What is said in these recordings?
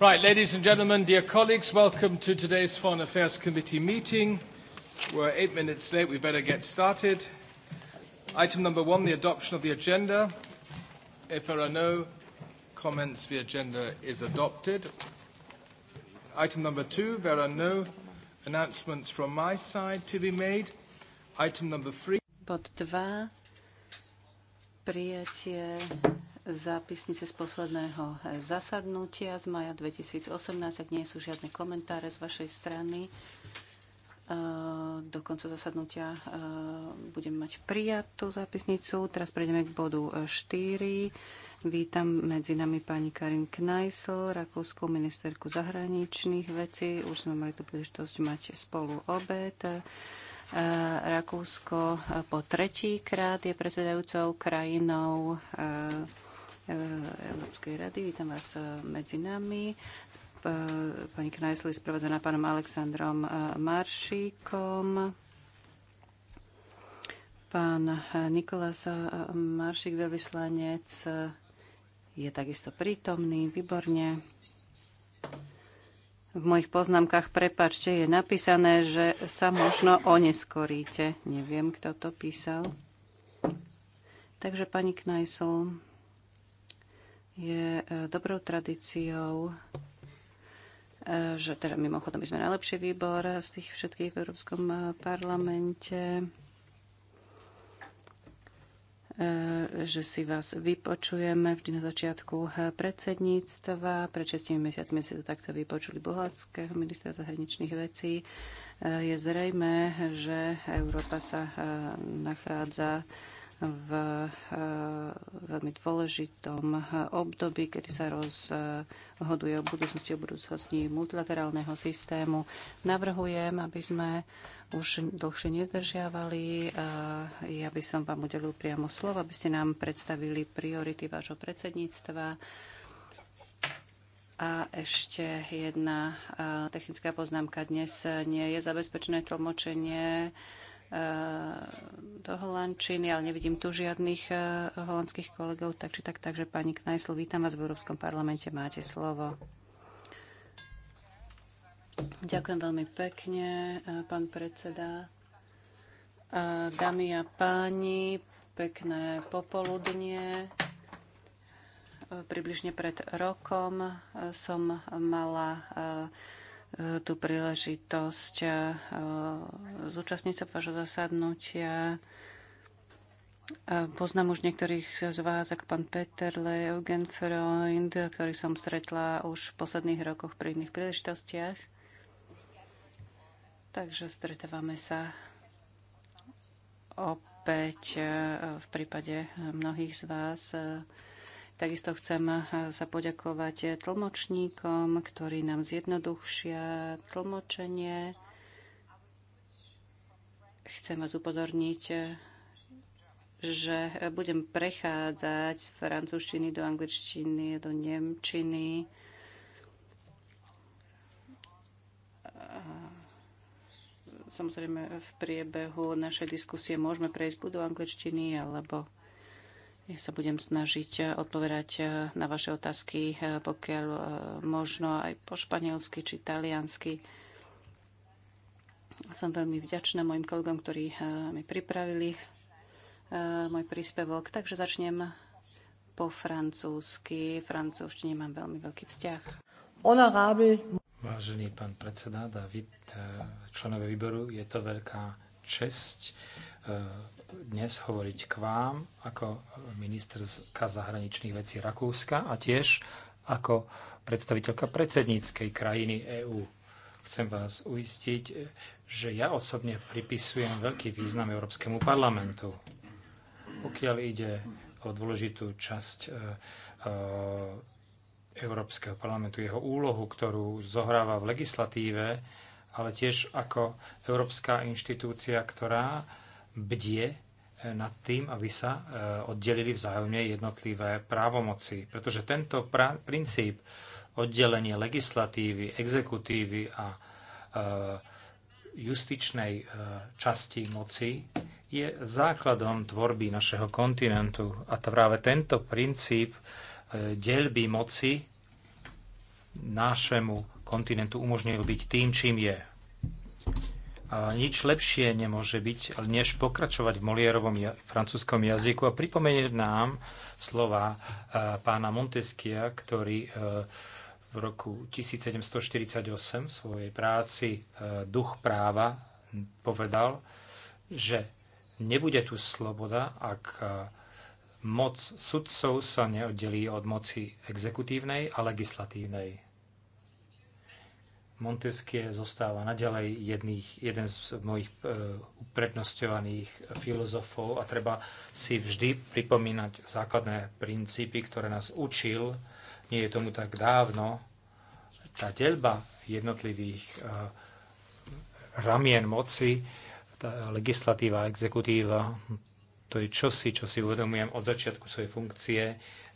Right, ladies and gentlemen, dear colleagues, welcome to today's Foreign Affairs Committee meeting. We're eight minutes late, we better get started. Item number one, the adoption of the agenda. If there are no comments, the agenda is adopted. Item number two, there are no announcements from my side to be made. Item number three. Bod 2. Prijatie zápisnice z posledného eh, zasadnutia z maja 2018, ak nie sú žiadne komentáre z vašej strany. Eh, do konca zasadnutia eh, budeme mať prijatú zápisnicu. Teraz prejdeme k bodu 4. Vítam medzi nami pani Karin Kneisel, rakúskú ministerku zahraničných vecí. Už sme mali tu príležitosť mať spolu obed. Rakúsko po tretíkrát je predsedajúcou krajinou Eh, Európskej rady. Vítam vás eh, medzi nami. Eh, pani Knajsli sprevádzaná pánom Aleksandrom Maršíkom. Pán Nikolás Maršík, veľvyslanec, je takisto prítomný, výborne. V mojich poznámkach, prepačte, je napísané, že sa možno oneskoríte. Neviem, kto to písal. Takže pani Knajsol. Je e, dobrou tradíciou, e, že teda mimochodom my sme najlepší výbor z tých všetkých v Európskom e, parlamente, že si vás vypočujeme vždy na začiatku predsedníctva. Pred šestimi mesiacmi si to takto vypočuli bohatského ministra zahraničných vecí. Je zrejme, že Európa sa nachádza v e, veľmi dôležitom období, kedy sa rozhoduje o budúcnosti, o budúcnosti multilaterálneho systému. Navrhujem, aby sme už dlhšie nezdržiavali. E, ja by som vám udelil priamo slovo, aby ste nám predstavili priority vášho predsedníctva. A ešte jedna e, technická poznámka. Dnes nie je zabezpečené tlmočenie Eh, do holandčiny, ale nevidím tu žiadnych eh, holandských kolegov, tak či tak. Takže pani Knajsl, vítam vás v Európskom parlamente, máte slovo. Ďakujem veľmi pekne, eh, pán predseda. Dámy a páni, pekné popoludnie. Približne pred rokom som mala tú príležitosť e, zúčastniť sa vášho zasadnutia. E, poznám už niektorých z vás, ako pán Peter Eugen Freund, ktorých som stretla už v posledných rokoch pri iných príležitostiach. Takže stretávame sa opäť e, v prípade mnohých z vás Takisto chcem eh, sa poďakovať eh, tlmočníkom, ktorí nám zjednoduchšia tlmočenie. Chcem vás upozorniť, eh, že budem prechádzať z francúzštiny do angličtiny, do nemčiny. Samozrejme, v priebehu našej diskusie môžeme prejsť buď do angličtiny alebo ja sa budem snažiť eh, odpovedať eh, na vaše otázky, eh, pokiaľ možno aj po španielsky či taliansky. Som veľmi vďačná mojim kolegom, ktorí mi pripravili môj príspevok. Takže začnem po francúzsky. Francúzštine mám veľmi veľký vzťah. Honorable. Vážený pán predseda, David, členové výboru, je to veľká česť dnes hovoriť k vám ako ministerka zahraničných vecí Rakúska a tiež ako predstaviteľka predsedníckej krajiny EÚ. Chcem vás uistiť, že ja osobne pripisujem veľký význam Európskemu parlamentu. Pokiaľ ide o dôležitú časť e, e, Európskeho parlamentu, jeho úlohu, ktorú zohráva v legislatíve, ale tiež ako európska inštitúcia, ktorá bdie e, nad tým, aby sa e, oddelili vzájomne jednotlivé právomoci. Pretože tento pra- princíp oddelenie legislatívy, exekutívy a e, justičnej časti moci je základom tvorby našeho kontinentu. A práve tento princíp delby moci našemu kontinentu umožňuje byť tým, čím je nič lepšie nemôže byť, než pokračovať v Moliérovom ja, francúzskom jazyku a pripomenieť nám slova e, pána Montesquia, ktorý e, v roku 1748 v svojej práci e, Duch práva povedal, že nebude tu sloboda, ak moc sudcov sa neoddelí od moci exekutívnej a legislatívnej Montesquieu zostáva naďalej jedných, jeden z mojich e, uprednostňovaných filozofov a treba si vždy pripomínať základné princípy, ktoré nás učil. Nie je tomu tak dávno. Tá delba jednotlivých e, ramien moci, tá legislatíva, exekutíva, to je čosi, čo si uvedomujem od začiatku svojej funkcie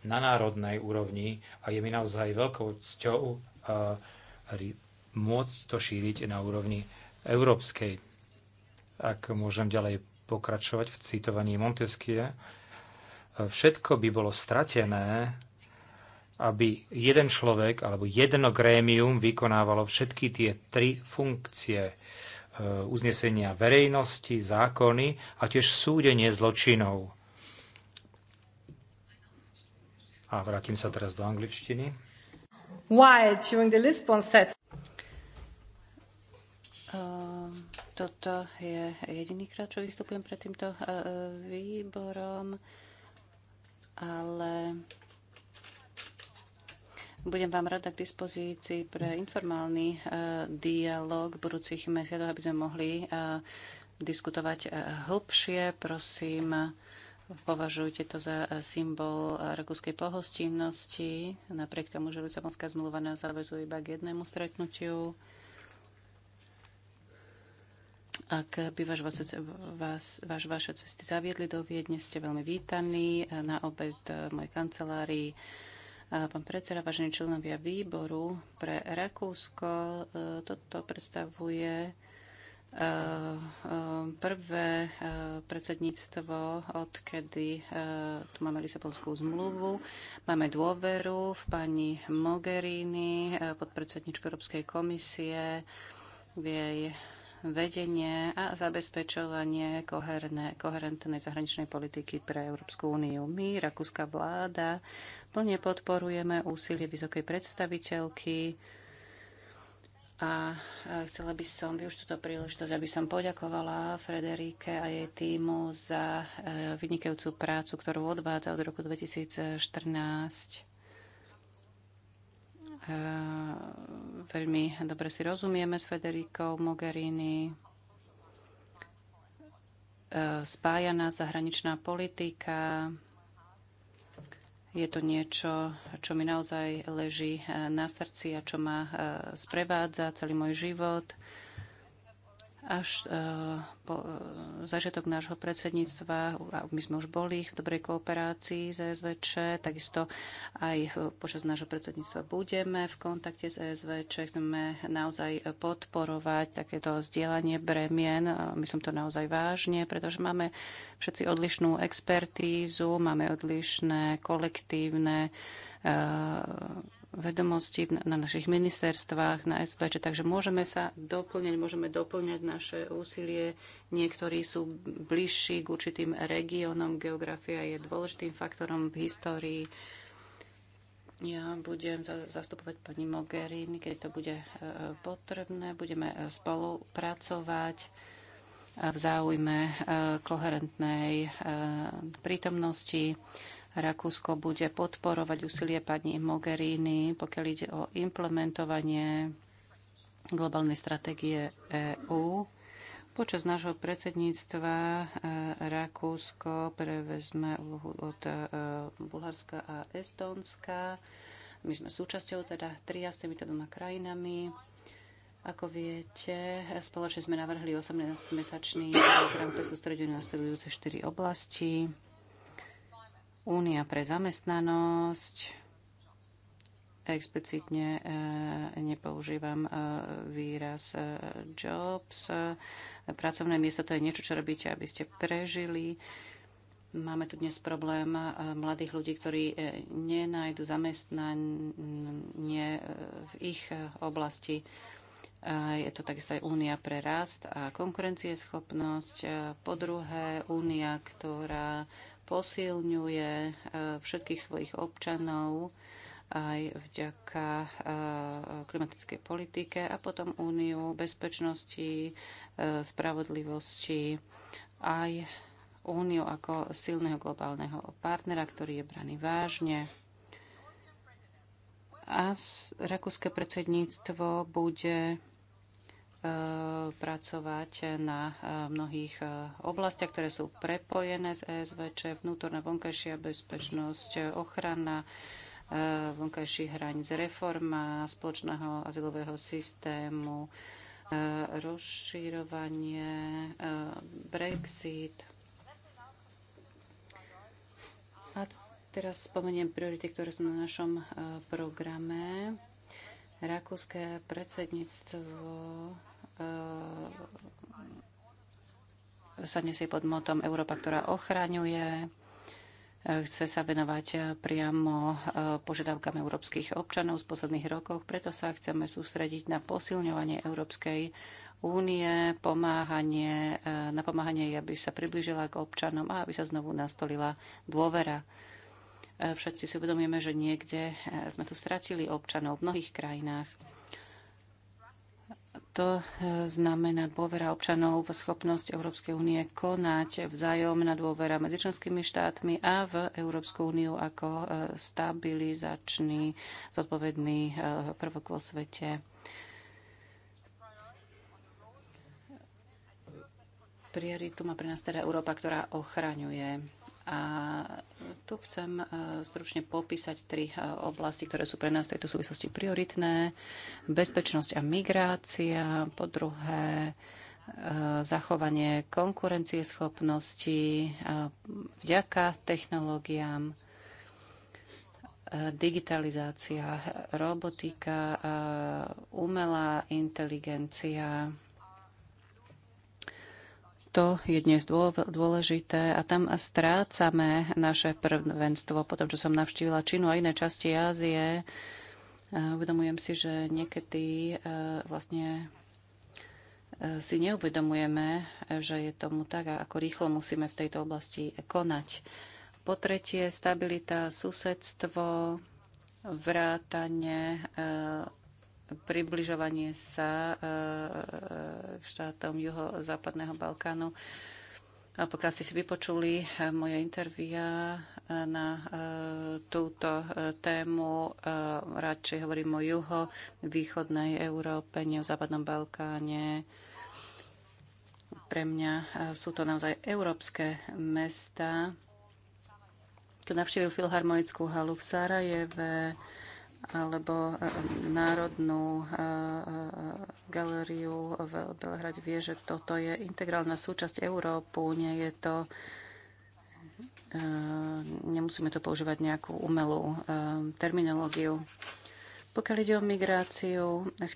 na národnej úrovni a je mi naozaj veľkou cťou e, môcť to šíriť na úrovni európskej. Ak môžem ďalej pokračovať v citovaní Montesquieu, e, všetko by bolo stratené, aby jeden človek alebo jedno grémium vykonávalo všetky tie tri funkcie e, uznesenia verejnosti, zákony a tiež súdenie zločinov. A vrátim sa teraz do angličtiny. Why, during the Lisbon set Ehm, toto je jediný krát, čo vystupujem pred týmto e, výborom, ale budem vám rada k dispozícii pre informálny e, dialog v budúcich mesiacoch, aby sme mohli e, diskutovať hlbšie. Prosím, považujte to za symbol rakúskej pohostinnosti, napriek tomu, že Lisabonská zmluva nás zavezuje iba k jednému stretnutiu. Ak by váš, vás, váš, vaše cesty zaviedli do Viedne, ste veľmi vítaní eh, na obed eh, v mojej kancelárii. Eh, pán predseda, vážení členovia výboru pre Rakúsko, toto predstavuje prvé predsedníctvo, odkedy tu máme Lisabonskú zmluvu. Máme dôveru v pani Mogherini, podpredsedničku Európskej komisie, v jej vedenie a zabezpečovanie koherné, koherentnej zahraničnej politiky pre Európsku úniu. My, rakúska vláda, plne podporujeme úsilie vysokej predstaviteľky a chcela by som využiť túto príležitosť, aby som poďakovala Frederike a jej týmu za e, vynikajúcu prácu, ktorú odvádza od roku 2014 Eh, veľmi dobre si rozumieme s Federikou Mogherini. Eh, spája nás zahraničná politika. Je to niečo, čo mi naozaj leží eh, na srdci a čo ma sprevádza celý môj život až e, po e, začiatok nášho predsedníctva, my sme už boli v dobrej kooperácii s ESVČ, takisto aj počas nášho predsedníctva budeme v kontakte s ESVČ, chceme naozaj podporovať takéto zdieľanie bremien, my to naozaj vážne, pretože máme všetci odlišnú expertízu, máme odlišné kolektívne e, vedomosti na našich ministerstvách, na SVČ, takže môžeme sa doplňať, môžeme doplňať naše úsilie. Niektorí sú bližší k určitým regiónom, geografia je dôležitým faktorom v histórii. Ja budem zastupovať pani Mogherini, keď to bude e, potrebné. Budeme e, spolupracovať e, v záujme koherentnej prítomnosti. Rakúsko bude podporovať úsilie pani Mogherini, pokiaľ ide o implementovanie globálnej stratégie EÚ. Počas nášho predsedníctva e, Rakúsko prevezme úlohu od e, Bulharska a Estónska. My sme súčasťou teda tria s týmito dvoma krajinami. Ako viete, spoločne sme navrhli 18-mesačný program, ktorý sústreduje na nasledujúce štyri oblasti. Únia pre zamestnanosť. Explicitne eh, nepoužívam eh, výraz eh, jobs. Pracovné miesto to je niečo, čo robíte, aby ste prežili. Máme tu dnes problém mladých ľudí, ktorí nenajdu zamestnanie v ich oblasti. Je to takisto aj únia pre rast a konkurencieschopnosť. Po druhé, únia, ktorá posilňuje eh, všetkých svojich občanov aj vďaka eh, klimatickej politike a potom úniu bezpečnosti, eh, spravodlivosti, aj úniu ako silného globálneho partnera, ktorý je braný vážne a rakúske predsedníctvo bude Eh, pracovať na eh, mnohých eh, oblastiach, ktoré sú prepojené s ESVČ, vnútorná vonkajšia bezpečnosť, ochrana vonkajších hraníc, reforma spoločného azylového systému, rozširovanie, Brexit. A teraz spomeniem priority, ktoré sú na našom programe. Rakúske predsedníctvo E, sa nesie pod motom Európa, ktorá ochraňuje, e, chce sa venovať priamo e, požiadavkám európskych občanov z posledných rokov, preto sa chceme sústrediť na posilňovanie Európskej únie, pomáhanie, na pomáhanie, aby sa priblížila k občanom a aby sa znovu nastolila dôvera. Všetci si uvedomujeme, že niekde sme tu stratili občanov v mnohých krajinách. To e, znamená dôvera občanov v schopnosť Európskej únie konať vzájomná dôvera medzi členskými štátmi a v Európsku úniu ako e, stabilizačný, zodpovedný e, prvok vo svete. Prioritu má pre nás teda Európa, ktorá ochraňuje a tu chcem e, stručne popísať tri e, oblasti, ktoré sú pre nás v tejto súvislosti prioritné. Bezpečnosť a migrácia, po druhé e, zachovanie konkurencieschopnosti vďaka technológiám, digitalizácia, robotika, umelá inteligencia, to je dnes dôležité a tam strácame naše prvenstvo. Potom, čo som navštívila Čínu a iné časti Ázie, uvedomujem si, že niekedy e, vlastne e, si neuvedomujeme, že je tomu tak a ako rýchlo musíme v tejto oblasti konať. Po tretie, stabilita, susedstvo, vrátanie e, približovanie sa e, e, štátom juho-západného Balkánu. Pokiaľ ste si vypočuli e, moje intervia na túto tému, radšej hovorím o juho-východnej Európe, nie o západnom Balkáne. Pre mňa sú to naozaj európske mesta. Keď navštívil Filharmonickú halu v Sarajeve, alebo e, e, Národnú e, galériu v Belehrade vie, že toto je integrálna súčasť Európu, nie je to nemusíme to používať nejakú umelú terminológiu. Pokiaľ ide o migráciu,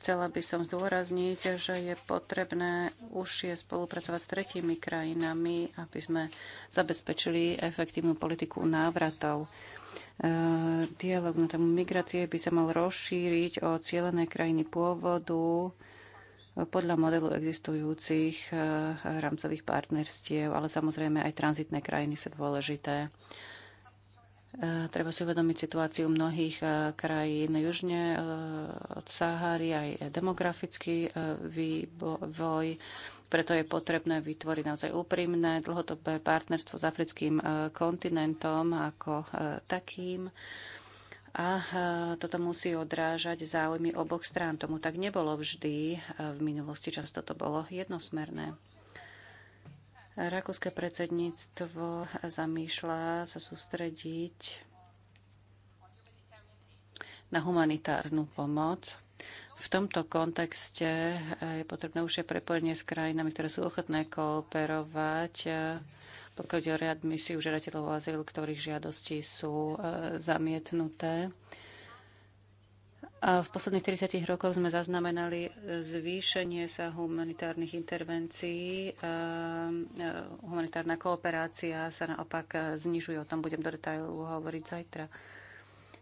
chcela by som zdôrazniť, že je potrebné už je spolupracovať s tretími krajinami, aby sme zabezpečili efektívnu politiku návratov. Eh, dialog na tému migrácie by sa mal rozšíriť o cieľené krajiny pôvodu eh, podľa modelu existujúcich eh, rámcových partnerstiev, ale samozrejme aj tranzitné krajiny sú dôležité. Treba si uvedomiť situáciu mnohých krajín južne od Sahary, aj demografický vývoj, preto je potrebné vytvoriť naozaj úprimné dlhodobé partnerstvo s africkým e, kontinentom ako e, takým. A e, toto musí odrážať záujmy oboch strán. Tomu tak nebolo vždy. V minulosti často to bolo jednosmerné. Rakúske predsedníctvo zamýšľa sa sústrediť na humanitárnu pomoc v tomto kontexte eh, je potrebné užšie prepojenie s krajinami, ktoré sú ochotné kooperovať eh, pokiaľ ide o readmisiu žiadateľov o azyl, ktorých žiadosti sú eh, zamietnuté. A v posledných 30 rokoch sme zaznamenali zvýšenie sa humanitárnych intervencií. Humanitárna kooperácia sa naopak znižuje. O tom budem do detailu hovoriť zajtra.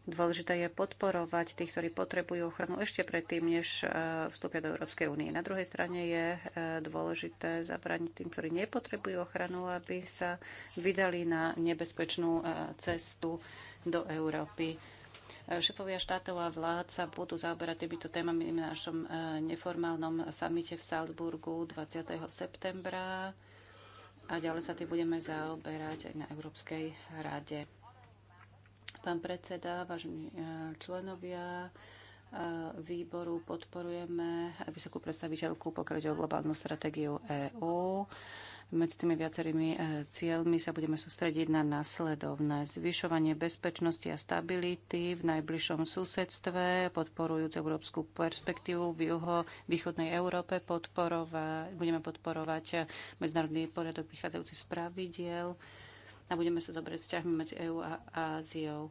Dôležité je podporovať tých, ktorí potrebujú ochranu ešte predtým, než e, vstúpia do Európskej únie. Na druhej strane je e, dôležité zabraniť tým, ktorí nepotrebujú ochranu, aby sa vydali na nebezpečnú e, cestu do Európy. Šefovia štátov a vlád sa budú zaoberať týmito témami na našom neformálnom samite v Salzburgu 20. septembra a ďalej sa tým budeme zaoberať aj na Európskej rade. Pán predseda, vážení e, členovia e, výboru, podporujeme vysokú predstaviteľku pokrať o globálnu stratégiu EÚ. Medzi tými viacerými e, cieľmi sa budeme sústrediť na následovné zvyšovanie bezpečnosti a stability v najbližšom susedstve, podporujúc európsku perspektívu v juho-východnej Európe. Podporova- budeme podporovať medzinárodný poriadok vychádzajúci z pravidiel a budeme sa zobrať vzťahmi medzi EÚ a Áziou.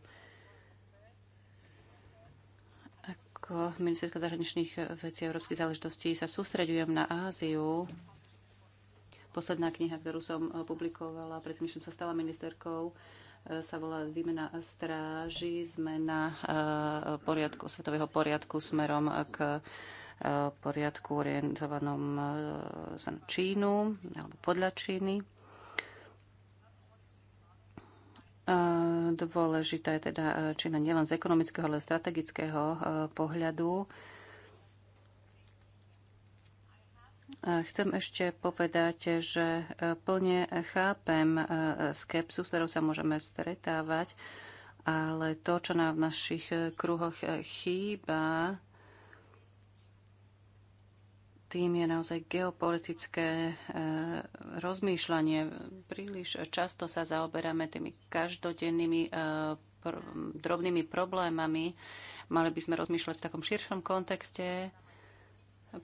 Ako ministerka zahraničných vecí a európskych záležitostí sa sústreďujem na Áziu. Posledná kniha, ktorú som publikovala, predtým, som sa stala ministerkou, e, sa volá Výmena stráži, zmena e, poriadku, svetového poriadku smerom k e, poriadku orientovanom Čínu alebo podľa Číny. E, dôležitá je teda e, Čína nielen z ekonomického, ale strategického e, pohľadu. Chcem ešte povedať, že plne chápem skepsu, s ktorou sa môžeme stretávať, ale to, čo nám v našich kruhoch chýba, tým je naozaj geopolitické e, rozmýšľanie. Príliš často sa zaoberáme tými každodennými e, drobnými problémami. Mali by sme rozmýšľať v takom širšom kontexte.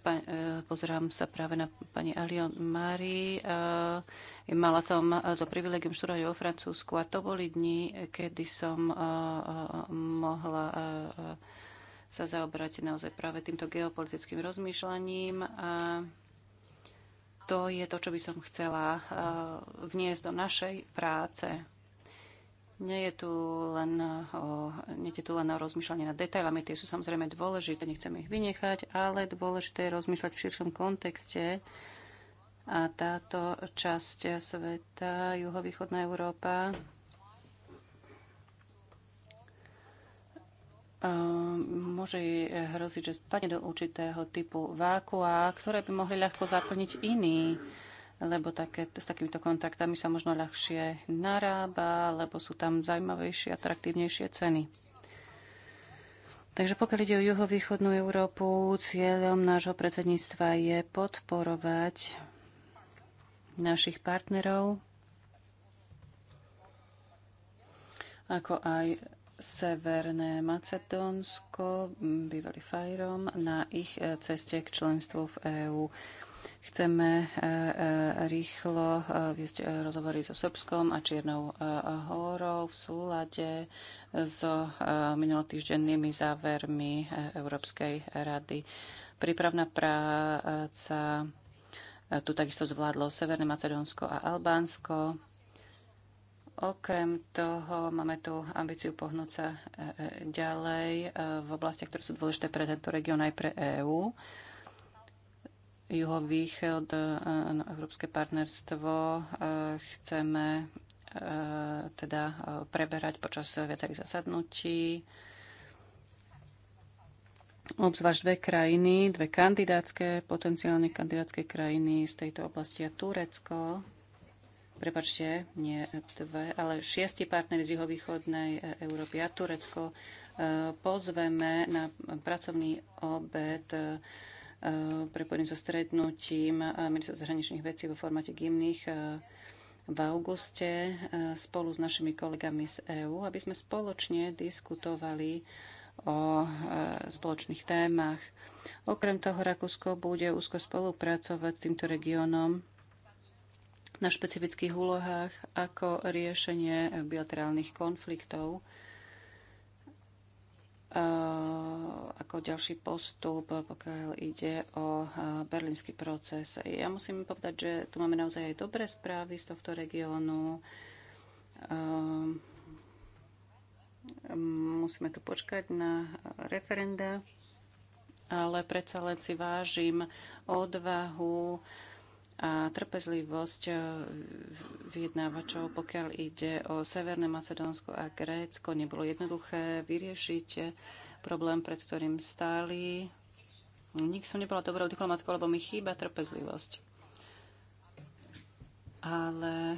Pa, e, pozerám sa práve na pani Alion Marie. Mala som to privilegium študovať vo Francúzsku a to boli dni, kedy som mohla sa zaobrať naozaj práve týmto geopolitickým rozmýšľaním. A to je to, čo by som chcela eh, vniesť do našej práce. Nie je tu len eh, o, nie je tu len o rozmýšľanie nad detailami, tie sú samozrejme dôležité, nechcem ich vynechať, ale dôležité je rozmýšľať v širšom kontexte a táto časť sveta, juhovýchodná Európa, Ehm, môže hroziť, že spadne do určitého typu vákua, ktoré by mohli ľahko zaplniť iní, lebo také, s takýmito kontaktami sa možno ľahšie narába, lebo sú tam zaujímavejšie, atraktívnejšie ceny. Takže pokiaľ ide o juhovýchodnú Európu, cieľom nášho predsedníctva je podporovať našich partnerov, ako aj Severné Macedónsko, bývali Fajrom, na ich e, ceste k členstvu v EÚ. Chceme e, e, rýchlo viesť rozhovory so Srbskom a Čiernou horou v súlade so minulotýždennými závermi Európskej rady. Prípravná práca tu takisto zvládlo Severné Macedónsko a Albánsko Okrem toho máme tu ambíciu pohnúť sa e, e, ďalej e, v oblastiach, ktoré sú dôležité pre tento región aj pre EÚ. Juhovýchod, no, Európske partnerstvo chceme teda preberať počas viacerých zasadnutí. Obzvlášť dve krajiny, dve kandidátske, potenciálne kandidátske krajiny z tejto oblasti a Turecko prepačte, nie dve, ale šiesti partnery z juhovýchodnej Európy a Turecko e, pozveme na pracovný obed e, prepojený so stretnutím e, ministerstva zahraničných vecí vo formáte gymných v auguste spolu s našimi kolegami z EÚ, aby sme spoločne diskutovali o spoločných témach. Okrem toho Rakúsko bude úzko spolupracovať s týmto regiónom na špecifických úlohách ako riešenie bilaterálnych konfliktov ako ďalší postup, pokiaľ ide o berlínsky proces. Ja musím povedať, že tu máme naozaj aj dobré správy z tohto regiónu. Musíme tu počkať na referenda, ale predsa len si vážim odvahu a trpezlivosť e, vyjednávačov, pokiaľ ide o Severné Macedónsko a Grécko. Nebolo jednoduché vyriešiť e, problém, pred ktorým stáli. Nik som nebola dobrou diplomatkou, lebo mi chýba trpezlivosť. Ale, e,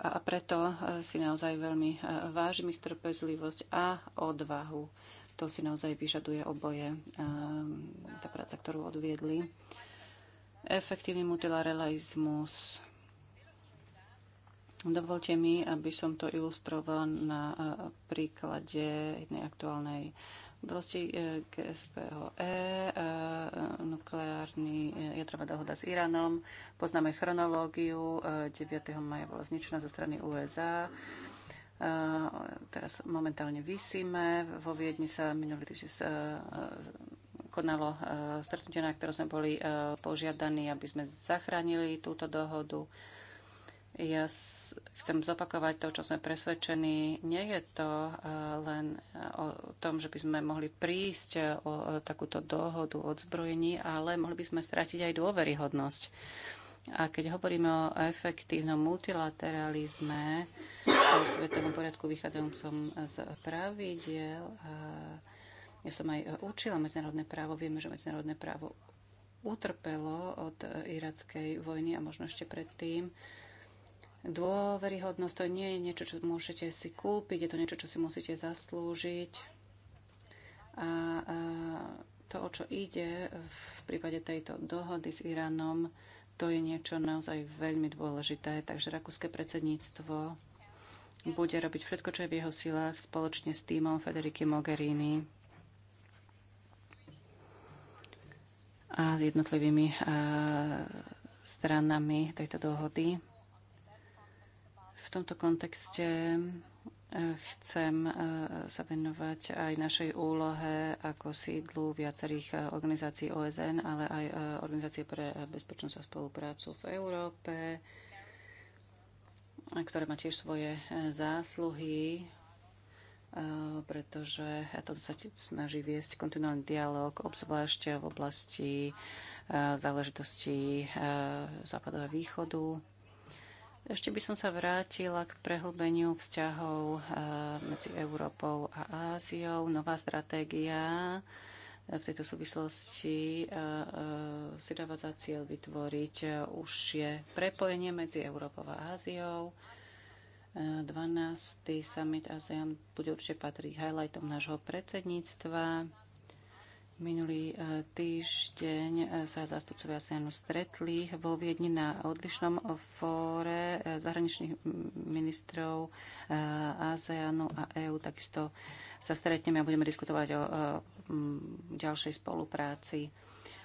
a preto si naozaj veľmi vážim ich trpezlivosť a odvahu. To si naozaj vyžaduje oboje, tá práca, ktorú odviedli efektívny multilateralizmus. Dovolte mi, aby som to ilustroval na príklade jednej aktuálnej oblasti GSPOE, e, e, nukleárny e, jadrová dohoda s Iránom. Poznáme chronológiu. 9. maja bola zničená zo strany USA. Teraz momentálne vysíme. Vo Viedni sa minulý týždeň konalo e, stretnutie, na ktoré sme boli e, požiadaní, aby sme zachránili túto dohodu. Ja chcem zopakovať to, čo sme presvedčení. Nie je to e, len o tom, že by sme mohli prísť o takúto dohodu o odzbrojení, ale mohli by sme stratiť aj dôveryhodnosť. A keď hovoríme o efektívnom multilateralizme, o svetovom poriadku vychádzajúcom z pravidiel, a ja som aj e, učila medzinárodné právo. Vieme, že medzinárodné právo utrpelo od e, irackej vojny a možno ešte predtým. Dôveryhodnosť to nie je niečo, čo môžete si kúpiť, je to niečo, čo si musíte zaslúžiť. A, a e, to, o čo ide v prípade tejto dohody s Iránom, to je niečo naozaj veľmi dôležité. Takže rakúske predsedníctvo bude robiť všetko, čo je v jeho silách spoločne s týmom Federiky Mogherini a s jednotlivými eh, stranami tejto dohody. V tomto kontexte eh, chcem eh, sa venovať aj našej úlohe ako sídlu viacerých organizácií OSN, ale aj Organizácie pre bezpečnosť a spoluprácu v Európe, ktoré má tiež svoje zásluhy Eh, pretože to sa snaží viesť kontinuálny dialog, obzvlášť v oblasti eh, záležitostí eh, západu a východu. Ešte by som sa vrátila k prehlbeniu vzťahov medzi Európou a Áziou. Nová stratégia v tejto súvislosti si dáva za cieľ vytvoriť užšie prepojenie medzi Európou a Áziou 12. summit ASEAN bude určite patriť highlightom nášho predsedníctva. Minulý e, týždeň sa zástupcovia ASEANu stretli vo Viedni na odlišnom fóre e, zahraničných ministrov e, ASEANu a EÚ. Takisto sa stretneme a budeme diskutovať o ďalšej spolupráci.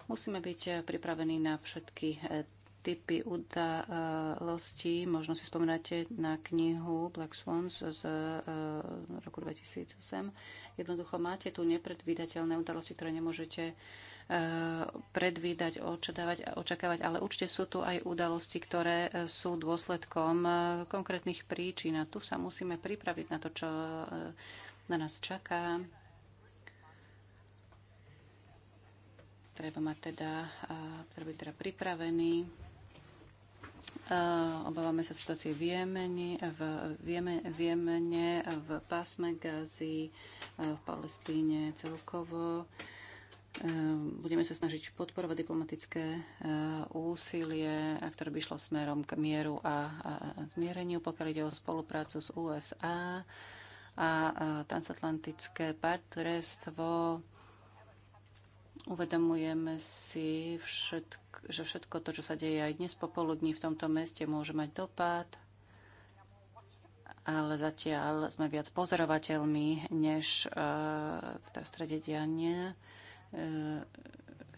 Musíme byť pripravení na všetky typy udalostí. Možno si spomínate na knihu Black Swans z e, roku 2008. Jednoducho máte tu nepredvídateľné udalosti, ktoré nemôžete e, predvídať, očakávať, očakávať, ale určite sú tu aj udalosti, ktoré e, sú dôsledkom konkrétnych príčin a tu sa musíme pripraviť na to, čo na nás čaká. Treba mať teda, treba byť teda pripravený. Eh, obávame sa situácie v Jemene, v, Jeme, v Jemene, v pásme Gazi, eh, v Palestíne celkovo. Eh, budeme sa snažiť podporovať diplomatické úsilie, ktoré by šlo smerom k mieru a, a zmiereniu, pokiaľ ide o spoluprácu s USA a transatlantické partnerstvo Uvedomujeme si, všetk, že všetko to, čo sa deje aj dnes popoludní v tomto meste, môže mať dopad, ale zatiaľ sme viac pozorovateľmi, než uh, v strede diania. Uh,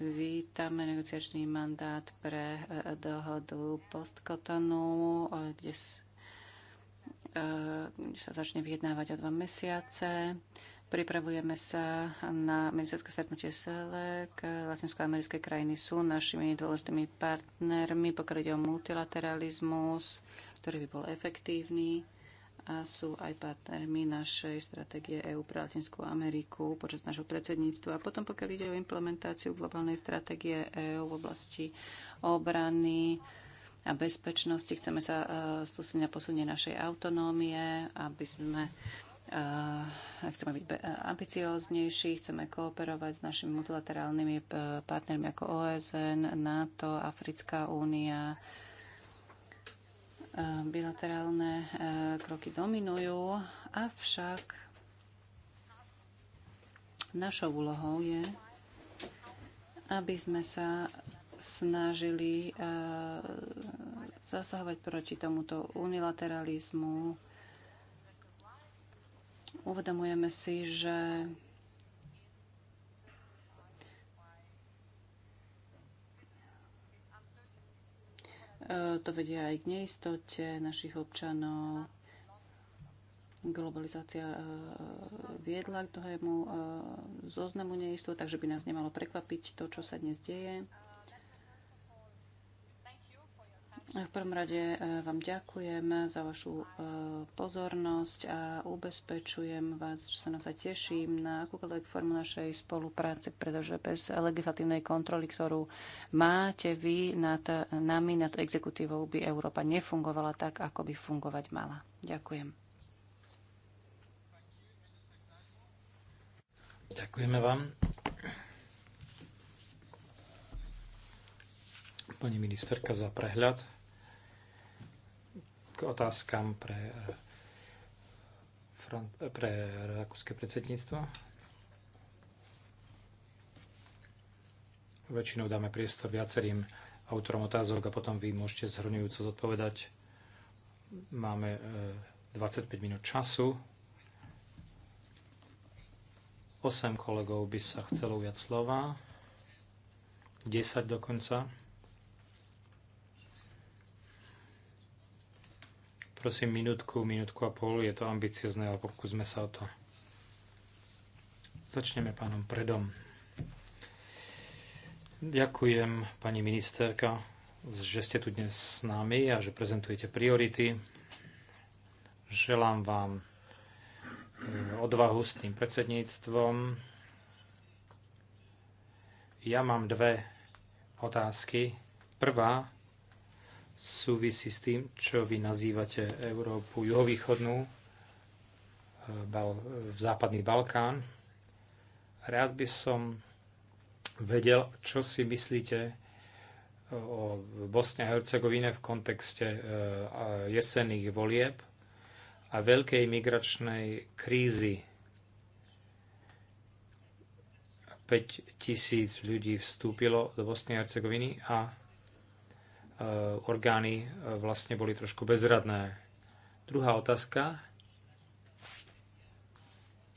vítame negociačný mandát pre uh, dohodu postkotonu, uh, kde, uh, kde sa začne vyjednávať o dva mesiace. Uh, Pripravujeme sa na ministerské stretnutie Latinsko Latinskoamerické krajiny sú našimi dôležitými partnermi, pokiaľ ide o multilateralizmus, ktorý by bol efektívny a sú aj partnermi našej stratégie EÚ pre Latinskú Ameriku počas nášho predsedníctva. A potom, pokiaľ ide o implementáciu globálnej stratégie EÚ v oblasti obrany, a bezpečnosti. Chceme sa uh, eh, stúsiť na posunie našej autonómie, aby sme chceme byť ambicióznejší, chceme kooperovať s našimi multilaterálnymi e, partnermi ako OSN, NATO, Africká únia. E, bilaterálne e, kroky dominujú, avšak našou úlohou je, aby sme sa snažili zasahovať proti tomuto unilateralizmu, Uvedomujeme si, že e, to vedia aj k neistote našich občanov. Globalizácia e, viedla k tomu e, zoznamu neistot, takže by nás nemalo prekvapiť to, čo sa dnes deje. V prvom rade e, vám ďakujem e, za vašu e, pozornosť a ubezpečujem vás, že sa naozaj teším na akúkoľvek formu našej spolupráce, pretože bez legislatívnej kontroly, ktorú máte vy nad nami, nad exekutívou, by Európa nefungovala tak, ako by fungovať mala. Ďakujem. Ďakujeme vám. pani ministerka, za prehľad k otázkam pre, front, pre rakúske predsedníctvo. Väčšinou dáme priestor viacerým autorom otázok a potom vy môžete zhrňujúco zodpovedať. Máme 25 eh, minút času. 8 kolegov by sa chcelo ujať slova. 10 dokonca. Prosím, minútku, minútku a pol, je to ambiciozne, ale pokúsme sa o to. Začneme pánom Predom. Ďakujem, pani ministerka, že ste tu dnes s nami a že prezentujete priority. Želám vám eh, odvahu s tým predsedníctvom. Ja mám dve otázky. Prvá, súvisí s tým, čo vy nazývate Európu juhovýchodnú, e, v západný Balkán. Rád by som vedel, čo si myslíte e, o Bosne a Hercegovine v kontekste e, jesenných volieb a veľkej migračnej krízy. 5 tisíc ľudí vstúpilo do Bosne a Hercegoviny a Eh, orgány eh, vlastne boli trošku bezradné. Druhá otázka.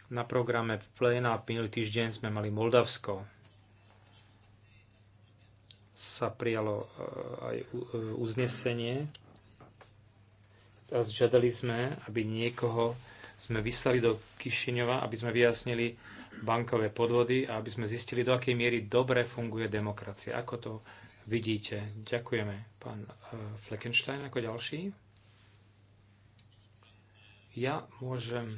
Na programe v pléna minulý týždeň sme mali Moldavsko. Sa prijalo eh, aj uznesenie. A zžiadali sme, aby niekoho sme vyslali do Kišiňova, aby sme vyjasnili bankové podvody a aby sme zistili, do akej miery dobre funguje demokracia. Ako to vidíte. Ďakujeme, pán eh, Fleckenstein, ako ďalší. Ja môžem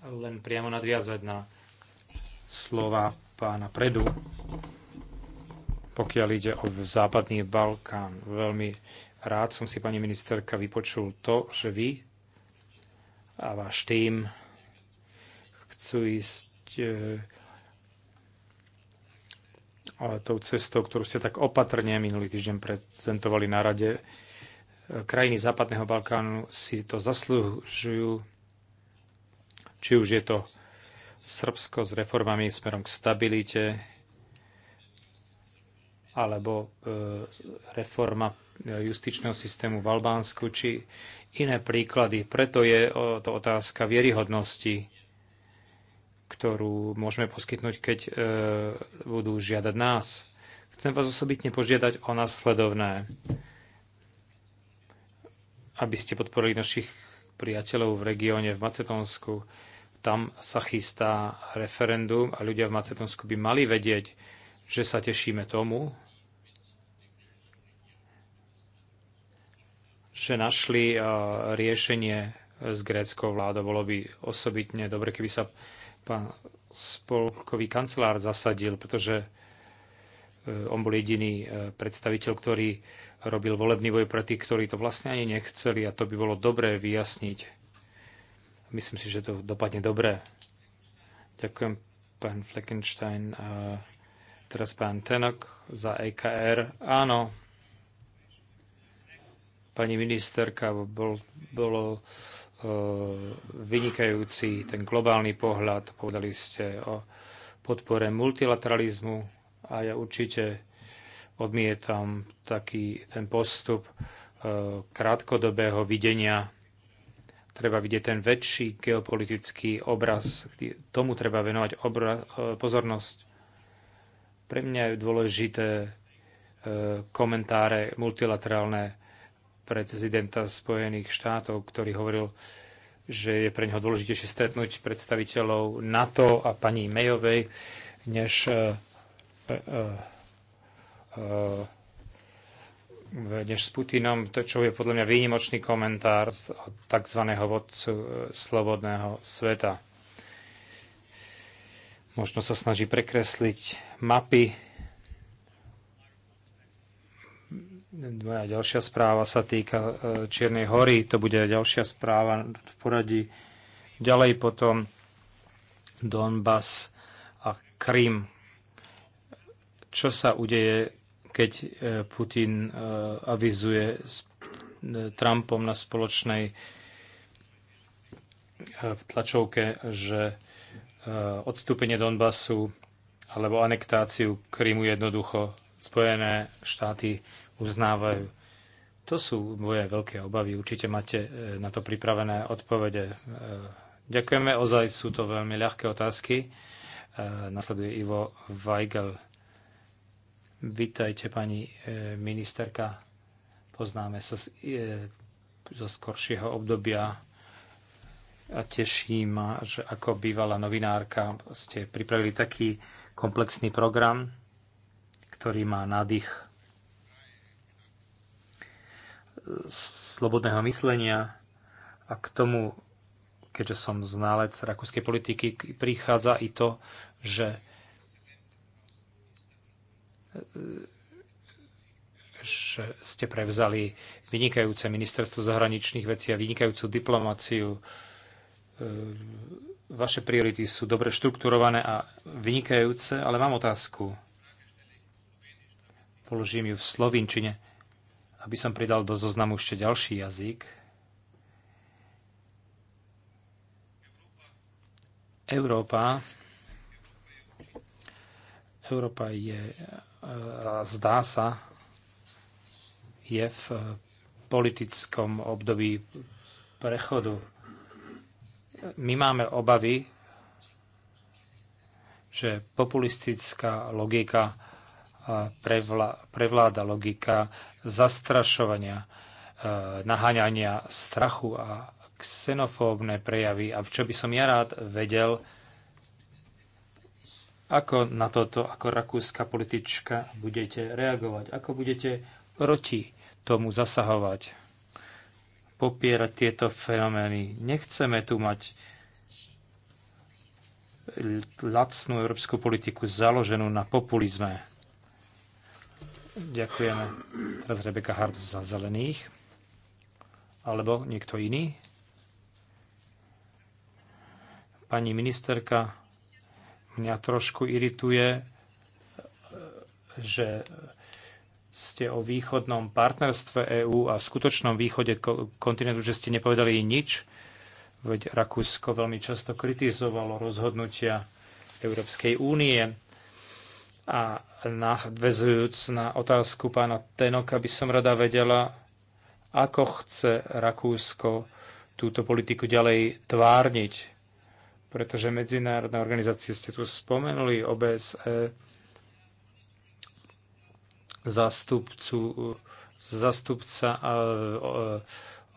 len priamo nadviazať na slova pána Predu, pokiaľ ide o západný Balkán. Veľmi rád som si, pani ministerka, vypočul to, že vy a váš tým chcú ísť eh, tou cestou, ktorú ste tak opatrne minulý týždeň prezentovali na rade. E, krajiny Západného Balkánu si to zaslúžujú, či už je to Srbsko s reformami smerom k stabilite, alebo e, reforma e, justičného systému v Albánsku, či iné príklady. Preto je to otázka vieryhodnosti ktorú môžeme poskytnúť, keď e, budú žiadať nás. Chcem vás osobitne požiadať o následovné, aby ste podporili našich priateľov v regióne v Macedónsku. Tam sa chystá referendum a ľudia v Macedónsku by mali vedieť, že sa tešíme tomu, že našli e, riešenie s gréckou vládou. Bolo by osobitne dobre, keby sa pán spolkový kancelár zasadil, pretože e, on bol jediný e, predstaviteľ, ktorý robil volebný boj pre tých, ktorí to vlastne ani nechceli a to by bolo dobré vyjasniť. Myslím si, že to dopadne dobre. Ďakujem pán Fleckenstein a teraz pán Tenok za EKR. Áno, pani ministerka, bol, bolo Eh, vynikajúci ten globálny pohľad. Povedali ste o podpore multilateralizmu a ja určite odmietam taký ten postup eh, krátkodobého videnia. Treba vidieť ten väčší geopolitický obraz. Tomu treba venovať eh, pozornosť. Pre mňa je dôležité komentáre multilaterálne prezidenta Spojených štátov, ktorý hovoril, že je pre neho dôležitejšie stretnúť predstaviteľov NATO a pani Mayovej, než e, e, e, než s Putinom, to, čo je podľa mňa výnimočný komentár z tzv. vodcu slobodného sveta. Možno sa snaží prekresliť mapy Moja ďalšia správa sa týka e, Čiernej hory. To bude ďalšia správa v poradí. Ďalej potom Donbass a Krym. Čo sa udeje, keď e, Putin e, avizuje s Trumpom na spoločnej tlačovke, že odstúpenie Donbasu alebo anektáciu Krymu jednoducho Spojené štáty uznávajú. To sú moje veľké obavy. Určite máte e, na to pripravené odpovede. E, ďakujeme, ozaj sú to veľmi ľahké otázky. E, nasleduje Ivo Weigel. Vítajte, pani ministerka. Poznáme sa zo skoršieho obdobia a teší ma, že ako bývalá novinárka ste pripravili taký komplexný program, ktorý má nádych slobodného myslenia a k tomu, keďže som znalec rakúskej politiky, prichádza i to, že že ste prevzali vynikajúce ministerstvo zahraničných vecí a vynikajúcu diplomáciu. E, vaše priority sú dobre štrukturované a vynikajúce, ale mám otázku. Položím ju v slovinčine aby som pridal do zoznamu ešte ďalší jazyk. Európa Európa je, e, zdá sa, je v politickom období prechodu. My máme obavy, že populistická logika prevla, prevláda logika zastrašovania, e, naháňania strachu a xenofóbne prejavy. A čo by som ja rád vedel, ako na toto, ako rakúska politička budete reagovať, ako budete proti tomu zasahovať, popierať tieto fenomény. Nechceme tu mať lacnú európsku politiku založenú na populizme. Ďakujeme. Teraz Rebeka Harms za zelených. Alebo niekto iný? Pani ministerka, mňa trošku irituje, že ste o východnom partnerstve EÚ a v skutočnom východe kontinentu, že ste nepovedali nič. Veď Rakúsko veľmi často kritizovalo rozhodnutia Európskej únie a nadvezujúc na otázku pána Tenoka, by som rada vedela, ako chce Rakúsko túto politiku ďalej tvárniť. Pretože medzinárodné organizácie ste tu spomenuli, OBSE, zastupcu, zastupca a,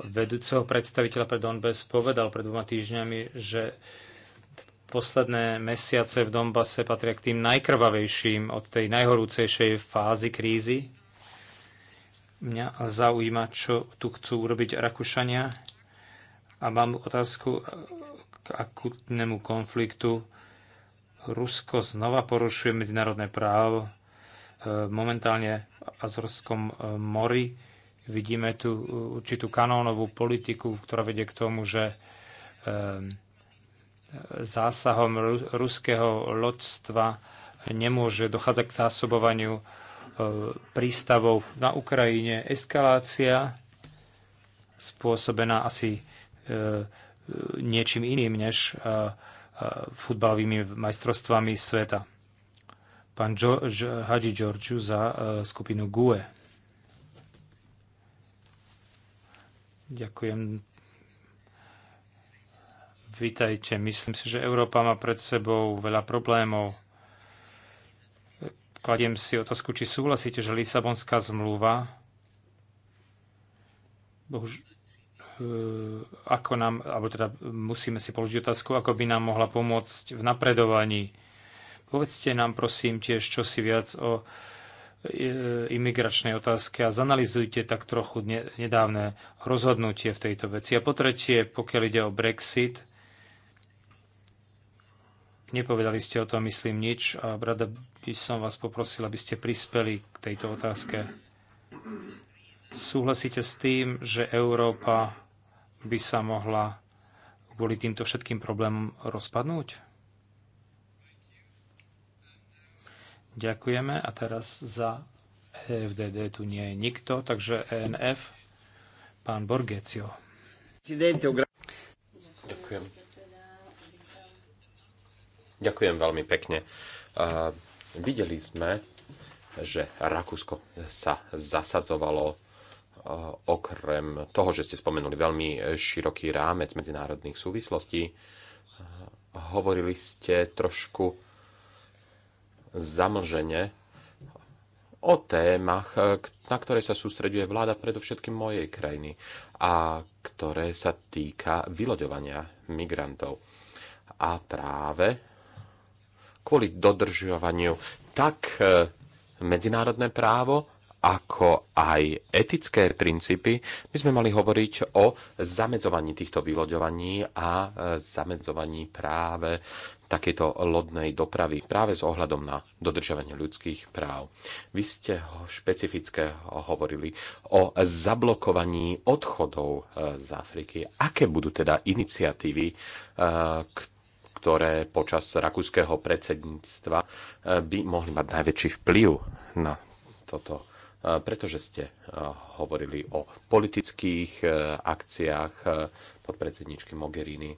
vedúceho predstaviteľa pre Donbass povedal pred dvoma týždňami, že posledné mesiace v Dombase patria k tým najkrvavejším od tej najhorúcejšej fázy krízy. Mňa zaujíma, čo tu chcú urobiť Rakúšania. A mám otázku k akutnému konfliktu. Rusko znova porušuje medzinárodné právo. E, momentálne v Azorskom e, mori vidíme tu e, určitú kanónovú politiku, ktorá vedie k tomu, že zásahom ruského lodstva nemôže dochádzať k zásobovaniu e, prístavov na Ukrajine. Eskalácia spôsobená asi e, niečím iným než e, futbalovými majstrovstvami sveta. Pán George, Hadži Georgiu za skupinu GUE. Ďakujem Vítajte. Myslím si, že Európa má pred sebou veľa problémov. Kladiem si otázku, či súhlasíte, že Lisabonská zmluva bohuž, e, ako nám, alebo teda musíme si položiť otázku, ako by nám mohla pomôcť v napredovaní. Povedzte nám prosím tiež čo si viac o e, imigračnej otázke a zanalizujte tak trochu nedávne rozhodnutie v tejto veci. A po tretie, pokiaľ ide o Brexit, Nepovedali ste o tom, myslím, nič a rada by som vás poprosil, aby ste prispeli k tejto otázke. Súhlasíte s tým, že Európa by sa mohla kvôli týmto všetkým problémom rozpadnúť? Ďakujeme a teraz za EFDD tu nie je nikto, takže ENF, pán Borgecio. Ďakujem. Ďakujem veľmi pekne. Uh, videli sme, že Rakúsko sa zasadzovalo okrem toho, že ste spomenuli veľmi široký rámec medzinárodných súvislostí, hovorili ste trošku zamlžene o témach, na ktoré sa sústreďuje vláda predovšetkým mojej krajiny a ktoré sa týka vyloďovania migrantov. A práve kvôli dodržiavaniu tak e, medzinárodné právo, ako aj etické princípy, by sme mali hovoriť o zamedzovaní týchto vyloďovaní a e, zamedzovaní práve takéto lodnej dopravy práve s ohľadom na dodržovanie ľudských práv. Vy ste ho špecifické hovorili o zablokovaní odchodov e, z Afriky. Aké budú teda iniciatívy, ktoré ktoré počas rakúskeho predsedníctva eh, by mohli mať najväčší vplyv na toto eh, pretože ste eh, hovorili o politických akciách predsedničky Mogherini.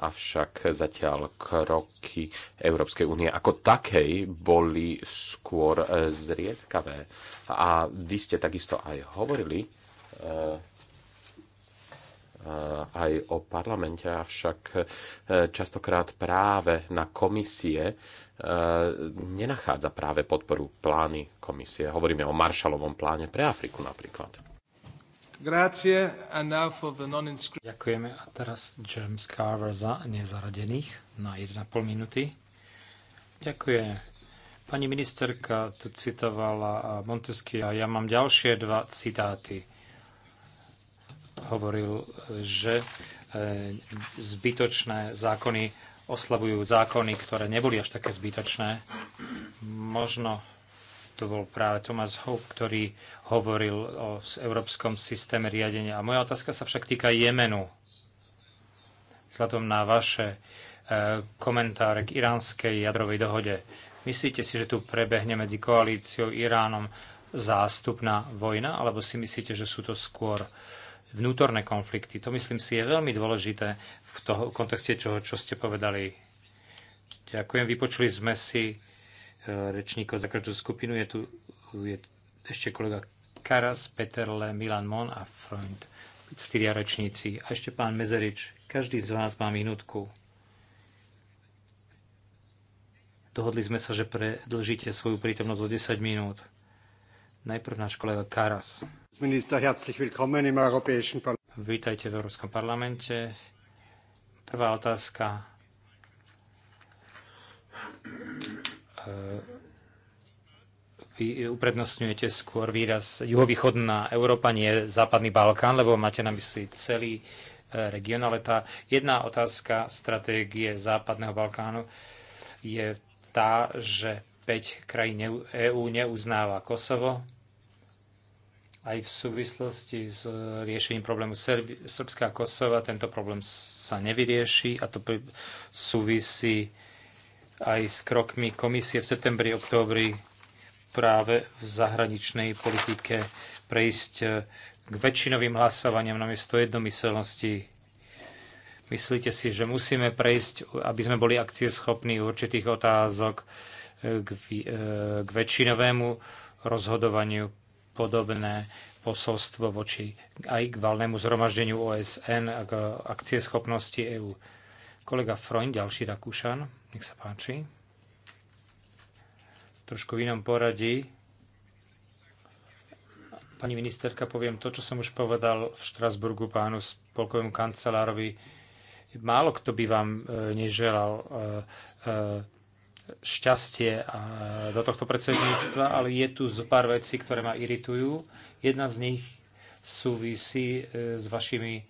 Avšak zatiaľ kroky Európskej únie ako takej boli skôr zriedkavé. A vy ste takisto aj hovorili, aj o parlamente, avšak e, častokrát práve na komisie e, nenachádza práve podporu plány komisie. Hovoríme o Marshallovom pláne pre Afriku napríklad. Ďakujeme. A teraz James Carver za nezaradených na 1,5 minúty. Ďakujem. Pani ministerka tu citovala e, Montesquieu a ja mám ďalšie dva citáty hovoril, že eh, zbytočné zákony oslavujú zákony, ktoré neboli až také zbytočné. Možno to bol práve Thomas Hope, ktorý hovoril o európskom systéme riadenia. A moja otázka sa však týka Jemenu. Vzhľadom na vaše eh, komentáre k iránskej jadrovej dohode. Myslíte si, že tu prebehne medzi koalíciou Iránom zástupná vojna, alebo si myslíte, že sú to skôr uh, vnútorné konflikty. To myslím si je veľmi dôležité v toho v kontexte, čoho, čo ste povedali. Ďakujem, vypočuli sme si e, rečníkov za každú skupinu. Je tu je ešte kolega Karas, Peterle, Milan Mon a Freund. Štyria rečníci. A ešte pán Mezerič. Každý z vás má minútku. Dohodli sme sa, že predlžíte svoju prítomnosť o 10 minút. Najprv náš kolega Karas. Vítajte v Európskom parlamente. Prvá otázka. E, vy uprednostňujete skôr výraz juhovýchodná Európa, nie západný Balkán, lebo máte na mysli celý e, region, ale tá jedna otázka stratégie západného Balkánu je tá, že 5 krajín EÚ neuznáva Kosovo, aj v súvislosti s e, riešením problému Srbska a Kosova tento problém sa nevyrieši a to súvisí aj s krokmi komisie v septembri, oktobri práve v zahraničnej politike prejsť e, k väčšinovým hlasovaniam namiesto jednomyselnosti. Myslíte si, že musíme prejsť, aby sme boli akcieschopní určitých otázok e, k, k väčšinovému rozhodovaniu podobné posolstvo voči aj k valnému zhromaždeniu OSN a k schopnosti EÚ. Kolega Freund, ďalší Rakúšan, nech sa páči. Trošku v inom poradí. Pani ministerka, poviem to, čo som už povedal v Štrasburgu pánu spolkovému kancelárovi. Málo kto by vám e, neželal e, e, šťastie do tohto predsedníctva, ale je tu zo pár vecí, ktoré ma iritujú. Jedna z nich súvisí e, s vašimi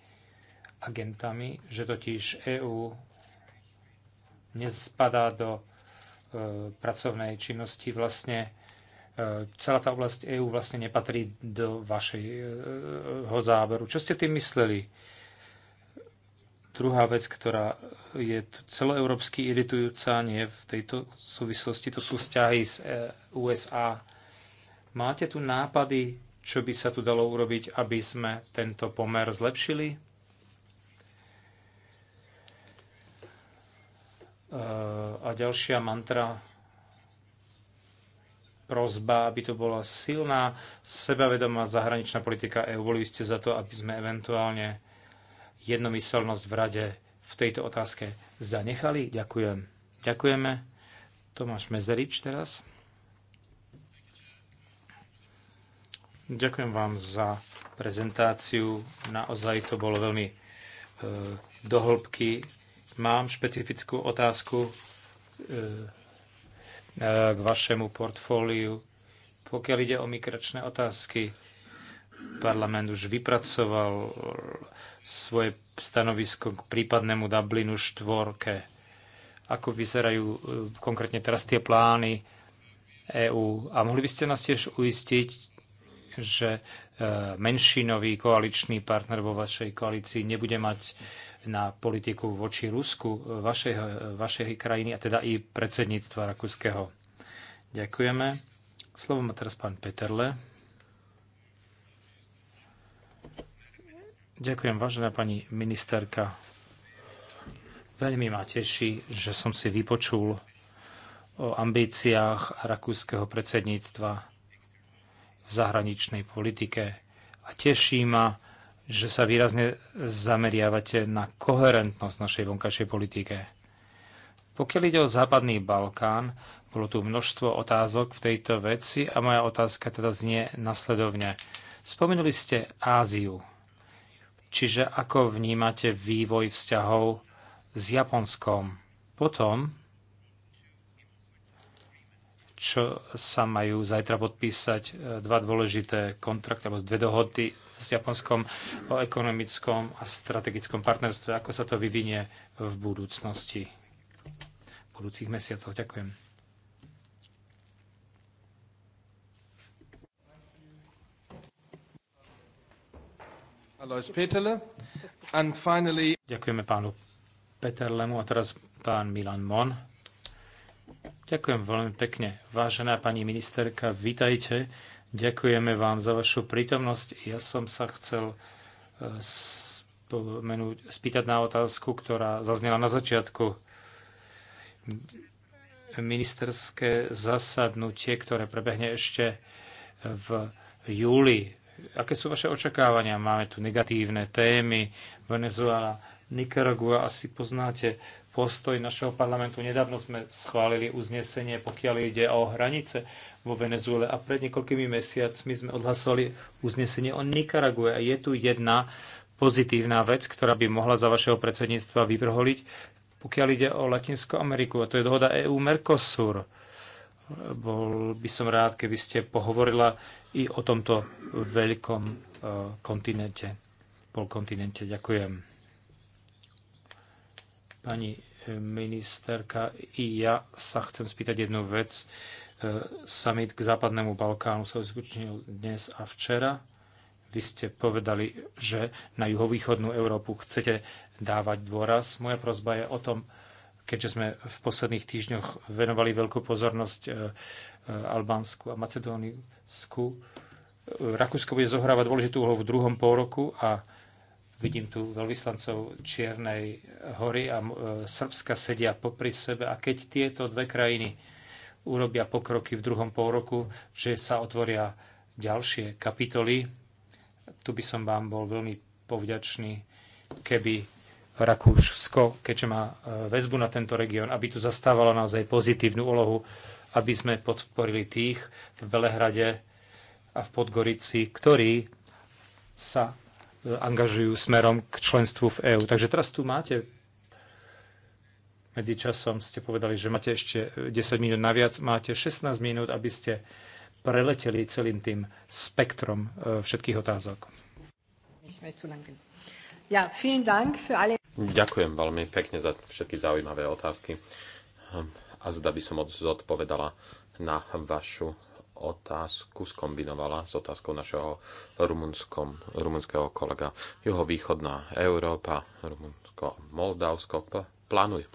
agentami, že totiž EÚ nespadá do e, pracovnej činnosti vlastne e, celá tá oblasť EÚ vlastne nepatrí do vašeho záberu. Čo ste tým mysleli? Druhá vec, ktorá je celoeurópsky iritujúca, nie v tejto súvislosti, to sú vzťahy z e, USA. Máte tu nápady, čo by sa tu dalo urobiť, aby sme tento pomer zlepšili? E, a ďalšia mantra, prozba, aby to bola silná, sebavedomá zahraničná politika EU. Boli ste za to, aby sme eventuálne jednomyselnosť v rade v tejto otázke zanechali? Ďakujem. Ďakujeme. Tomáš Mezerič teraz. Ďakujem vám za prezentáciu. Naozaj to bolo veľmi e, dohlbky. Mám špecifickú otázku e, e, k vašemu portfóliu. Pokiaľ ide o migračné otázky, parlament už vypracoval svoje stanovisko k prípadnému Dublinu štvorke. Ako vyzerajú e, konkrétne teraz tie plány EÚ? A mohli by ste nás tiež uistiť, že e, menšinový koaličný partner vo vašej koalícii nebude mať na politiku voči Rusku e, vašej, vašej krajiny a teda i predsedníctva rakúskeho. Ďakujeme. Slovo má teraz pán Peterle. Ďakujem, vážená pani ministerka. Veľmi ma teší, že som si vypočul o ambíciách rakúskeho predsedníctva v zahraničnej politike a teší ma, že sa výrazne zameriavate na koherentnosť našej vonkajšej politike. Pokiaľ ide o Západný Balkán, bolo tu množstvo otázok v tejto veci a moja otázka teda znie nasledovne. Spomenuli ste Áziu. Čiže ako vnímate vývoj vzťahov s Japonskom? Potom, čo sa majú zajtra podpísať e, dva dôležité kontrakty, alebo dve dohody s Japonskom o ekonomickom a strategickom partnerstve. Ako sa to vyvinie v budúcnosti? V budúcich mesiacoch. Ďakujem. Ďakujeme pánu Peterlemu a teraz pán Milan Mon. Ďakujem veľmi pekne. Vážená pani ministerka, vítajte. Ďakujeme vám za vašu prítomnosť. Ja som sa chcel e, spomenúť, spýtať na otázku, ktorá zaznela na začiatku. Ministerské zasadnutie, ktoré prebehne ešte v júli aké sú vaše očakávania? Máme tu negatívne témy, Venezuela, Nicaragua, asi poznáte postoj našeho parlamentu. Nedávno sme schválili uznesenie, pokiaľ ide o hranice vo Venezuele a pred niekoľkými mesiacmi sme odhlasovali uznesenie o Nicaragua. a je tu jedna pozitívna vec, ktorá by mohla za vašeho predsedníctva vyvrholiť, pokiaľ ide o Latinskú Ameriku a to je dohoda EU-Mercosur. Bol by som rád, keby ste pohovorila i o tomto veľkom e, kontinente, polkontinente. Ďakujem. Pani e, ministerka, i ja sa chcem spýtať jednu vec. E, summit k západnému Balkánu sa uskutočnil dnes a včera. Vy ste povedali, že na juhovýchodnú Európu chcete dávať dôraz. Moja prozba je o tom, keďže sme v posledných týždňoch venovali veľkú pozornosť Eh, Albánsku a Macedónsku. Eh, Rakúsko bude zohrávať dôležitú úlohu v druhom pôroku a vidím tu veľvyslancov Čiernej hory a eh, Srbska sedia popri sebe a keď tieto dve krajiny urobia pokroky v druhom pôroku, že sa otvoria ďalšie kapitoly, tu by som vám bol veľmi povďačný, keby Rakúšsko, keďže má väzbu na tento región, aby tu zastávalo naozaj pozitívnu úlohu aby sme podporili tých v Belehrade a v Podgorici, ktorí sa e, angažujú smerom k členstvu v EÚ. Takže teraz tu máte Medzičasom ste povedali, že máte ešte 10 e, minút naviac, máte 16 minút, aby ste preleteli celým tým spektrom e, všetkých otázok. Ďakujem veľmi pekne za všetky zaujímavé otázky a zda by som zodpovedala na vašu otázku skombinovala s otázkou našeho rumunského kolega. Juhovýchodná Európa, Rumunsko, Moldavsko plánuje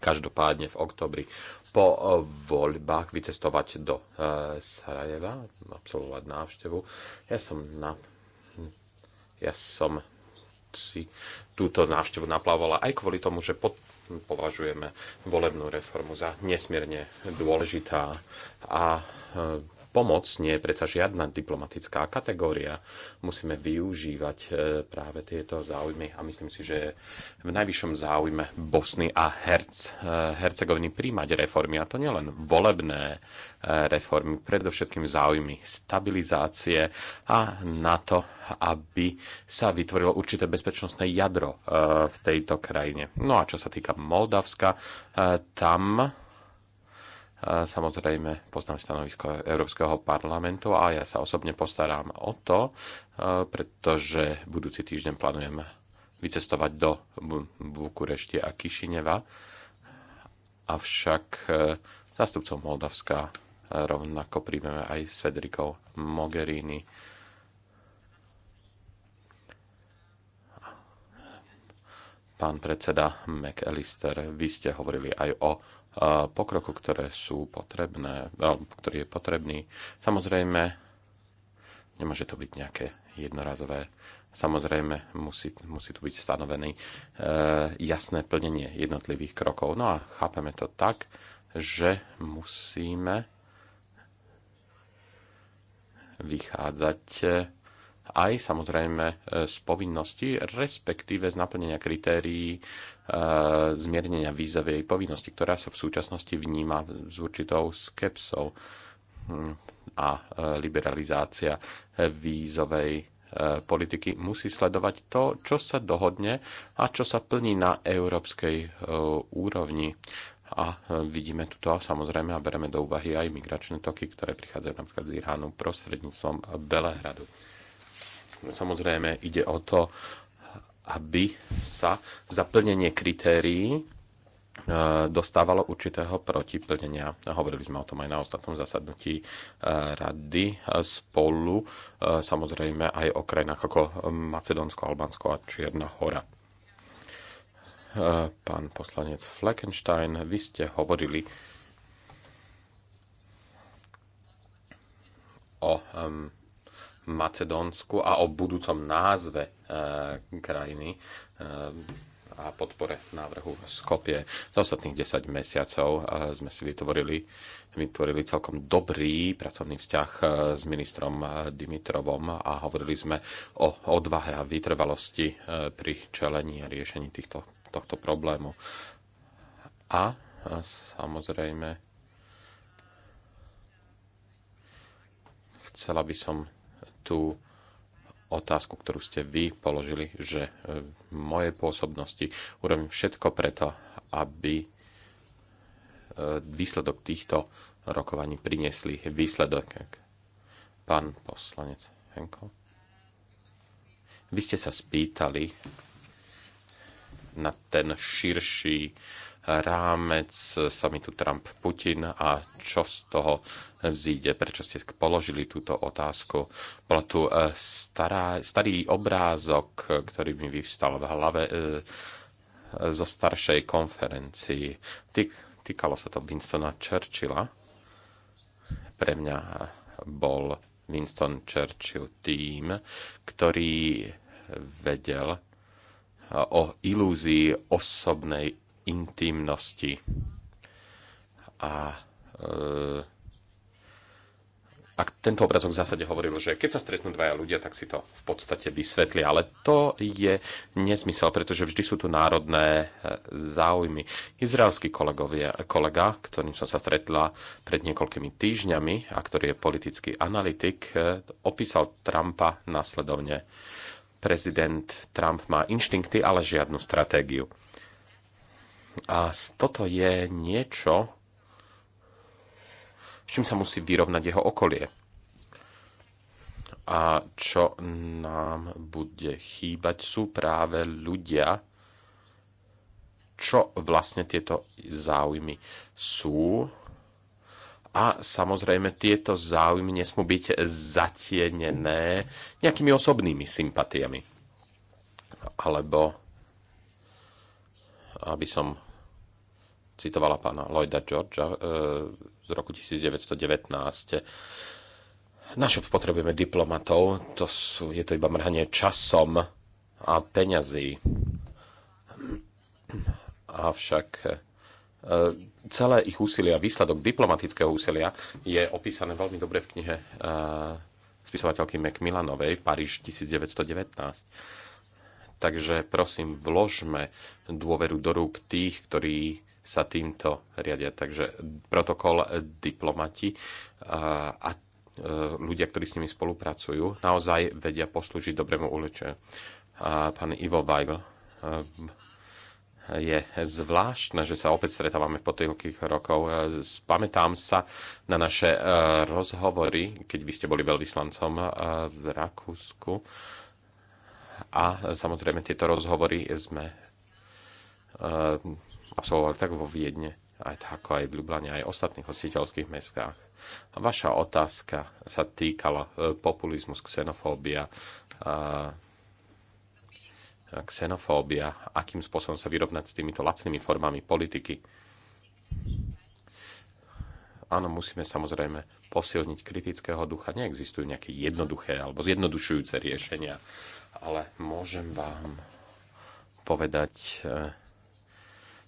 každopádne v oktobri po voľbách vycestovať do e, Sarajeva, absolvovať návštevu. Ja som na, ja som si túto návštevu naplavovala aj kvôli tomu, že považujeme volebnú reformu za nesmierne dôležitá a e, pomoc nie je predsa žiadna diplomatická kategória. Musíme využívať e, práve tieto záujmy a myslím si, že v najvyššom záujme Bosny a Herc, e, Hercegoviny príjmať reformy. A to nielen volebné e, reformy, predovšetkým záujmy stabilizácie a na to, aby sa vytvorilo určité bezpečnostné jadro v tejto krajine. No a čo sa týka Moldavska, tam Samozrejme, poznám stanovisko Európskeho parlamentu a ja sa osobne postarám o to, e, pretože budúci týždeň plánujem vycestovať do Bukurešti a Kišineva. Avšak e, zástupcov Moldavska e, rovnako príjmeme aj s Federikou Mogherini. Pán predseda McAllister, vy ste hovorili aj o pokroku, ktoré sú potrebné, alebo ktorý je potrebný. Samozrejme, nemôže to byť nejaké jednorazové. Samozrejme, musí, musí tu byť stanovený e, jasné plnenie jednotlivých krokov. No a chápeme to tak, že musíme vychádzať e, aj samozrejme e, z povinnosti, respektíve z naplnenia kritérií e, zmiernenia vízovej povinnosti, ktorá sa v súčasnosti vníma s určitou skepsou hm, a e, liberalizácia e, vízovej politiky musí sledovať to, čo sa dohodne a čo sa plní na európskej úrovni. A vidíme tuto samozrejme a bereme do úvahy aj migračné toky, ktoré prichádzajú napríklad z Iránu prostredníctvom Belehradu. Samozrejme ide o to, aby sa zaplnenie kritérií e, dostávalo určitého protiplnenia. Hovorili sme o tom aj na ostatnom zasadnutí e, rady e, spolu, samozrejme aj o krajinách ako Macedónsko, Albánsko a Čierna hora. Pán poslanec Fleckenstein, vy ste hovorili o Macedónsku a o budúcom názve e, krajiny e, a podpore návrhu Skopie. Za ostatných 10 mesiacov e, sme si vytvorili, vytvorili celkom dobrý pracovný vzťah s ministrom Dimitrovom a hovorili sme o odvahe a vytrvalosti pri čelení a riešení týchto, tohto problému. A samozrejme chcela by som tú otázku, ktorú ste vy položili, že e, v mojej pôsobnosti urobím všetko preto, aby e, výsledok týchto rokovaní priniesli výsledok. Pán poslanec Henko. Vy ste sa spýtali na ten širší rámec samitu Trump-Putin a čo z toho vzíde? Prečo ste položili túto otázku? Bol tu e, stará, starý obrázok, ktorý mi vyvstal v hlave e, zo staršej konferencii. týkalo sa to Winstona Churchilla. Pre mňa bol Winston Churchill tým, ktorý vedel e, o ilúzii osobnej intimnosti. A e, a tento obrazok v zásade hovoril, že keď sa stretnú dvaja ľudia, tak si to v podstate vysvetli. Ale to je nesmysel, pretože vždy sú tu národné e, záujmy. Izraelský kolegovia, kolega, ktorým som sa stretla pred niekoľkými týždňami a ktorý je politický analytik, e, opísal Trumpa následovne. Prezident Trump má inštinkty, ale žiadnu stratégiu. A toto je niečo, s čím sa musí vyrovnať jeho okolie. A čo nám bude chýbať, sú práve ľudia, čo vlastne tieto záujmy sú. A samozrejme, tieto záujmy nesmú byť zatienené nejakými osobnými sympatiami. Alebo aby som citovala pána Lloyda Georgea e, z roku 1919. Našu potrebujeme diplomatov, to sú, je to iba mrhanie časom a peňazí. Avšak e, celé ich úsilie a výsledok diplomatického úsilia je opísané veľmi dobre v knihe e, spisovateľky Macmillanovej Paríž 1919 Takže prosím, vložme dôveru do rúk tých, ktorí sa týmto riadia. Takže protokol diplomati a e, ľudia, ktorí s nimi spolupracujú, naozaj vedia poslúžiť dobrému uliče. Pán Ivo Weigl e, je zvláštne, že sa opäť stretávame po toľkých rokov. E, pamätám sa na naše rozhovory, keď vy ste boli veľvyslancom v Rakúsku a samozrejme tieto rozhovory sme e, absolvovali tak vo Viedne, aj ako aj v Ljubljane, aj v ostatných hostiteľských mestách. A vaša otázka sa týkala e, populizmus, xenofóbia, e, xenofóbia, akým spôsobom sa vyrovnať s týmito lacnými formami politiky. Áno, musíme samozrejme posilniť kritického ducha. Neexistujú nejaké jednoduché alebo zjednodušujúce riešenia, ale môžem vám povedať, eh,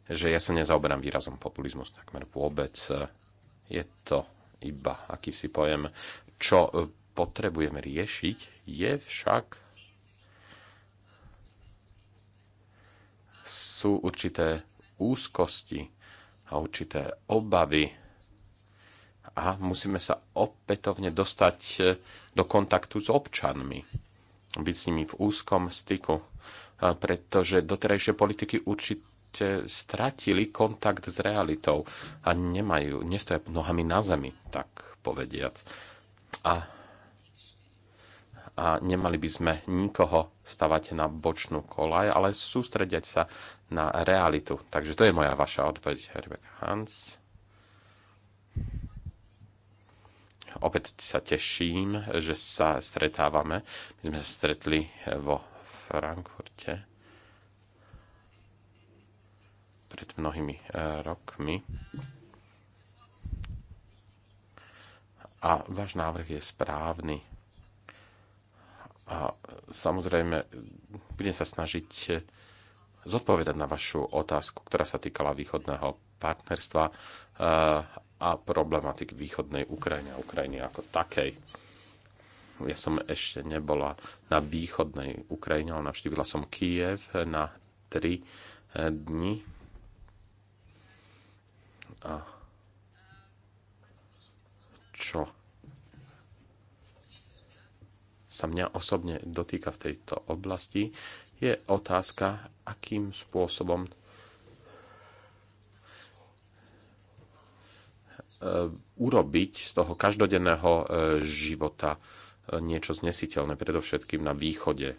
že ja sa nezaoberám výrazom populizmus takmer vôbec. Je to iba akýsi pojem. Čo eh, potrebujeme riešiť, je však sú určité úzkosti a určité obavy a musíme sa opätovne dostať e, do kontaktu s občanmi, byť s nimi v úzkom styku, e, pretože doterajšie politiky určite stratili kontakt s realitou a nemajú, nestoja nohami na zemi, tak povediac. A a nemali by sme nikoho stavať na bočnú kolaj, ale sústrediať sa na realitu. Takže to je moja vaša odpoveď, Rebecca Hans. opäť sa teším, že sa stretávame. My sme sa stretli vo Frankfurte pred mnohými eh, rokmi. A váš návrh je správny. A samozrejme, budem sa snažiť zodpovedať na vašu otázku, ktorá sa týkala východného partnerstva eh, a problematik východnej Ukrajiny a Ukrajiny ako takej. Ja som ešte nebola na východnej Ukrajine, ale navštívila som Kiev na tri e, dni. A čo sa mňa osobne dotýka v tejto oblasti, je otázka, akým spôsobom E, urobiť z toho každodenného e, života e, niečo znesiteľné, predovšetkým na východe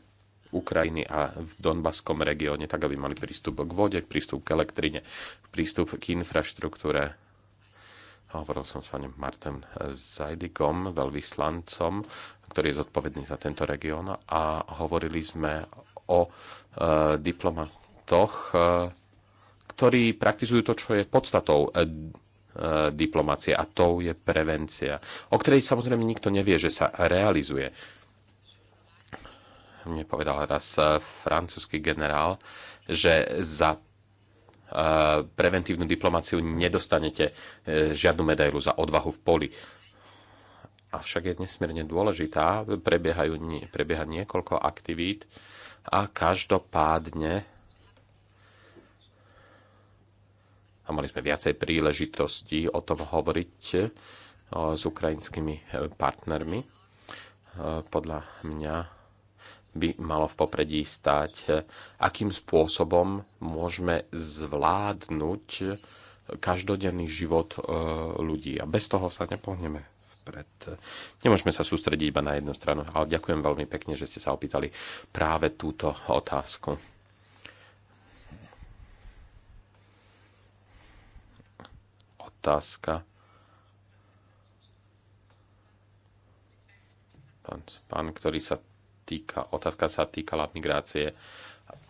Ukrajiny a v Donbaskom regióne, tak aby mali prístup k vode, prístup k elektrine, prístup k infraštruktúre. Hovoril som s pánom Martem Zajdikom, veľvyslancom, ktorý je zodpovedný za tento región a hovorili sme o e, diplomatoch, e, ktorí praktizujú to, čo je podstatou e, Eh, diplomácie a tou je prevencia, o ktorej samozrejme nikto nevie, že sa realizuje. Mne povedal raz eh, francúzsky generál, že za eh, preventívnu diplomáciu nedostanete žiadnu medailu za odvahu v poli avšak je nesmierne dôležitá. Prebiehajú, prebieha niekoľko aktivít a každopádne a mali sme viacej príležitostí o tom hovoriť e, s ukrajinskými e, partnermi. E, podľa mňa by malo v popredí stať, akým spôsobom môžeme zvládnuť každodenný život ľudí. A bez toho sa nepohneme vpred. Nemôžeme sa sústrediť iba na jednu stranu, ale ďakujem veľmi pekne, že ste sa opýtali práve túto otázku. otázka. Pán, pán ktorý sa týka, otázka sa týkala migrácie a,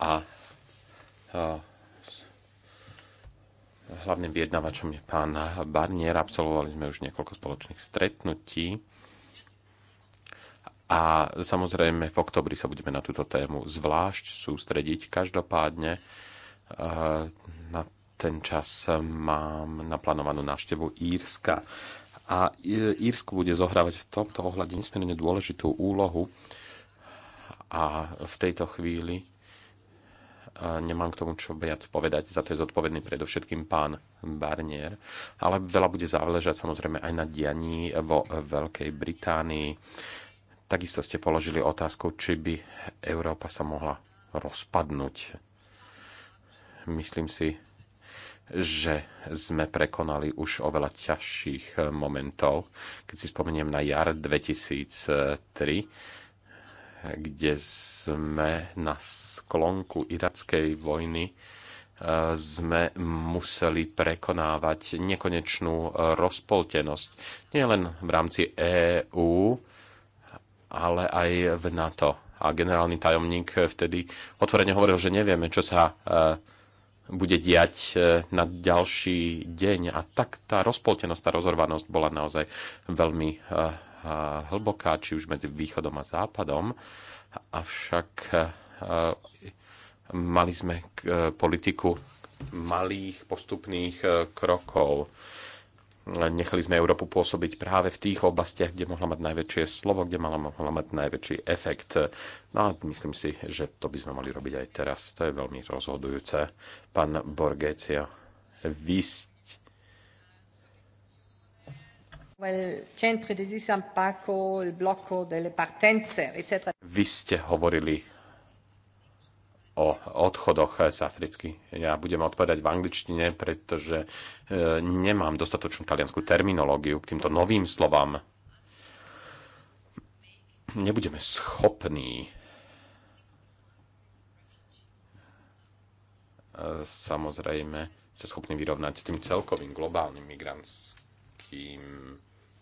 a hlavným vyjednávačom je pán Barnier. Absolvovali sme už niekoľko spoločných stretnutí. A samozrejme v oktobri sa budeme na túto tému zvlášť sústrediť. Každopádne ten čas mám naplánovanú návštevu Írska. A Írsko bude zohrávať v tomto ohľade nesmierne dôležitú úlohu a v tejto chvíli e, nemám k tomu čo viac povedať, za to je zodpovedný predovšetkým pán Barnier, ale veľa bude záležať samozrejme aj na dianí vo Veľkej Británii. Takisto ste položili otázku, či by Európa sa mohla rozpadnúť. Myslím si, že sme prekonali už oveľa ťažších eh, momentov. Keď si spomeniem na jar 2003, eh, kde sme na sklonku irackej vojny eh, sme museli prekonávať nekonečnú rozpoltenosť. Nie len v rámci EÚ, ale aj v NATO. A generálny tajomník vtedy otvorene hovoril, že nevieme, čo sa bude diať e, na ďalší deň. A tak tá rozpoltenosť, tá rozorvanosť bola naozaj veľmi e, e, hlboká, či už medzi východom a západom. Avšak mali sme politiku malých postupných krokov. Nechali sme Európu pôsobiť práve v tých oblastiach, kde mohla mať najväčšie slovo, kde mala mohla mať najväčší efekt. No a myslím si, že to by sme mali robiť aj teraz. To je veľmi rozhodujúce. Pán Borgecia, vy Vy ste hovorili o odchodoch z Africky. Ja budem odpovedať v angličtine, pretože e, nemám dostatočnú taliansku terminológiu k týmto novým slovám. Nebudeme schopní e, samozrejme sa schopní vyrovnať s tým celkovým globálnym migrantským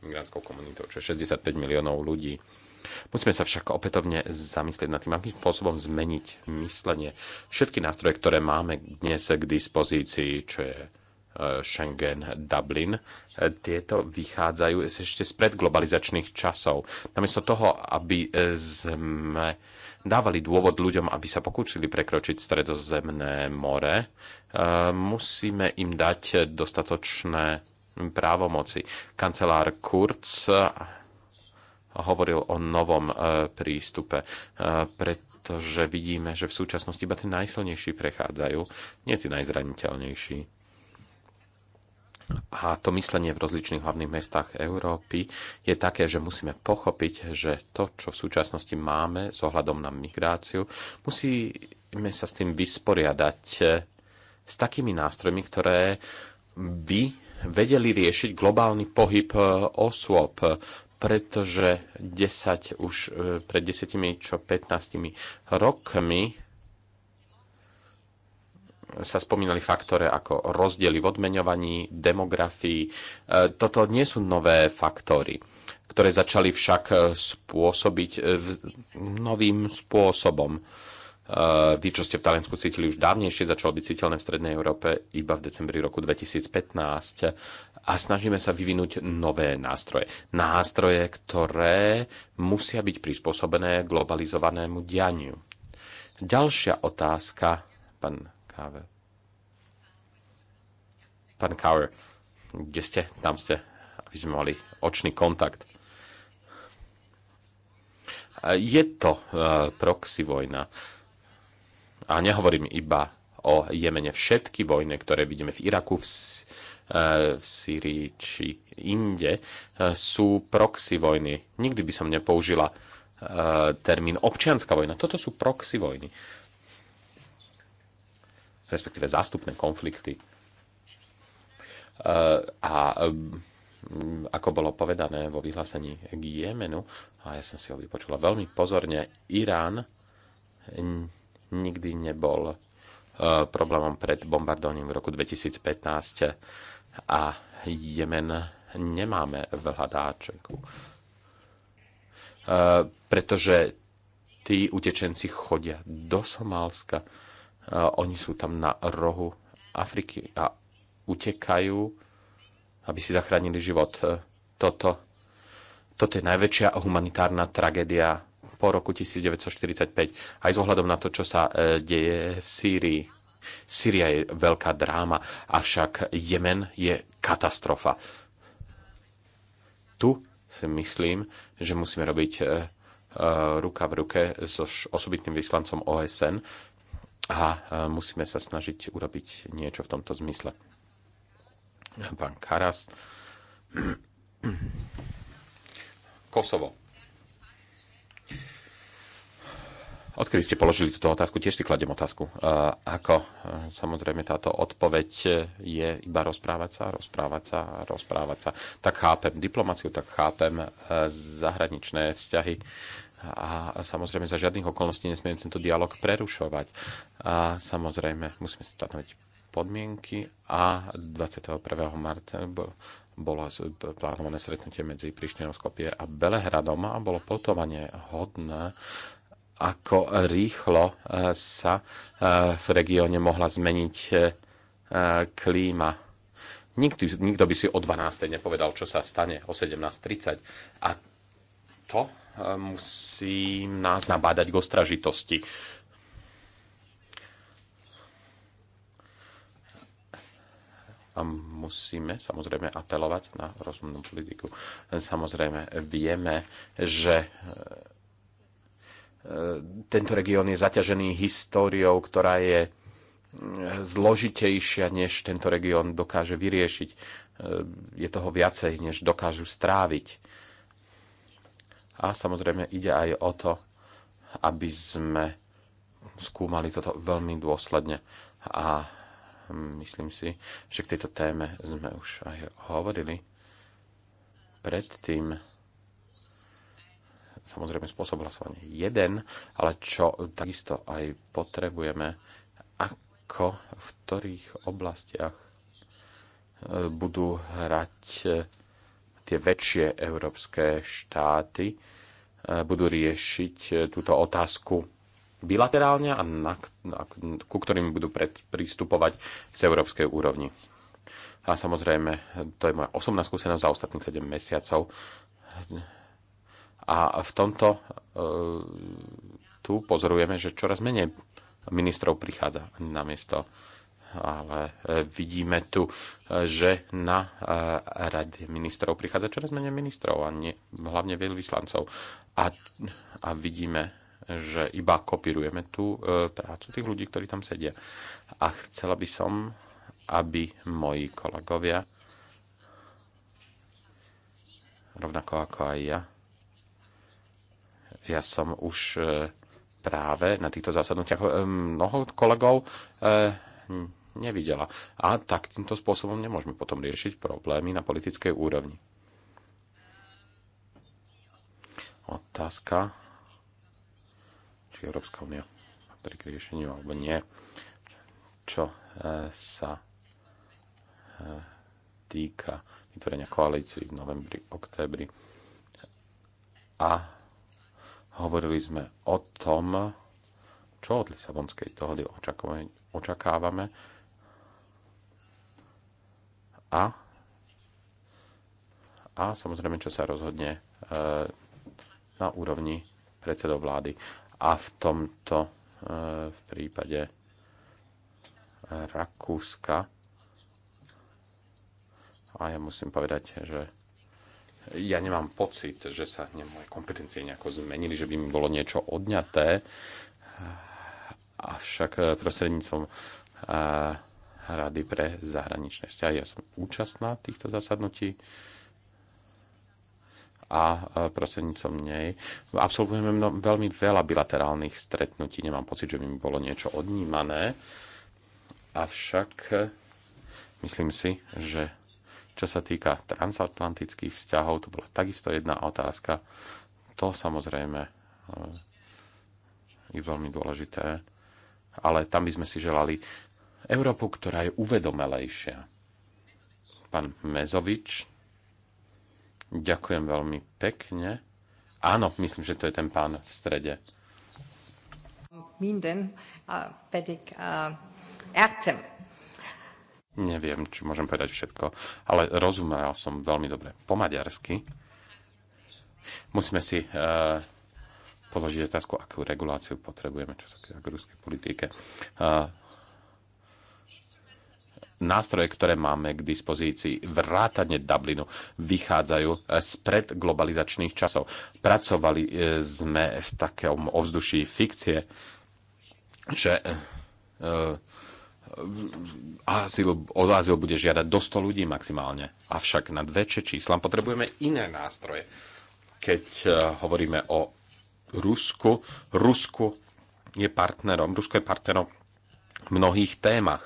migrantskou komunitou, čo je 65 miliónov ľudí Musíme sa však opätovne zamyslieť nad tým, akým spôsobom zmeniť myslenie. Všetky nástroje, ktoré máme dnes k dispozícii, čo je e, Schengen, Dublin, e, tieto vychádzajú ešte z predglobalizačných časov. Namiesto toho, aby e, sme dávali dôvod ľuďom, aby sa pokúsili prekročiť stredozemné more, musíme im dať dostatočné právomoci. Kancelár Kurz hovoril o novom e, prístupe, e, pretože vidíme, že v súčasnosti iba tí najsilnejší prechádzajú, nie tí najzraniteľnejší. A to myslenie v rozličných hlavných mestách Európy je také, že musíme pochopiť, že to, čo v súčasnosti máme s ohľadom na migráciu, musíme sa s tým vysporiadať e, s takými nástrojmi, ktoré by vedeli riešiť globálny pohyb osôb, pretože 10 už e, pred 10 čo 15 rokmi sa spomínali faktore ako rozdiely v odmeňovaní, demografii. E, toto nie sú nové faktory, ktoré začali však e, spôsobiť novým spôsobom. Vy, čo ste v Taliansku cítili už dávnejšie, začalo byť citeľné v Strednej Európe iba v decembri roku 2015 a snažíme sa vyvinúť nové nástroje. Nástroje, ktoré musia byť prispôsobené globalizovanému dianiu. Ďalšia otázka, pán Káve. Pán Káve, kde ste? Tam ste, aby sme mali očný kontakt. Je to e, proxy vojna. A nehovorím iba o Jemene. Všetky vojny, ktoré vidíme v Iraku, v E, v Syrii či inde, e, sú proxy vojny. Nikdy by som nepoužila e, termín občianská vojna. Toto sú proxy vojny. Respektíve zástupné konflikty. A ako bolo povedané vo vyhlásení k Jemenu, a ja som si ho vypočula veľmi pozorne, Irán nikdy nebol problémom pred bombardovaním v roku 2015 a Jemen nemáme v hľadáčeku. E, pretože tí utečenci chodia do Somálska, e, oni sú tam na rohu Afriky a utekajú, aby si zachránili život. E, toto, toto je najväčšia humanitárna tragédia po roku 1945, aj z ohľadom na to, čo sa deje v Sýrii. Syria je veľká dráma, avšak Jemen je katastrofa. Tu si myslím, že musíme robiť eh, eh, ruka v ruke so osobitným vyslancom OSN a eh, musíme sa snažiť urobiť niečo v tomto zmysle. Pán Karas. Kosovo Odkedy ste položili túto otázku, tiež si kladem otázku. Ako? E, samozrejme, táto odpoveď e, je iba rozprávať sa, rozprávať sa, rozprávať sa. Tak chápem diplomáciu, tak chápem e, zahraničné vzťahy a samozrejme za žiadnych okolností nesmieme tento dialog prerušovať. A samozrejme musíme stanoviť podmienky a 21. marca bolo plánované stretnutie medzi Prištinou, Skopie a Belehradom a bolo potovanie hodné ako rýchlo e, sa e, v regióne mohla zmeniť e, klíma. Nikto, nikto by si o 12. nepovedal, čo sa stane o 17.30. A to musí nás nabádať k ostražitosti. a musíme samozrejme apelovať na rozumnú politiku. Samozrejme vieme, že E, tento región je zaťažený históriou, ktorá je e, zložitejšia, než tento región dokáže vyriešiť. E, je toho viacej, než dokážu stráviť. A samozrejme ide aj o to, aby sme skúmali toto veľmi dôsledne. A hm, myslím si, že k tejto téme sme už aj hovorili predtým samozrejme spôsob hlasovania jeden, ale čo takisto aj potrebujeme, ako v ktorých oblastiach e, budú hrať e, tie väčšie európske štáty, e, budú riešiť túto otázku bilaterálne a na, na, ku ktorým budú pred, pristupovať z európskej úrovni. A samozrejme, to je moja osobná skúsenosť za ostatných 7 mesiacov. A v tomto e, tu pozorujeme, že čoraz menej ministrov prichádza na miesto ale e, vidíme tu, e, že na rade ministrov prichádza čoraz menej ministrov a nie, hlavne veľvyslancov. A, a vidíme, že iba kopírujeme tú prácu tých ľudí, ktorí tam sedia. A chcela by som, aby moji kolegovia, rovnako ako aj ja, ja som už e, práve na týchto zasadnutiach e, mnoho kolegov e, nevidela. A tak týmto spôsobom nemôžeme potom riešiť problémy na politickej úrovni. Otázka, či Európska únia patrí k riešeniu alebo nie, čo sa týka vytvorenia koalícií v novembri, oktobri a Hovorili sme o tom, čo od Lisabonskej dohody očakávame a, a samozrejme, čo sa rozhodne e, na úrovni predsedov vlády. A v tomto e, v prípade Rakúska a ja musím povedať, že ja nemám pocit, že sa moje kompetencie nejako zmenili, že by mi bolo niečo odňaté, avšak eh, prostredníctvom eh, Rady pre zahraničné vzťahy. Ja som účastná týchto zasadnutí a eh, prostredníctvom nej. Absolvujeme mno, veľmi veľa bilaterálnych stretnutí, nemám pocit, že by mi bolo niečo odnímané, avšak myslím si, že čo sa týka transatlantických vzťahov, to bola takisto jedna otázka. To samozrejme e, je veľmi dôležité, ale tam by sme si želali Európu, ktorá je uvedomelejšia. Pán Mezovič, ďakujem veľmi pekne. Áno, myslím, že to je ten pán v strede. Minden, pedig Ertem. Neviem, či môžem povedať všetko, ale rozumel som veľmi dobre po maďarsky. Musíme si e, položiť otázku, akú reguláciu potrebujeme, čo sa týka ruskej politike. E, nástroje, ktoré máme k dispozícii, vrátane Dublinu, vychádzajú spred globalizačných časov. Pracovali eh, sme v takom ovzduší fikcie, že azyl, o azyl bude žiadať do 100 ľudí maximálne. Avšak nad väčšie čísla potrebujeme iné nástroje. Keď eh, hovoríme o Rusku, Rusku je partnerom, Rusko je partnerom v mnohých témach.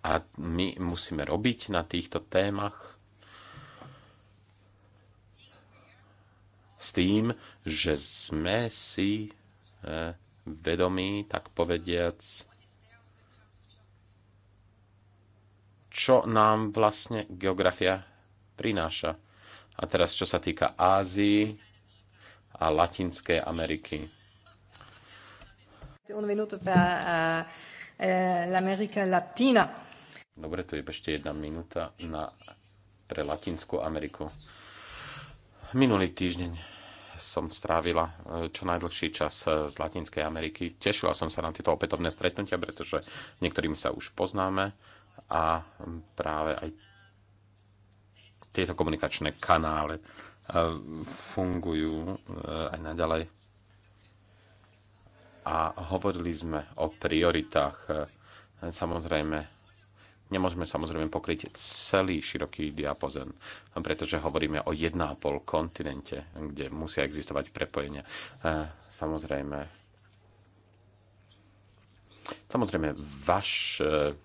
A my musíme robiť na týchto témach s tým, že sme si eh, vedomí, tak povediac, čo nám vlastne geografia prináša. A teraz, čo sa týka Ázii a Latinskej Ameriky. Eh, eh, Dobre, tu je ešte jedna minúta na, pre Latinskú Ameriku. Minulý týždeň som strávila eh, čo najdlhší čas z Latinskej Ameriky. Tešila som sa na tieto opätovné stretnutia, pretože niektorými sa už poznáme a práve aj tieto komunikačné kanále fungujú e, aj naďalej. A hovorili sme o prioritách. E, samozrejme, nemôžeme samozrejme pokryť celý široký diapozen, pretože hovoríme o 1,5 kontinente, kde musia existovať prepojenia. E, samozrejme, Samozrejme, e, váš,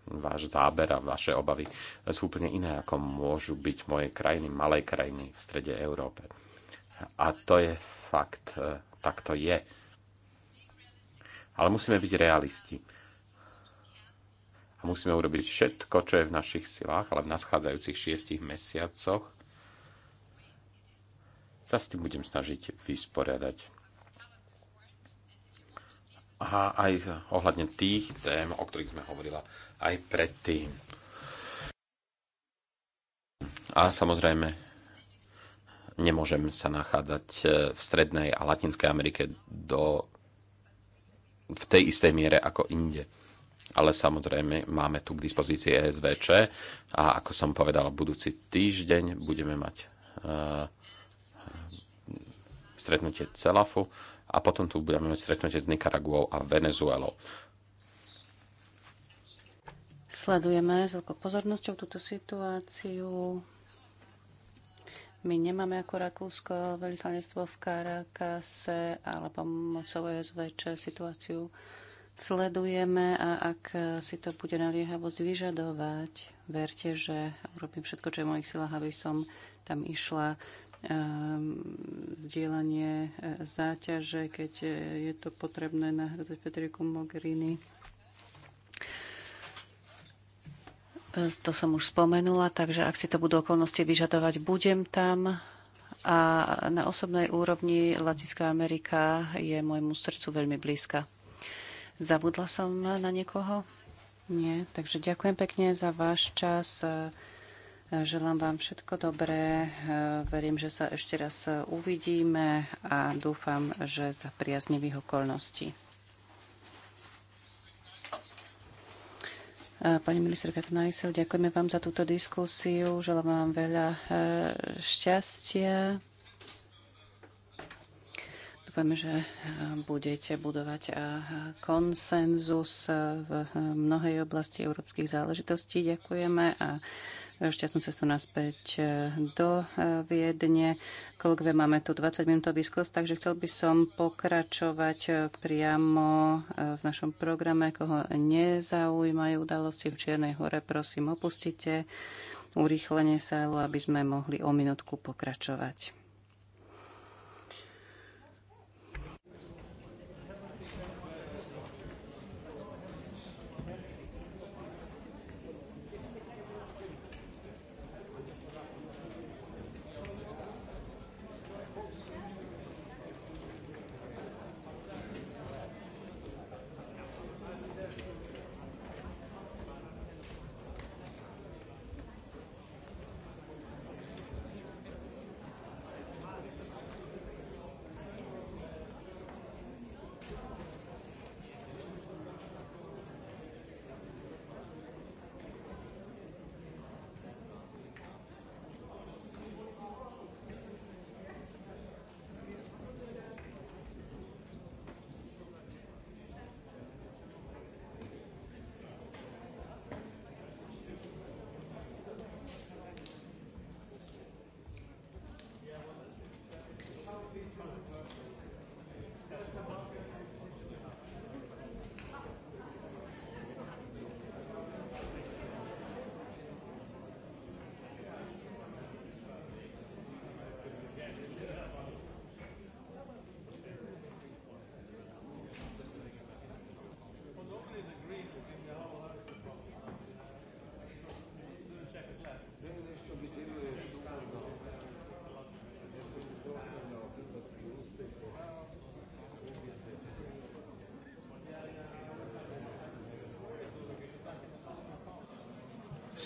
vaš záber a vaše obavy sú úplne iné, ako môžu byť moje krajiny, malej krajiny v strede Európe. A to je fakt, e, tak to je. Ale musíme byť realisti. A musíme urobiť všetko, čo je v našich silách, ale v naschádzajúcich šiestich mesiacoch sa s tým budem snažiť vysporiadať a aj ohľadne tých tém, o ktorých sme hovorila aj predtým. A samozrejme, nemôžem sa nachádzať e, v Strednej a Latinskej Amerike do, v tej istej miere ako inde. Ale samozrejme, máme tu k dispozícii ESVČ a ako som povedal, budúci týždeň budeme mať uh, stretnutie CELAFu a potom tu budeme mať stretnutie s Nikaraguou a Venezuelou. Sledujeme s veľkou pozornosťou túto situáciu. My nemáme ako Rakúsko veľvyslanectvo v Karakase, ale pomocou SVČ situáciu sledujeme a ak si to bude naliehavosť vyžadovať, verte, že urobím všetko, čo je v mojich silách, aby som tam išla Ehm, zdieľanie e, záťaže, keď e, je to potrebné nahradzať Federiku Mogherini. E, to som už spomenula, takže ak si to budú okolnosti vyžadovať, budem tam. A na osobnej úrovni Latinská Amerika je môjmu srdcu veľmi blízka. Zabudla som na niekoho? Nie, takže ďakujem pekne za váš čas. Želám vám všetko dobré. Verím, že sa ešte raz uvidíme a dúfam, že za priaznivých okolností. Pani ministerka Knajsel, ďakujeme vám za túto diskusiu. Želám vám veľa e, šťastia. Dúfame, že e, budete budovať e, konsenzus v mnohej oblasti európskych záležitostí. Ďakujeme a šťastnú cestu naspäť eh, do eh, Viedne. Kolegové, máme tu 20-minútový sklz, takže chcel by som pokračovať eh, priamo v našom programe. Koho nezaujímajú udalosti v Čiernej hore, prosím opustite urýchlenie sálu, aby sme mohli o minútku pokračovať.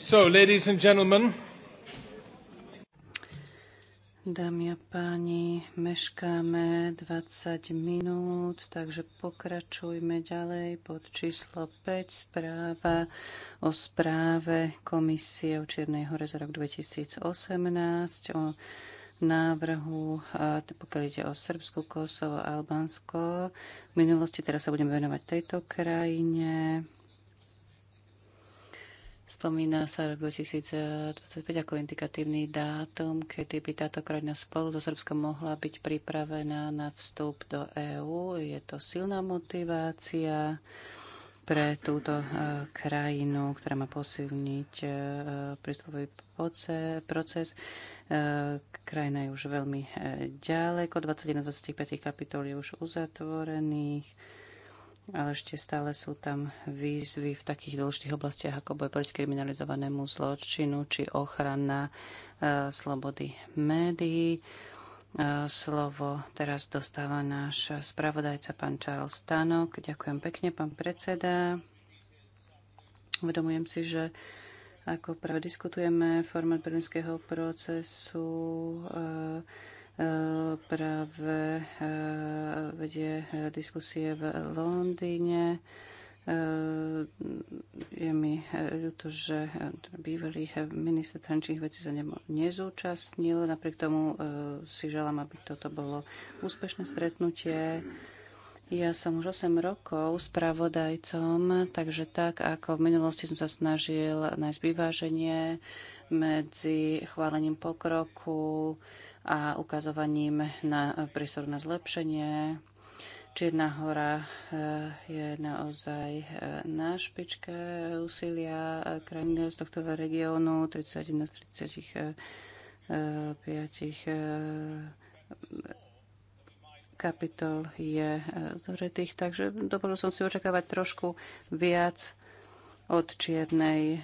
So, ladies and gentlemen. Dámy a páni, meškáme 20 minút, takže pokračujme ďalej pod číslo 5, správa o správe Komisie o Čiernej hore za rok 2018, o návrhu, pokiaľ ide o Srbsku, Kosovo, Albánsko. V minulosti teraz sa budeme venovať tejto krajine Spomína sa rok 2025 ako indikatívny dátum, kedy by táto krajina spolu so Srbskom mohla byť pripravená na vstup do EÚ. Je to silná motivácia pre túto e, krajinu, ktorá má posilniť e, prístupový proces. E, krajina je už veľmi ďaleko, 21-25 kapitol je už uzatvorených ale ešte stále sú tam výzvy v takých dôležitých oblastiach ako boj proti kriminalizovanému zločinu či ochrana e, slobody médií. E, slovo teraz dostáva náš spravodajca pán Charles Stanok. Ďakujem pekne, pán predseda. Uvedomujem si, že ako práve diskutujeme formát berlínskeho procesu, e, práve eh, vedie eh, diskusie v Londýne. Eh, je mi ľúto, že bývalý minister trančných vecí sa nezúčastnil. Napriek tomu si želám, aby toto bolo úspešné stretnutie. Ja som už 8 rokov spravodajcom, takže tak ako v minulosti som sa snažil nájsť vyváženie medzi chválením pokroku, a ukazovaním na prísor na zlepšenie. Čierna hora eh, je naozaj eh, na špičke úsilia eh, krajín z tohto regiónu, 31 z 35 kapitol je zvretých, takže dovolil som si očakávať trošku viac od Čiernej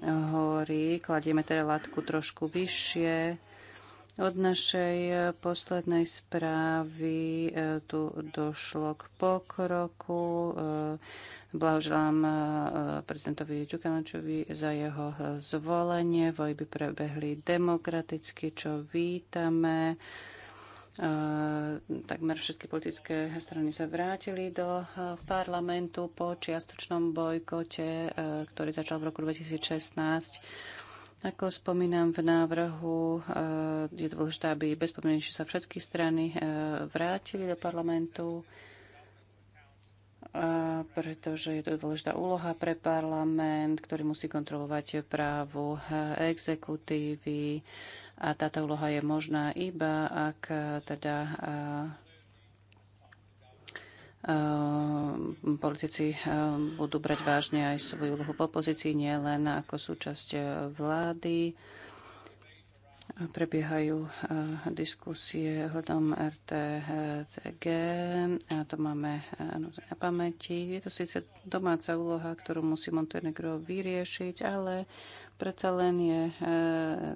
hory. Kladieme teda látku trošku vyššie od našej e, poslednej správy e, tu došlo k pokroku. E, blahoželám prezidentovi Čukanočovi za jeho zvolenie. Vojby prebehli demokraticky, čo vítame. Uh, takmer všetky politické strany sa vrátili do uh, parlamentu po čiastočnom bojkote, uh, ktorý začal v roku 2016 ako spomínam v návrhu, eh, je dôležité, aby bezpodmienečne sa všetky strany eh, vrátili do parlamentu, pretože je to dôležitá úloha pre parlament, ktorý musí kontrolovať právo eh, exekutívy a táto úloha je možná iba, ak teda Ehm, politici ehm, budú brať vážne aj svoju úlohu v opozícii, nie len ako súčasť eh, vlády. Prebiehajú eh, diskusie hľadom RTCG. A to máme eh, no, na pamäti. Je to síce domáca úloha, ktorú musí Montenegro vyriešiť, ale predsa len je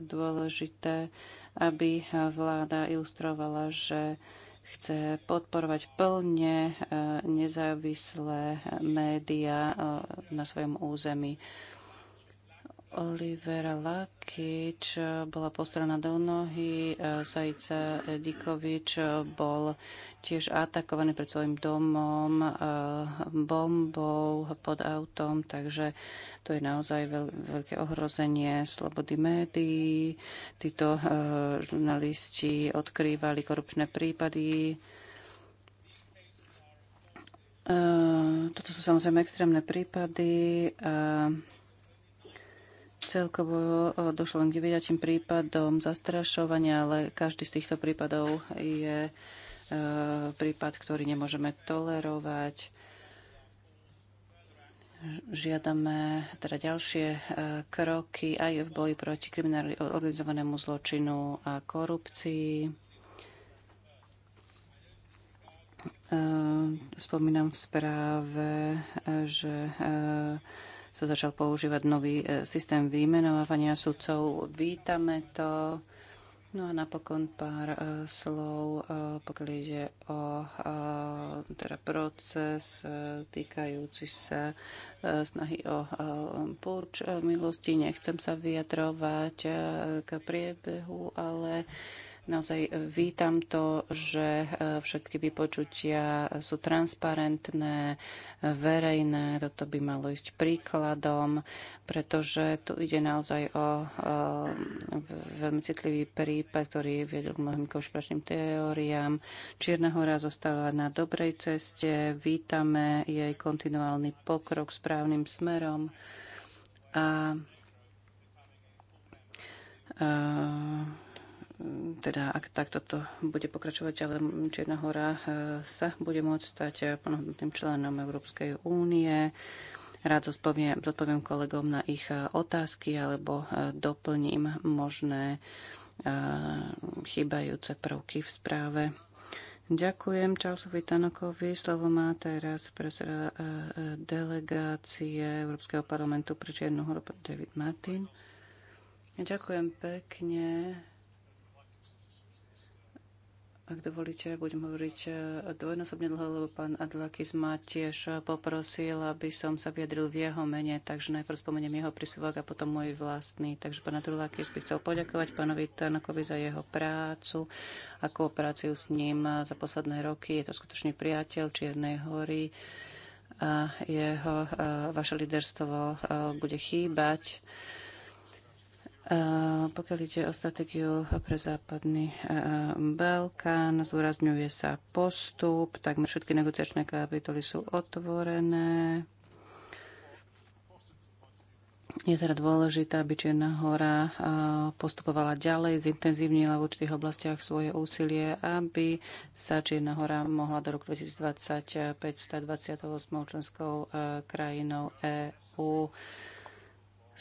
dôležité, aby vláda ilustrovala, že chce podporovať plne eh, nezávislé médiá eh, na svojom území. Olivera Lakič bola postraná do nohy, Zajica e, Dikovič bol tiež atakovaný pred svojim domom e, bombou pod autom, takže to je naozaj veľ, veľké ohrozenie slobody médií. Títo e, žurnalisti odkrývali korupčné prípady. Toto sú samozrejme extrémne prípady. Celkovo e, došlo len k 9 prípadom zastrašovania, ale každý z týchto prípadov je e, prípad, ktorý nemôžeme tolerovať. Žiadame teda ďalšie e, kroky aj v boji proti organizovanému zločinu a korupcii. Spomínam v správe, že sa začal používať nový e, systém vymenovania sudcov. Vítame to. No a napokon pár e, slov, e, pokiaľ ide o teda proces týkajúci sa snahy o púrč milosti. Nechcem sa vyjadrovať k priebehu, ale Naozaj e, vítam to, že e, všetky vypočutia sú transparentné, e, verejné. Toto by malo ísť príkladom, pretože tu ide naozaj o, veľmi citlivý prípad, ktorý viedol k mnohým konšpiračným teóriám. Čierna hora zostáva na dobrej ceste. Vítame jej kontinuálny pokrok správnym smerom. A, a teda ak takto to bude pokračovať, ale Čierna hora e, sa bude môcť stať e, plnohodnotným členom Európskej únie. Rád zodpoviem, zodpoviem kolegom na ich e, otázky alebo doplním možné chýbajúce prvky v správe. Ďakujem Charlesovi Tanokovi. Slovo má teraz predseda delegácie Európskeho parlamentu pre Čiernu horu David Martin. Ďakujem pekne. Ak dovolíte, budem hovoriť e, dvojnásobne dlho, lebo pán Adlakis ma tiež poprosil, aby som sa vyjadril v jeho mene, takže najprv spomeniem jeho príspevok a potom môj vlastný. Takže pán Adlakis by chcel poďakovať pánovi Tanakovi za jeho prácu a kooperáciu s ním za posledné roky. Je to skutočný priateľ Čiernej hory a jeho, e, vaše liderstvo e, bude chýbať. Pokiaľ ide o stratégiu pre západný Balkán, zúrazňuje sa postup, takmer všetky negociačné kapitoly sú otvorené. Je teda dôležité, aby Čierna hora postupovala ďalej, zintenzívnila v určitých oblastiach svoje úsilie, aby sa Čierna hora mohla do roku 2025 stať 28. členskou krajinou EÚ.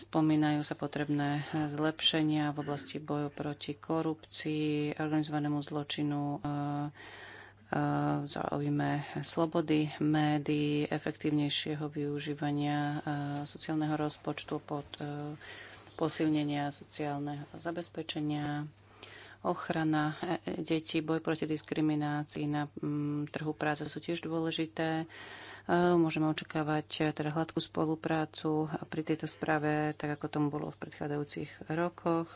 Spomínajú sa potrebné zlepšenia v oblasti boju proti korupcii, organizovanému zločinu, e, e, záujme slobody médií, efektívnejšieho využívania e, sociálneho rozpočtu pod posilnenia sociálneho zabezpečenia, ochrana e, e, detí, boj proti diskriminácii na mm, trhu práce sú tiež dôležité. E, môžeme očakávať teda hladkú spoluprácu pri tejto správe, tak ako tomu bolo v predchádzajúcich rokoch.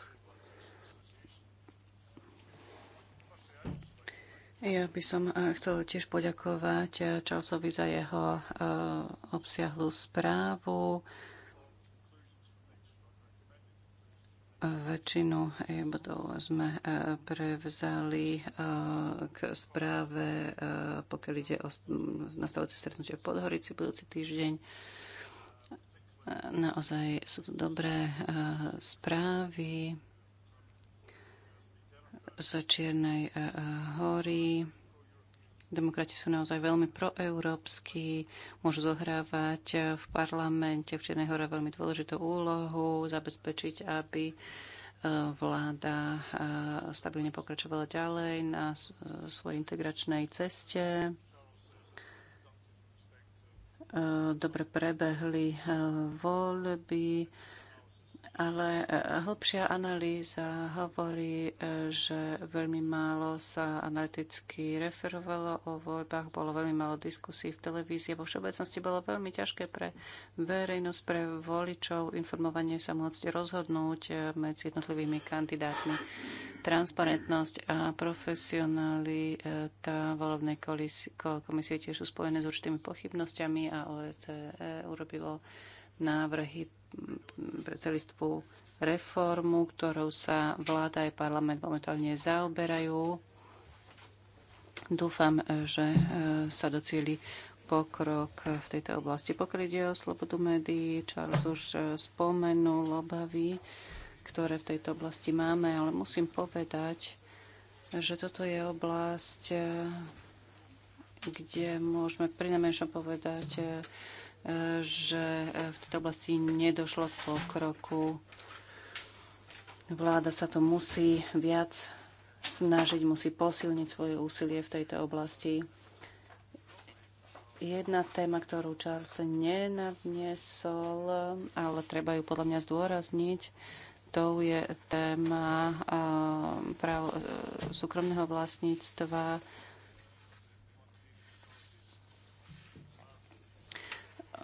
Ja by som chcela tiež poďakovať Charlesovi za jeho obsiahlu správu. Väčšinu bodov sme e, prevzali e, k správe, e, pokiaľ ide o nastavujúce stretnutie v Podhorici budúci týždeň. Naozaj sú to dobré správy z Čiernej hory Demokrati sú naozaj veľmi proeurópsky, môžu zohrávať v parlamente v Čiernej hore veľmi dôležitú úlohu, zabezpečiť, aby e, vláda e, stabilne pokračovala ďalej na e, svojej integračnej ceste. Dobre prebehli voľby ale e, hĺbšia analýza hovorí, e, že veľmi málo sa analyticky referovalo o voľbách, bolo veľmi málo diskusí v televízii. Vo všeobecnosti bolo veľmi ťažké pre verejnosť, pre voličov informovanie sa môcť rozhodnúť e, medzi jednotlivými kandidátmi. Transparentnosť a profesionalita volebnej komisie tiež sú spojené s určitými pochybnosťami a OSCE urobilo návrhy pre celistvú reformu, ktorou sa vláda aj parlament momentálne zaoberajú. Dúfam, že e, sa docieli pokrok v tejto oblasti. Pokiaľ ide o slobodu médií, Charles už e, spomenul obavy, ktoré v tejto oblasti máme, ale musím povedať, že toto je oblasť, e, kde môžeme prinajmenšom povedať, že e, v tejto oblasti nedošlo k pokroku. Vláda sa to musí viac snažiť, musí posilniť svoje úsilie v tejto oblasti. Jedna téma, ktorú Charles nenadnesol, ale treba ju podľa mňa zdôrazniť, to je téma práv e, súkromného vlastníctva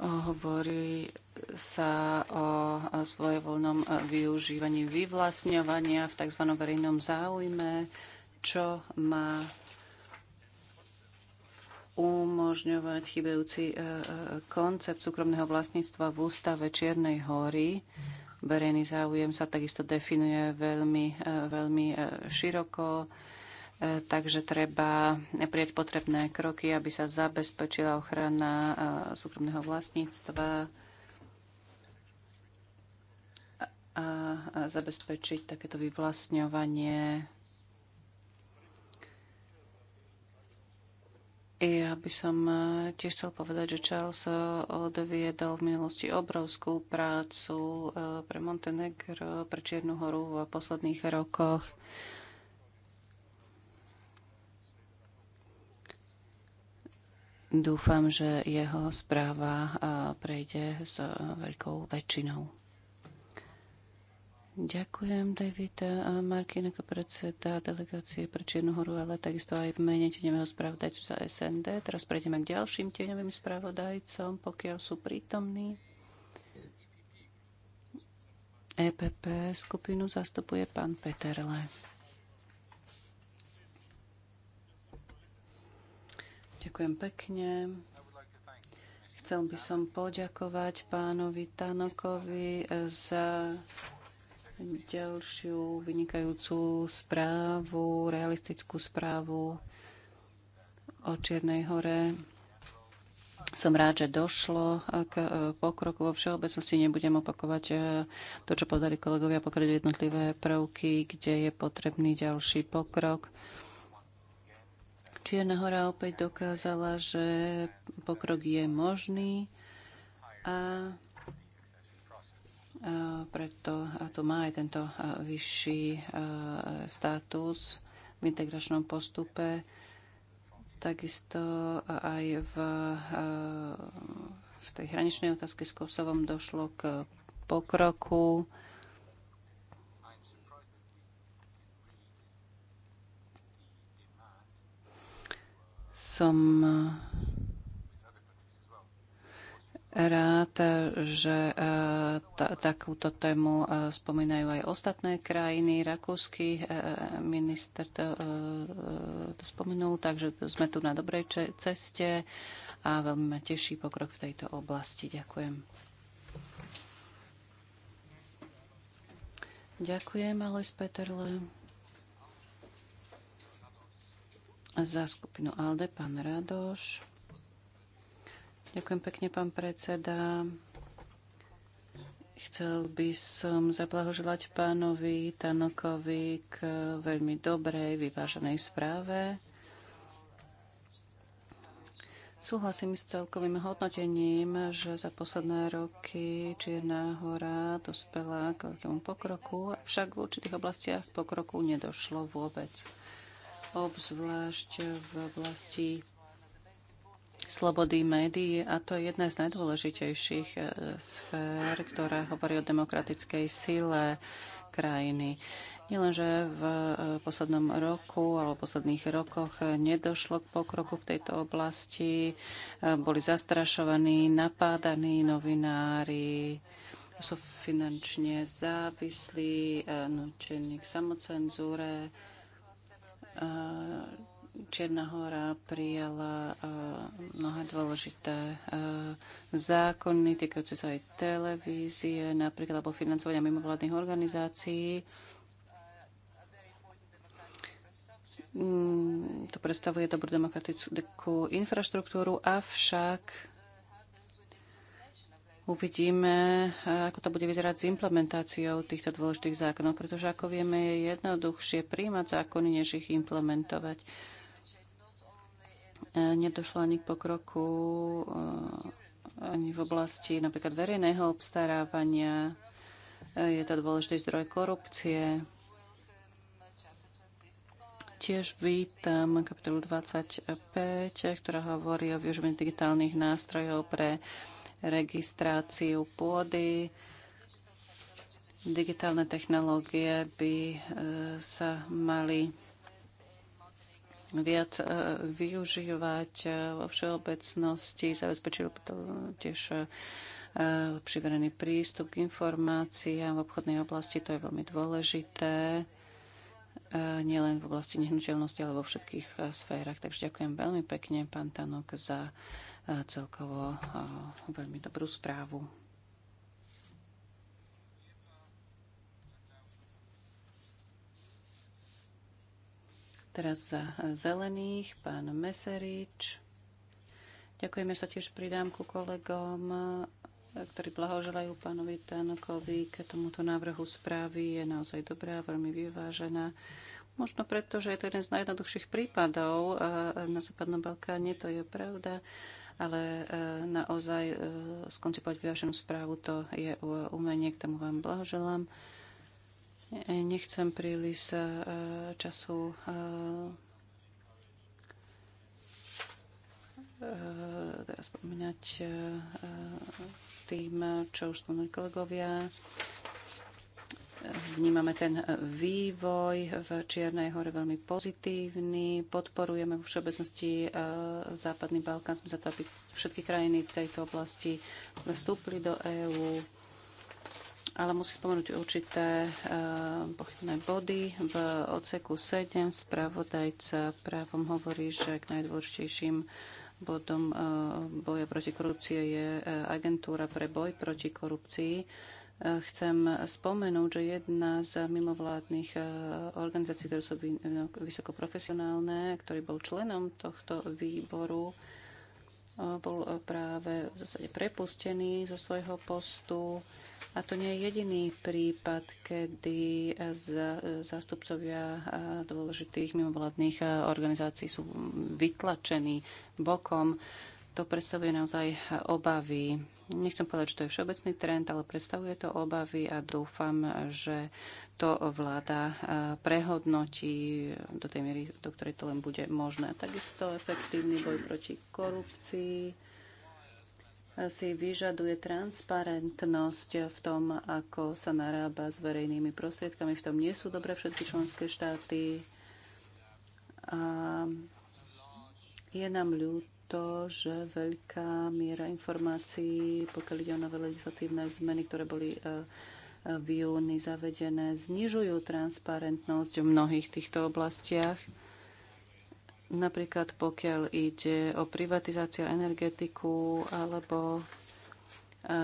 Hovorí sa o svojevoľnom využívaní vyvlastňovania v tzv. verejnom záujme, čo má umožňovať chybajúci e, e, koncept súkromného vlastníctva v ústave Čiernej hory. Verejný záujem sa takisto definuje veľmi, e, veľmi široko takže treba prijať potrebné kroky, aby sa zabezpečila ochrana eh, súkromného vlastníctva a zabezpečiť takéto vyvlastňovanie. Ja by som eh, tiež chcel povedať, že Charles eh, odviedol v minulosti obrovskú prácu pre Montenegro, pre Čiernu horu v posledných rokoch. Dúfam, že jeho správa prejde s veľkou väčšinou. Ďakujem, David Markin, ako predseda delegácie pre Čiernu horu, ale takisto aj v mene tieňového spravodajcu za SND. Teraz prejdeme k ďalším tieňovým spravodajcom, pokiaľ sú prítomní. EPP skupinu zastupuje pán Peterle. Ďakujem pekne. Chcel by som poďakovať pánovi Tanokovi za ďalšiu vynikajúcu správu, realistickú správu o Čiernej hore. Som rád, že došlo k pokroku vo všeobecnosti. Nebudem opakovať eh, to, čo povedali kolegovia, pokryť jednotlivé prvky, kde je potrebný ďalší pokrok. Čierna hora opäť dokázala, že pokrok je možný a preto to má aj tento vyšší status v integračnom postupe, takisto aj v, v tej hraničnej otázke s Kosovom došlo k pokroku. Som eh, rád, že eh, takúto tému eh, spomínajú aj ostatné krajiny. Rakúsky minister to, to spomenul, takže sme tu na dobrej ceste a veľmi ma teší pokrok v tejto oblasti. Ďakujem. Ďakujem, Alois Peterle. Za skupinu ALDE pán Radoš. Ďakujem pekne, pán predseda. Chcel by som zablahoželať pánovi Tanokovi k veľmi dobrej, vyváženej správe. Súhlasím s celkovým hodnotením, že za posledné roky Čierna hora dospela k veľkému pokroku, však v určitých oblastiach pokroku nedošlo vôbec obzvlášť v oblasti slobody médií a to je jedna z najdôležitejších eh, sfér, ktorá hovorí o demokratickej sile krajiny. Nielenže v eh, poslednom roku alebo posledných rokoch nedošlo k pokroku v tejto oblasti, eh, boli zastrašovaní, napádaní novinári, sú finančne závislí, nutení k samocenzúre Eh, Čierna hora prijala eh, mnohé dôležité eh, zákony týkajúce sa aj televízie, napríklad alebo financovania mimovládnych organizácií. Mm, to predstavuje dobrú demokratickú infraštruktúru, avšak Uvidíme, ako to bude vyzerať s implementáciou týchto dôležitých zákonov, pretože ako vieme, je jednoduchšie príjmať zákony, než ich implementovať. Nedošlo ani k pokroku eh, ani v oblasti napríklad verejného obstarávania. Je to dôležitý zdroj korupcie. Tiež vítam kapitolu 25, ktorá hovorí o využívaní digitálnych nástrojov pre registráciu pôdy. Digitálne technológie by e, sa mali viac e, využívať e, vo všeobecnosti. Zabezpečil to tiež lepší verejný prístup k informáciám v obchodnej oblasti. To je veľmi dôležité nielen v oblasti nehnuteľnosti, ale vo všetkých sférach. Takže ďakujem veľmi pekne, pán Tanok, za celkovo veľmi dobrú správu. Teraz za zelených pán Meserič. Ďakujeme sa tiež pridám ku kolegom, ktorí blahoželajú pánovi Tanokovi k tomuto návrhu správy. Je naozaj dobrá, veľmi vyvážená. Možno preto, že je to jeden z najjednoduchších prípadov e, na Západnom Balkáne, to je pravda ale e, naozaj e, skoncipovať vyváženú správu to je umenie, k tomu vám blahoželám. E, nechcem príliš času teraz spomínať tým, čo už spomínali kolegovia. Vnímame ten vývoj v Čiernej hore veľmi pozitívny. Podporujeme v všeobecnosti e, Západný Balkán. Sme za to, aby všetky krajiny v tejto oblasti vstúpili do EÚ. Ale musím spomenúť určité e, pochybné body. V odseku 7 spravodajca právom hovorí, že k najdôležitejším bodom e, boja proti korupcie je agentúra pre boj proti korupcii Chcem spomenúť, že jedna z mimovládnych e, organizácií, ktoré sú no, vysokoprofesionálne, ktorý bol členom tohto výboru, e, bol e, práve v zásade prepustený zo svojho postu. A to nie je jediný prípad, kedy zástupcovia dôležitých mimovládnych organizácií sú vytlačení bokom. To predstavuje naozaj obavy Nechcem povedať, že to je všeobecný trend, ale predstavuje to obavy a dúfam, že to vláda e, prehodnotí do tej miery, do ktorej to len bude možné. Takisto efektívny boj proti korupcii e, si vyžaduje transparentnosť v tom, ako sa narába s verejnými prostriedkami. V tom nie sú dobré všetky členské štáty. A je nám ľúto, to, že veľká miera informácií, pokiaľ ide o nové legislatívne zmeny, ktoré boli e, e, v júni zavedené, znižujú transparentnosť v mnohých týchto oblastiach. Napríklad pokiaľ ide o privatizáciu energetiku alebo e,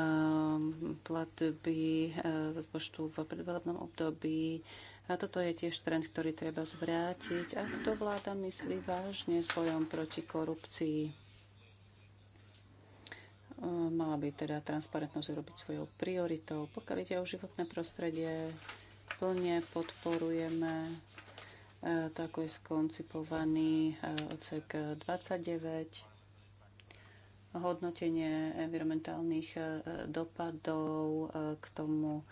platby rozpočtu v predvolebnom období, a toto je tiež trend, ktorý treba zvrátiť. Ak to vláda myslí vážne s bojom proti korupcii, mala by teda transparentnosť urobiť svojou prioritou. Pokiaľ ide o životné prostredie, plne podporujeme e, to, ako je skoncipovaný e, odsek 29, hodnotenie environmentálnych e, dopadov k tomu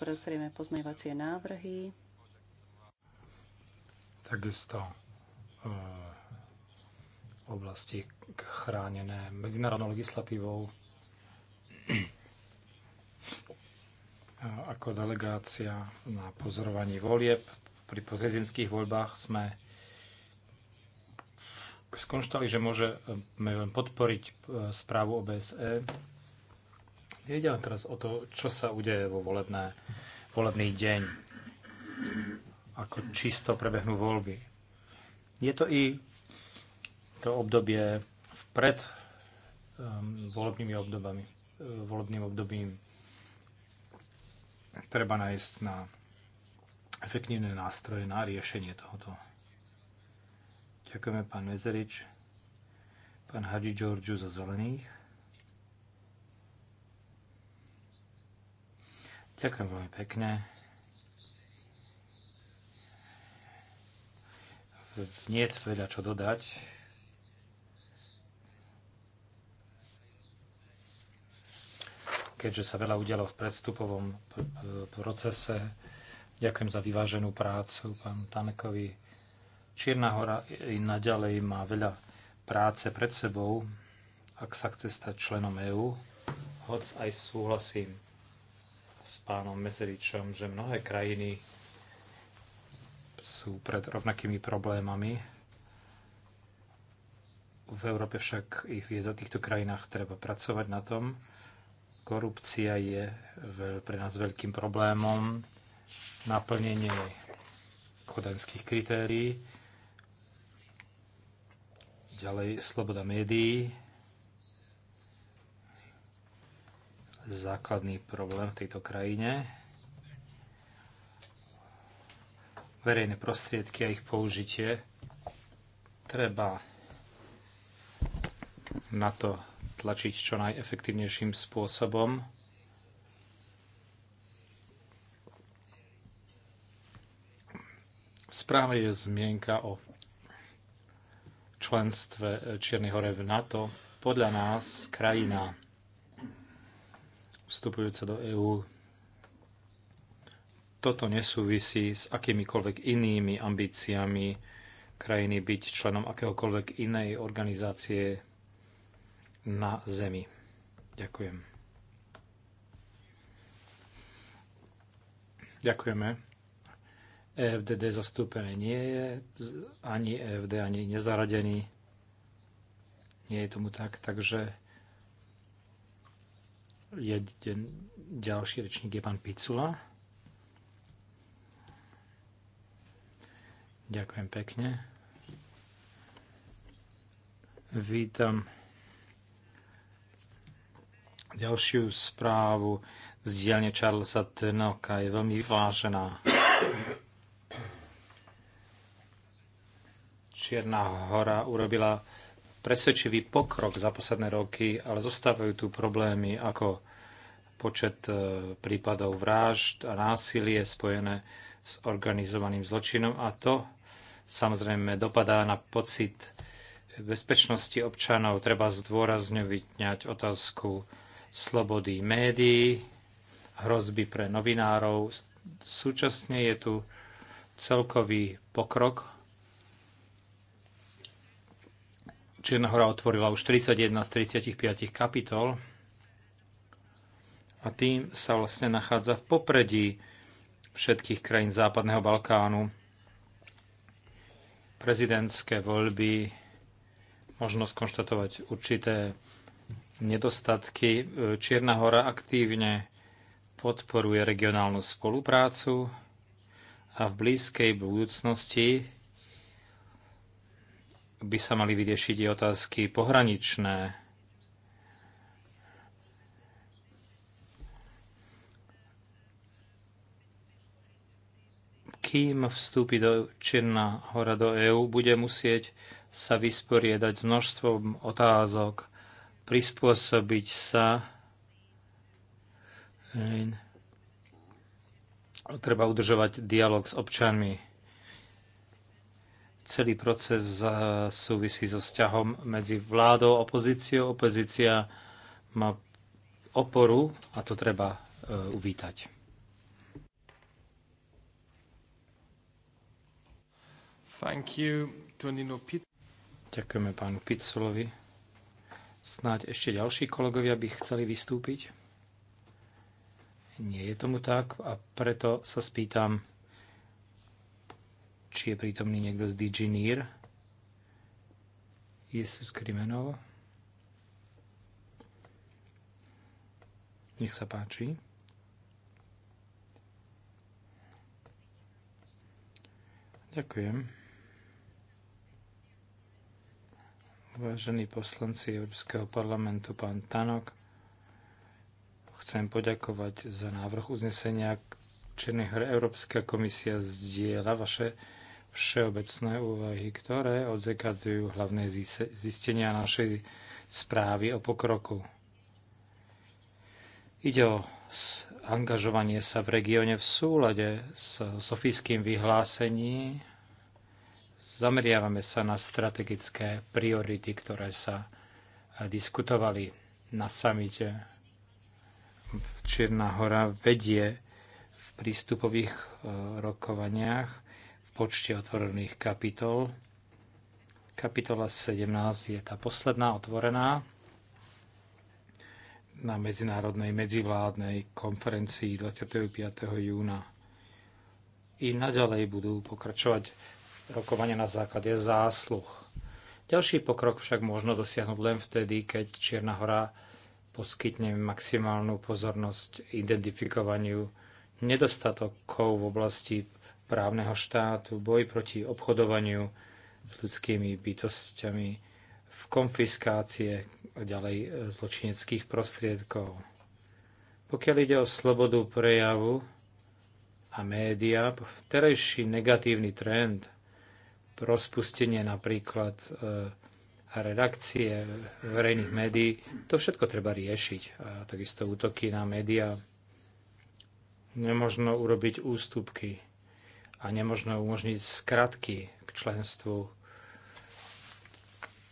prosíme pozmeňovacie návrhy. Takisto e, oblasti chránené medzinárodnou legislatívou. Ako delegácia na pozorovaní volieb pri pozrezinských voľbách sme skonštali, že môžeme len podporiť e, správu OBSE Nejde len teraz o to, čo sa udeje vo volebné, volebný deň, ako čisto prebehnú voľby. Je to i to obdobie pred um, volebnými obdobami, uh, volebným obdobím treba nájsť na efektívne nástroje na riešenie tohoto. Ďakujeme pán Mezerič, pán Hadži Georgiu za zelených. Ďakujem veľmi pekne. Nie je veľa čo dodať. Keďže sa veľa udialo v predstupovom procese, ďakujem za vyváženú prácu pán Tanekovi. Čierna hora i naďalej má veľa práce pred sebou, ak sa chce stať členom EÚ, hoc aj súhlasím pánom Meseričom, že mnohé krajiny sú pred rovnakými problémami. V Európe však i v týchto krajinách treba pracovať na tom. Korupcia je pre nás veľkým problémom. Naplnenie kodanských kritérií. Ďalej sloboda médií, základný problém v tejto krajine. Verejné prostriedky a ich použitie treba na to tlačiť čo najefektívnejším spôsobom. V správe je zmienka o členstve Čiernej hore v NATO. Podľa nás krajina vstupujúce do EÚ, toto nesúvisí s akýmikoľvek inými ambíciami krajiny byť členom akéhokoľvek inej organizácie na Zemi. Ďakujem. Ďakujeme. EFDD zastúpené nie je, ani EFD, ani nezaradený. Nie je tomu tak, takže je de- ďalší rečník je pán Picula. Ďakujem pekne. Vítam ďalšiu správu z dielne Charlesa Tenoka. Je veľmi vážená. Čierna hora urobila presvedčivý pokrok za posledné roky, ale zostávajú tu problémy ako počet e, prípadov vražd a násilie spojené s organizovaným zločinom a to samozrejme dopadá na pocit bezpečnosti občanov. Treba zdôrazňovať otázku slobody médií, hrozby pre novinárov. Súčasne je tu celkový pokrok Čierna hora otvorila už 31 z 35 kapitol a tým sa vlastne nachádza v popredí všetkých krajín Západného Balkánu. Prezidentské voľby, možno skonštatovať určité nedostatky. Čierna hora aktívne podporuje regionálnu spoluprácu a v blízkej budúcnosti by sa mali vyriešiť i otázky pohraničné. Kým vstúpi do Čierna hora do EÚ, bude musieť sa vysporiadať s množstvom otázok, prispôsobiť sa. E, treba udržovať dialog s občanmi. Celý proces súvisí so vzťahom medzi vládou a opozíciou. Opozícia má oporu a to treba e, uvítať. Thank you, Tonino Pit. Ďakujeme pánu Pizzolovi. Snáď ešte ďalší kolegovia by chceli vystúpiť? Nie je tomu tak a preto sa spýtam či je prítomný niekto z Digineer. Jesus Krimenov. Nech sa páči. Ďakujem. Vážení poslanci Európskeho parlamentu, pán Tanok, chcem poďakovať za návrh uznesenia Čiernej hore. Európska komisia zdieľa vaše všeobecné úvahy, ktoré odzekadujú hlavné zistenia našej správy o pokroku. Ide o angažovanie sa v regióne v súlade s sofijským vyhlásením. Zameriavame sa na strategické priority, ktoré sa eh, diskutovali na samite. Čierna hora vedie v prístupových eh, rokovaniach počte otvorených kapitol. Kapitola 17 je tá posledná otvorená na medzinárodnej medzivládnej konferencii 25. júna. I naďalej budú pokračovať rokovania na základe zásluh. Ďalší pokrok však možno dosiahnuť len vtedy, keď Čierna hora poskytne maximálnu pozornosť identifikovaniu nedostatokov v oblasti právneho štátu, boj proti obchodovaniu s ľudskými bytostiami, v konfiskácie ďalej e, zločineckých prostriedkov. Pokiaľ ide o slobodu prejavu a média, terejší negatívny trend, pro spustenie napríklad a e, redakcie verejných médií, to všetko treba riešiť. A takisto útoky na médiá. Nemožno urobiť ústupky a nemožno umožniť skratky k členstvu.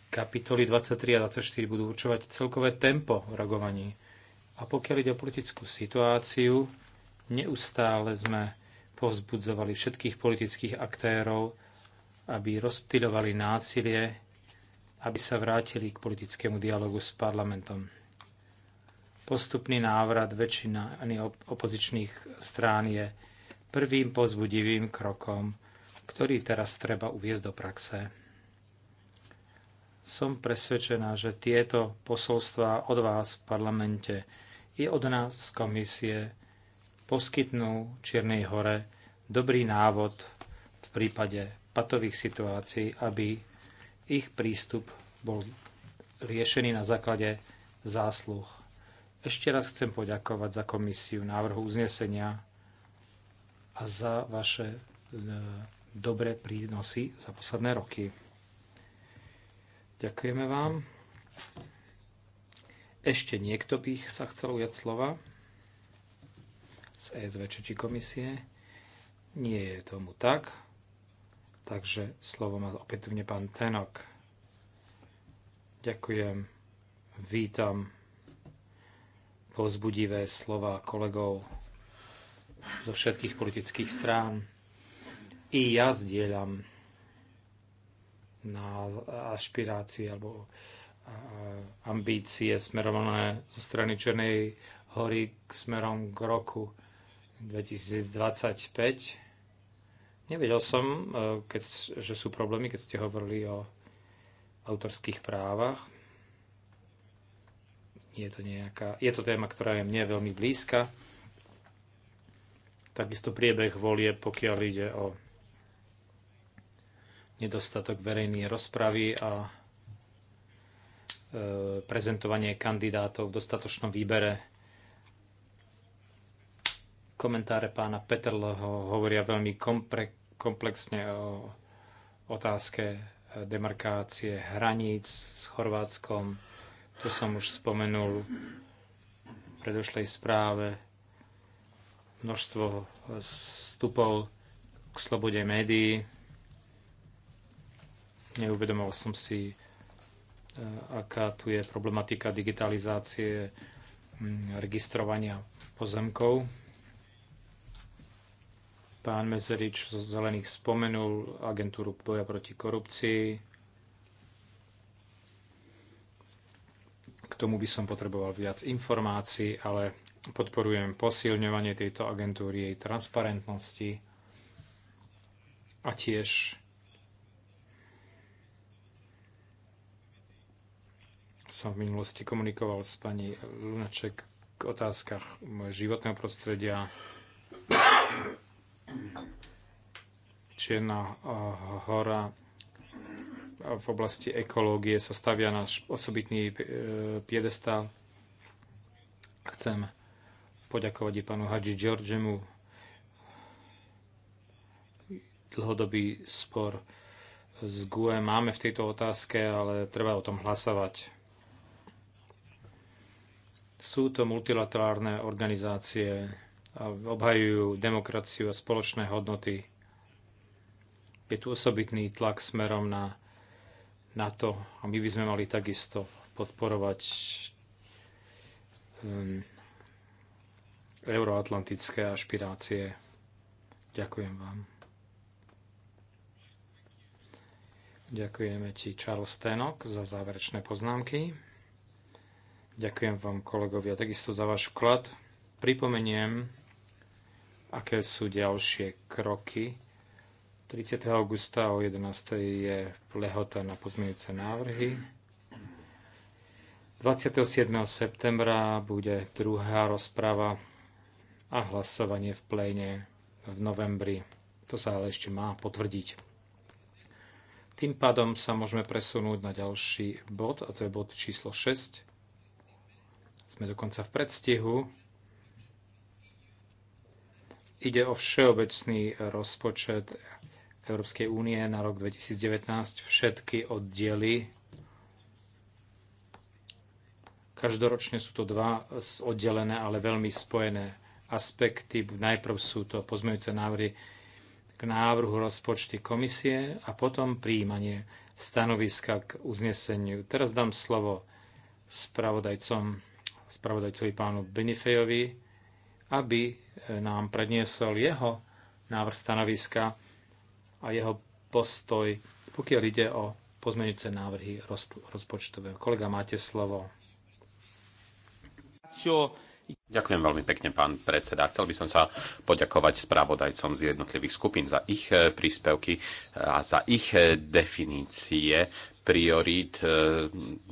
Kapitoly 23 a 24 budú určovať celkové tempo v rogovaní A pokiaľ ide o politickú situáciu, neustále sme povzbudzovali všetkých politických aktérov, aby rozptýľovali násilie, aby sa vrátili k politickému dialogu s parlamentom. Postupný návrat väčšina ani opozičných strán je prvým pozbudivým krokom, ktorý teraz treba uviezť do praxe. Som presvedčená, že tieto posolstvá od vás v parlamente i od nás z komisie poskytnú Čiernej hore dobrý návod v prípade patových situácií, aby ich prístup bol riešený na základe zásluh. Ešte raz chcem poďakovať za komisiu návrhu uznesenia a za vaše e, dobré prínosy za posledné roky. Ďakujeme vám. Ešte niekto by sa chcel ujať slova z ESV či komisie? Nie je tomu tak. Takže slovo má opätovne pán Tenok. Ďakujem. Vítam pozbudivé slova kolegov zo všetkých politických strán. I ja zdieľam na ašpirácie alebo ambície smerované zo strany Černej hory k smerom k roku 2025. Nevedel som, e, keď, že sú problémy, keď ste hovorili o autorských právach. Je to, nejaká, je to téma, ktorá je mne veľmi blízka takisto priebeh volie, pokiaľ ide o nedostatok verejnej rozpravy a e, prezentovanie kandidátov v dostatočnom výbere. Komentáre pána Peterleho hovoria veľmi komplexne o otázke e, demarkácie hraníc s Chorvátskom. To som už spomenul v predošlej správe množstvo e, vstupov k slobode médií. Neuvedomoval som si, e, aká tu je problematika digitalizácie registrovania pozemkov. Pán Mezerič zo Zelených spomenul agentúru boja proti korupcii. K tomu by som potreboval viac informácií, ale Podporujem posilňovanie tejto agentúry, jej transparentnosti a tiež som v minulosti komunikoval s pani Lunaček k otázkach životného prostredia, Čierna hora v oblasti ekológie sa stavia na osobitný e, piedestál. Chcem poďakovať i pánu Hadži Georgemu. Dlhodobý spor z GUE máme v tejto otázke, ale treba o tom hlasovať. Sú to multilaterálne organizácie a obhajujú demokraciu a spoločné hodnoty. Je tu osobitný tlak smerom na, na to a my by sme mali takisto podporovať um, euroatlantické ašpirácie. Ďakujem vám. Ďakujeme ti, Charles Tenok, za záverečné poznámky. Ďakujem vám, kolegovia, takisto za váš vklad. Pripomeniem, aké sú ďalšie kroky. 30. augusta o 11. je lehota na pozmeňujúce návrhy. 27. septembra bude druhá rozprava a hlasovanie v pléne v novembri. To sa ale ešte má potvrdiť. Tým pádom sa môžeme presunúť na ďalší bod, a to je bod číslo 6. Sme dokonca v predstihu. Ide o všeobecný rozpočet Európskej únie na rok 2019, všetky oddiely. Každoročne sú to dva oddelené, ale veľmi spojené aspekty. Najprv sú to pozmeňujúce návrhy k návrhu rozpočty komisie a potom príjmanie stanoviska k uzneseniu. Teraz dám slovo spravodajcom, spravodajcovi pánu Benifejovi, aby e, nám predniesol jeho návrh stanoviska a jeho postoj, pokiaľ ide o pozmeňujúce návrhy rozpočtové. Kolega, máte slovo. Čo Ďakujem veľmi pekne, pán predseda. Chcel by som sa poďakovať spravodajcom z jednotlivých skupín za ich eh, príspevky eh, a za ich eh, definície priorít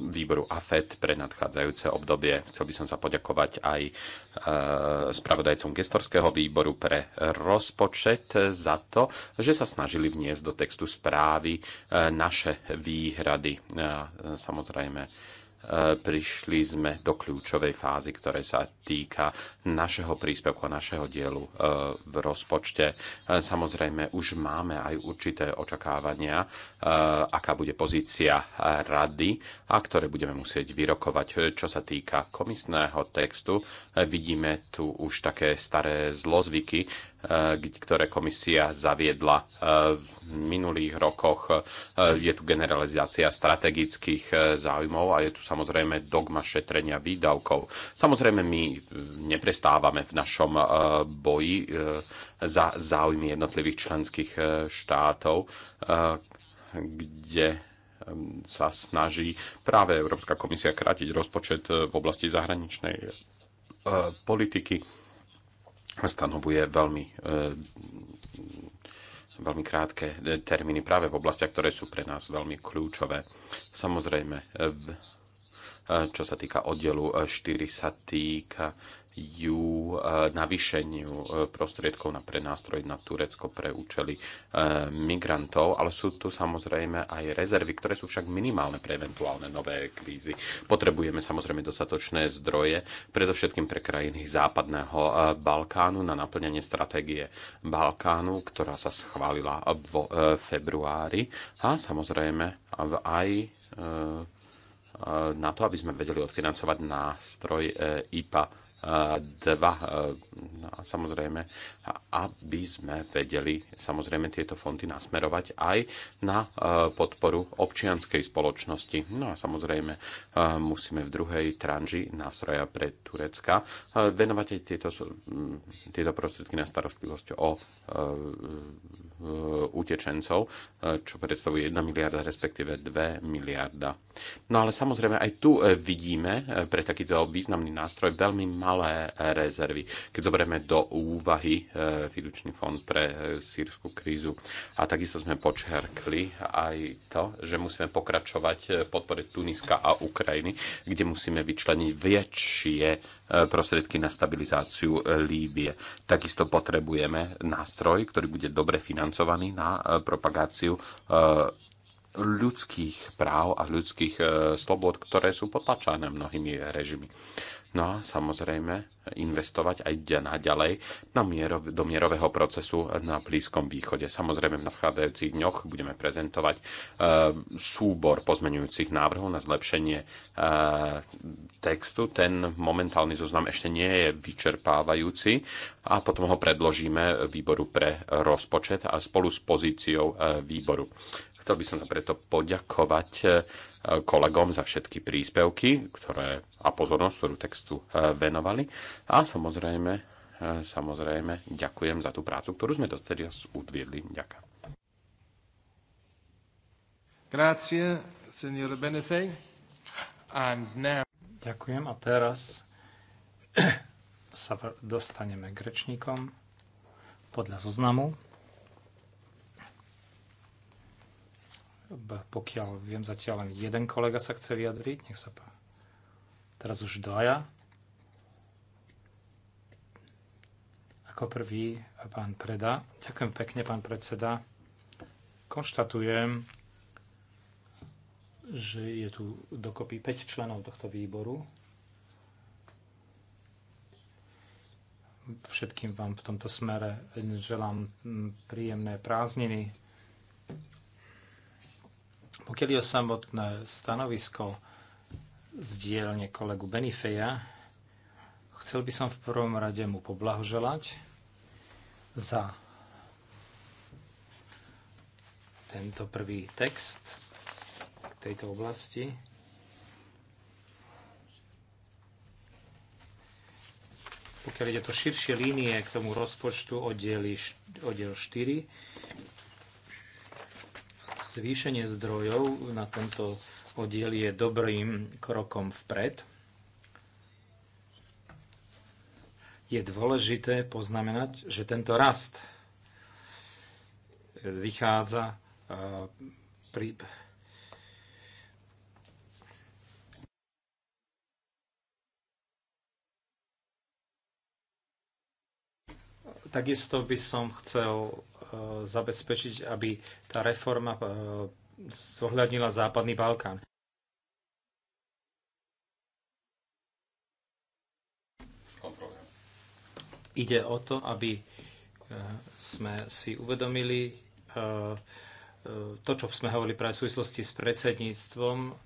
výboru AFED pre nadchádzajúce obdobie. Chcel by som sa poďakovať aj spravodajcom gestorského výboru pre rozpočet za to, že sa snažili vniesť do textu správy naše výhrady. Samozrejme, E, prišli sme do kľúčovej fázy, ktoré sa týka našeho príspevku, našeho dielu e, v rozpočte. E, samozrejme, už máme aj určité očakávania, aká bude pozícia rady a ktoré budeme musieť vyrokovať. Čo sa týka komisného textu, vidíme tu už také staré zlozvyky, Eh, ktoré komisia zaviedla eh, v minulých rokoch. Eh, je tu generalizácia strategických záujmov a je tu samozrejme dogma šetrenia výdavkov. Samozrejme, my neprestávame v našom boji za záujmy jednotlivých členských štátov, kde sa snaží práve Európska komisia krátiť rozpočet v oblasti zahraničnej politiky stanovuje veľmi, eh, veľmi krátke eh, termíny práve v oblastiach, ktoré sú pre nás veľmi kľúčové. Samozrejme, eh, čo sa týka oddelu 4, sa týka ju e, navýšeniu e, prostriedkov na prenástroj na Turecko pre účely e, migrantov, ale sú tu samozrejme aj rezervy, ktoré sú však minimálne pre eventuálne nové krízy. Potrebujeme samozrejme dostatočné zdroje, predovšetkým pre krajiny západného Balkánu na naplnenie stratégie Balkánu, ktorá sa schválila v februári a samozrejme aj na to, aby sme vedeli odfinancovať nástroj IPA dva, e, no samozrejme, aby sme vedeli samozrejme tieto fondy nasmerovať aj na e, podporu občianskej spoločnosti. No a samozrejme e, musíme v druhej tranži nástroja pre Turecka venovať aj tieto, tieto prostriedky na starostlivosť o Eh, utečencov, eh, čo predstavuje 1 miliarda, respektíve 2 miliarda. No ale samozrejme aj tu eh, vidíme pre takýto významný nástroj veľmi malé rezervy, keď zoberieme do úvahy výručný fond pre sírskú krízu. A takisto sme počerkli aj to, že musíme pokračovať v podpore Tuniska a Ukrajiny, kde musíme vyčleniť väčšie prostriedky na stabilizáciu e, Líbie. Takisto potrebujeme nástroj, ktorý bude dobre financovaný na e, propagáciu e, ľudských práv a ľudských slobod, ktoré sú potlačané mnohými režimy. No a samozrejme, investovať aj naďalej na miero, do mierového procesu na Blízkom východe. Samozrejme, v naschádzajúcich dňoch budeme prezentovať e, súbor pozmenujúcich návrhov na zlepšenie e, textu. Ten momentálny zoznam ešte nie je vyčerpávajúci a potom ho predložíme výboru pre rozpočet a spolu s pozíciou e, výboru. Chcel by som sa preto poďakovať e, kolegom za všetky príspevky ktoré, a pozornosť, ktorú textu e, venovali. A samozrejme, e, samozrejme, ďakujem za tú prácu, ktorú sme doteraz udviedli. Ďakujem. Grazie, signore Benefei. And now... Ďakujem a teraz sa dostaneme k rečníkom podľa zoznamu. Pokiaľ viem, zatiaľ len jeden kolega sa chce vyjadriť. Nech sa pá. Teraz už dvaja. Ako prvý pán Preda. Ďakujem pekne, pán predseda. Konštatujem, že je tu dokopy 5 členov tohto výboru. Všetkým vám v tomto smere želám mm, príjemné prázdniny. Pokiaľ je o samotné stanovisko z dielne kolegu Benifeja, chcel by som v prvom rade mu poblahoželať za tento prvý text v tejto oblasti. Pokiaľ ide to širšie línie k tomu rozpočtu oddiel 4, zvýšenie zdrojov na tento oddiel je dobrým krokom vpred. Je dôležité poznamenať, že tento rast vychádza e, pri Takisto by som chcel E, zabezpečiť, aby tá reforma e, zohľadnila Západný Balkán. Ide o to, aby e, sme si uvedomili to, čo sme hovorili práve v súvislosti s predsedníctvom,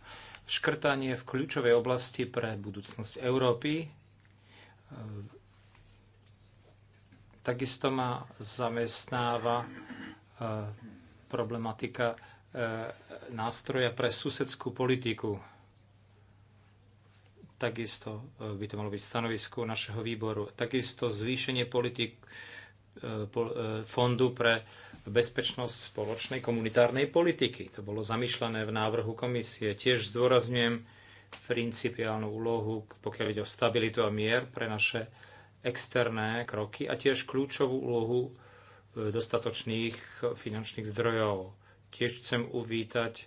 škrtanie v kľúčovej oblasti pre budúcnosť Európy, Takisto ma zamestnáva e, problematika e, nástroja pre susedskú politiku. Takisto e, by to malo byť stanovisko našeho výboru. Takisto zvýšenie politik fondu pre bezpečnosť spoločnej komunitárnej politiky. To bolo zamýšľané v návrhu komisie. Tiež zdôrazňujem principiálnu úlohu, pokiaľ ide o stabilitu a mier pre naše externé kroky a tiež kľúčovú úlohu e, dostatočných finančných zdrojov. Tiež chcem uvítať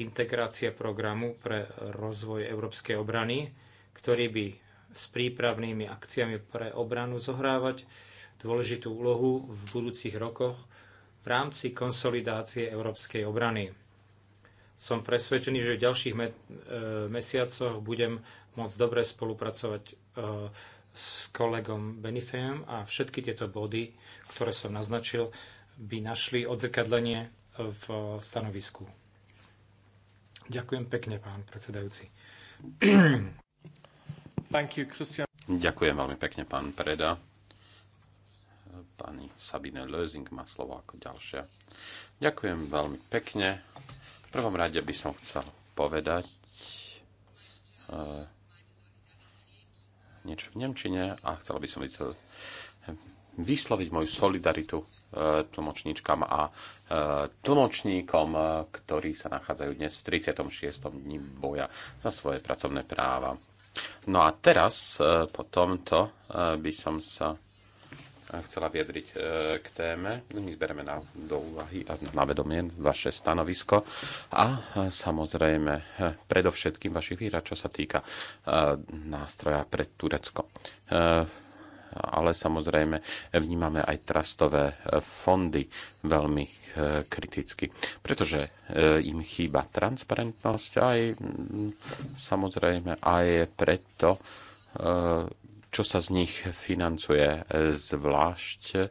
integrácie programu pre rozvoj európskej obrany, ktorý by s prípravnými akciami pre obranu zohrávať dôležitú úlohu v budúcich rokoch v rámci konsolidácie európskej obrany. Som presvedčený, že v ďalších me e, mesiacoch budem môcť dobre spolupracovať e, s kolegom Benifejom a všetky tieto body, ktoré som naznačil, by našli odzrkadlenie v stanovisku. Ďakujem pekne, pán predsedajúci. Thank you, Christian. Ďakujem veľmi pekne, pán Preda. Pani Sabine Lözing má slovo ako ďalšia. Ďakujem veľmi pekne. V prvom rade by som chcel povedať, niečo v Nemčine a chcel by som vysloviť moju solidaritu e, tlmočníčkam a e, tlmočníkom, e, ktorí sa nachádzajú dnes v 36. dni boja za svoje pracovné práva. No a teraz po tomto by som sa chcela vyjadriť e, k téme. My zbereme na, do úvahy a na vedomie vaše stanovisko a e, samozrejme e, predovšetkým vašich výra, čo sa týka nástroja pre Turecko. Ale samozrejme vnímame aj trastové fondy veľmi kriticky, pretože im chýba transparentnosť aj samozrejme aj preto, čo sa z nich financuje, e, zvlášť e,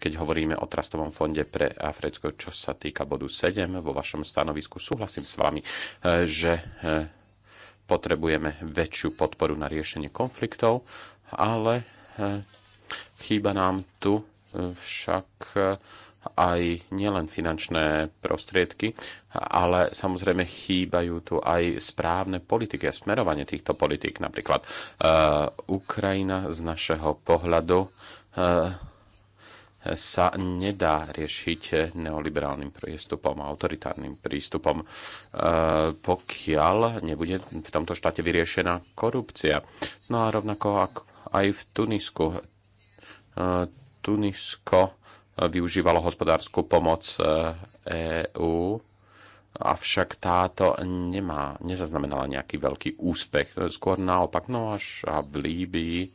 keď hovoríme o Trastovom fonde pre Africko, čo sa týka bodu 7 vo vašom stanovisku. Súhlasím s vami, e, že potrebujeme väčšiu podporu na riešenie konfliktov, ale chýba nám tu však aj nielen finančné prostriedky, ale samozrejme chýbajú tu aj správne politiky a smerovanie týchto politik. Napríklad uh, Ukrajina z našeho pohľadu uh, sa nedá riešiť neoliberálnym prístupom a autoritárnym prístupom, eh, pokiaľ nebude v tomto štáte vyriešená korupcia. No a rovnako aj v Tunisku. Tunisko využívalo hospodárskú pomoc EÚ, e avšak táto nemá, nezaznamenala nejaký veľký úspech. Skôr naopak, no až a v Líbii e,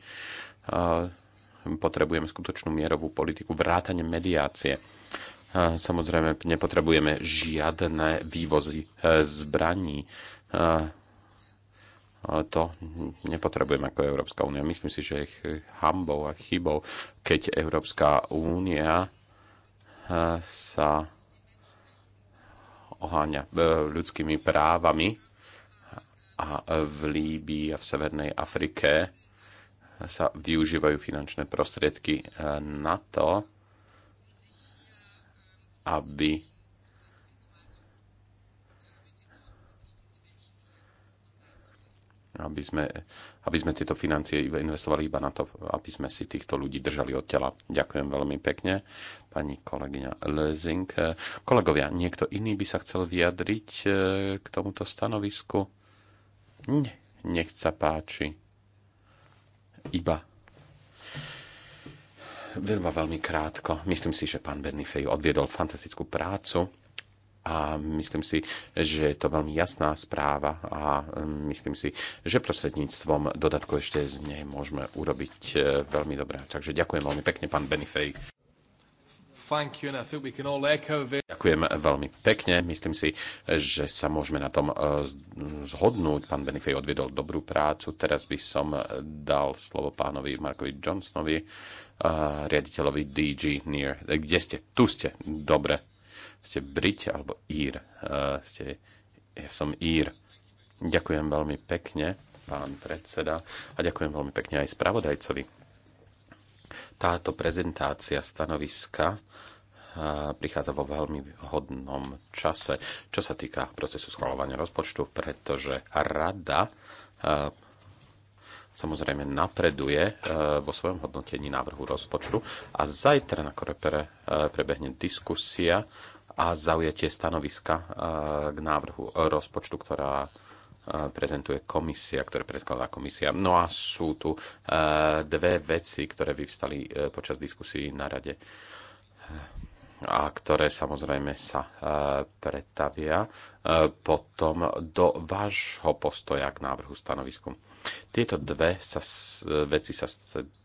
potrebujeme skutočnú mierovú politiku, vrátane mediácie. E, samozrejme, nepotrebujeme žiadne vývozy zbraní to nepotrebujeme ako Európska únia. Myslím si, že je hambou a chybou, keď Európska únia eh, sa oháňa eh, ľudskými právami a v Líbii a v Severnej Afrike sa využívajú finančné prostriedky eh, na to, aby aby sme, aby sme tieto financie investovali iba na to, aby sme si týchto ľudí držali od tela. Ďakujem veľmi pekne, pani kolegyňa Lezing. Kolegovia, niekto iný by sa chcel vyjadriť e, k tomuto stanovisku? Nie, nech sa páči. Iba veľmi, veľmi krátko. Myslím si, že pán Bernifej odviedol fantastickú prácu a myslím si, že je to veľmi jasná správa a um, myslím si, že prostredníctvom dodatku ešte z nej môžeme urobiť e, veľmi dobré. Takže ďakujem veľmi pekne, pán Benifej. Ďakujem veľmi pekne. Myslím si, že sa môžeme na tom e, zhodnúť. Pán Benifej odvedol dobrú prácu. Teraz by som dal slovo pánovi Markovi Johnsonovi, e, riaditeľovi DG Near. Kde ste? Tu ste. Dobre ste Brit alebo Ír. Eh, ste, ja som Ír. Ďakujem veľmi pekne, pán predseda, a ďakujem veľmi pekne aj spravodajcovi. Táto prezentácia stanoviska eh, prichádza vo veľmi hodnom čase, čo sa týka procesu schvalovania rozpočtu, pretože rada eh, samozrejme napreduje vo svojom hodnotení návrhu rozpočtu a zajtra na Korepere prebehne diskusia a zaujatie stanoviska e, k návrhu rozpočtu, ktorá e, prezentuje komisia, ktoré predkladá komisia. No a sú tu e, dve veci, ktoré vyvstali počas diskusí na rade a ktoré samozrejme sa pretavia potom do vášho postoja k návrhu stanovisku. Tieto dve sa, veci sa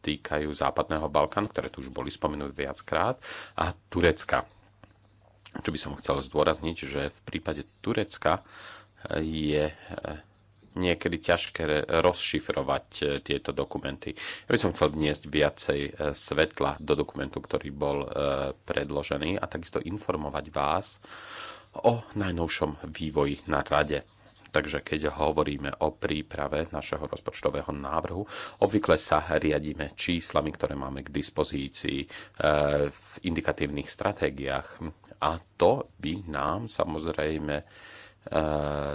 týkajú Západného Balkánu, ktoré tu už boli spomenuté viackrát, a Turecka čo by som chcel zdôrazniť, že v prípade Turecka eh, je eh, niekedy ťažké rozšifrovať eh, tieto dokumenty. Ja by som chcel vniesť viacej svetla do dokumentu, ktorý bol predložený a takisto informovať vás o najnovšom vývoji na rade. Takže keď hovoríme o príprave našeho rozpočtového návrhu, obvykle sa riadíme číslami, ktoré máme k dispozícii e, v indikatívnych stratégiách. A to by nám samozrejme e,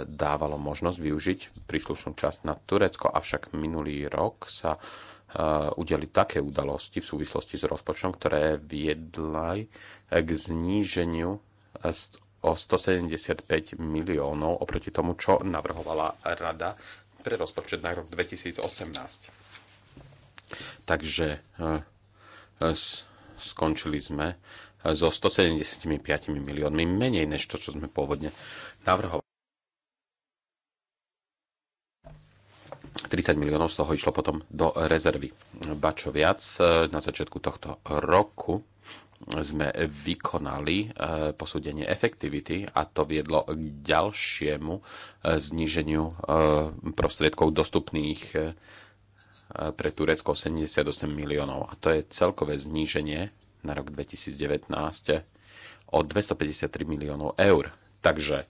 dávalo možnosť využiť príslušnú časť na Turecko. Avšak minulý rok sa e, udeli také udalosti v súvislosti s rozpočtom, ktoré viedli k zníženiu o 175 miliónov oproti tomu, čo navrhovala Rada pre rozpočet na rok 2018. Takže e, e, skončili sme e, so 175 miliónmi menej než to, čo sme pôvodne navrhovali. 30 miliónov z toho išlo potom do rezervy. Bačo viac, na začiatku tohto roku sme vykonali e, posúdenie efektivity a to viedlo k ďalšiemu e, zníženiu e, prostriedkov dostupných pre Turecko 78 miliónov. A to je celkové zníženie na rok 2019 o 253 miliónov eur. Takže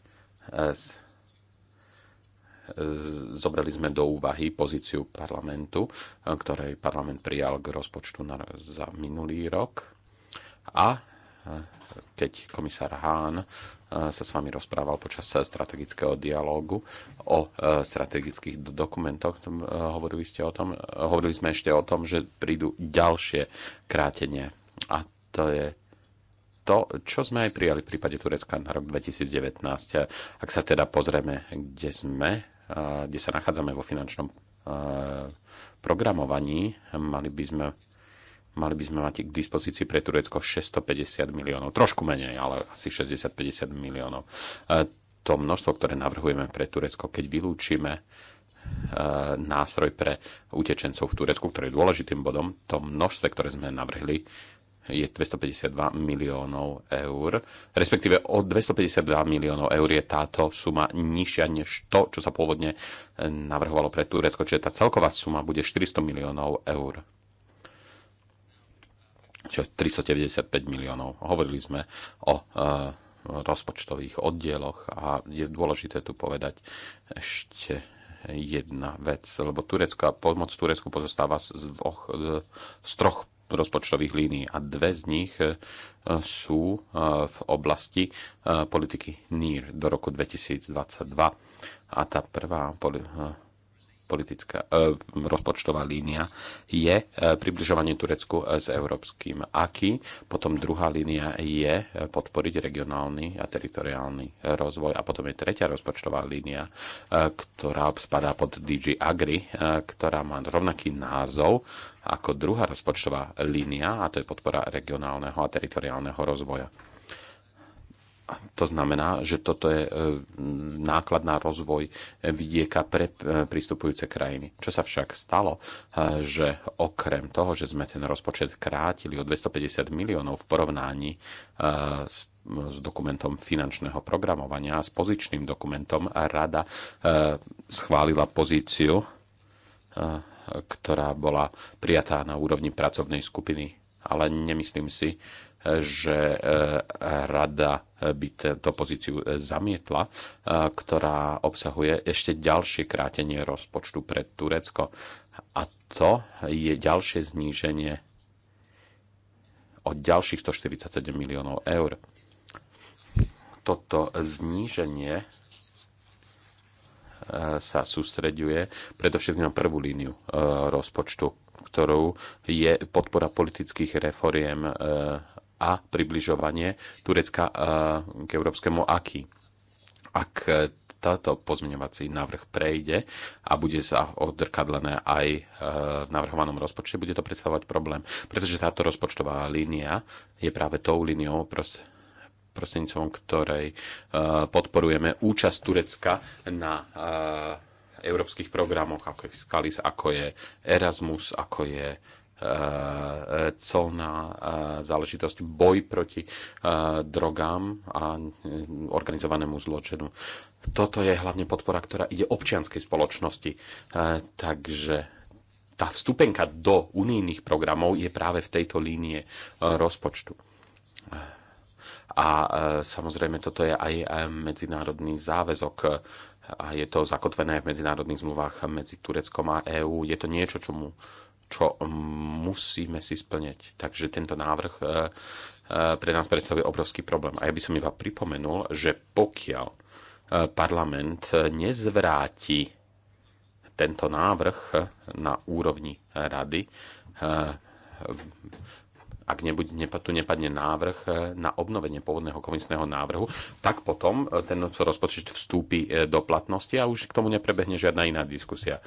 zobrali sme do úvahy pozíciu parlamentu, ktorej parlament prijal k rozpočtu na, za minulý rok a e, keď komisár Hahn e, sa s vami rozprával počas strategického dialógu o e, strategických dokumentoch. Hovorili, ste o tom, hovorili sme ešte o tom, že prídu ďalšie krátenie. A to je to, čo sme aj prijali v prípade Turecka na rok 2019. Ak sa teda pozrieme, kde sme, kde sa nachádzame vo finančnom programovaní, mali by sme mali by sme mať k dispozícii pre Turecko 650 miliónov, trošku menej, ale asi 60-50 miliónov. E, to množstvo, ktoré navrhujeme pre Turecko, keď vylúčime e, nástroj pre utečencov v Turecku, ktorý je dôležitým bodom, to množstve, ktoré sme navrhli, je 252 miliónov eur. Respektíve o 252 miliónov eur je táto suma nižšia než to, čo sa pôvodne navrhovalo pre Turecko. Čiže tá celková suma bude 400 miliónov eur čo je 395 miliónov. Hovorili sme o eh, rozpočtových oddieloch a je dôležité tu povedať ešte jedna vec, lebo Turecka, pomoc Turecku pozostáva z, dvoch, eh, z troch rozpočtových línií a dve z nich eh, sú v oblasti politiky NIR do roku 2022. A tá prvá politická, e, rozpočtová línia je e, približovanie Turecku e, s európskym aký. Potom druhá línia je podporiť regionálny a teritoriálny rozvoj. A potom je tretia rozpočtová línia, ktorá spadá pod DG Agri, ktorá má rovnaký názov ako druhá rozpočtová línia a to je podpora regionálneho a teritoriálneho rozvoja. To znamená, že toto je e, náklad na rozvoj vidieka pre e, pristupujúce krajiny. Čo sa však stalo, e, že okrem toho, že sme ten rozpočet krátili o 250 miliónov v porovnaní s s dokumentom finančného programovania a s pozičným dokumentom rada schválila pozíciu, ktorá bola prijatá na úrovni pracovnej skupiny. Ale nemyslím si, že e, rada by túto pozíciu e, zamietla, e, ktorá obsahuje ešte ďalšie krátenie rozpočtu pre Turecko. A to je ďalšie zníženie o ďalších 147 miliónov eur. Toto zníženie sa sústreďuje predovšetkým na prvú líniu rozpočtu, ktorou je podpora politických reforiem a približovanie Turecka eh, k európskemu aký. Ak eh, táto pozmeňovací návrh prejde a bude sa odrkadlené aj eh, v navrhovanom rozpočte, bude to predstavovať problém, pretože táto rozpočtová línia je práve tou líniou, prostrednícom prostredníctvom ktorej podporujeme účasť Turecka na európskych programoch, ako je Skalis, ako je Erasmus, ako je Eh, colná eh, záležitosť, boj proti eh, drogám a organizovanému zločinu. Toto je hlavne podpora, ktorá ide občianskej spoločnosti. Takže tá vstupenka do unijných programov je práve v tejto línie rozpočtu. A samozrejme, toto je aj medzinárodný záväzok a je to zakotvené v medzinárodných zmluvách medzi Tureckom a EÚ. Je to niečo, čomu čo musíme si splňať. Takže tento návrh e, e, pre nás predstavuje obrovský problém. A ja by som iba pripomenul, že pokiaľ e, parlament nezvráti tento návrh na úrovni rady, ak nebude, tu nepadne návrh e, na obnovenie pôvodného komisného návrhu, tak potom e, ten rozpočet vstúpi e, do platnosti a už k tomu neprebehne žiadna iná diskusia.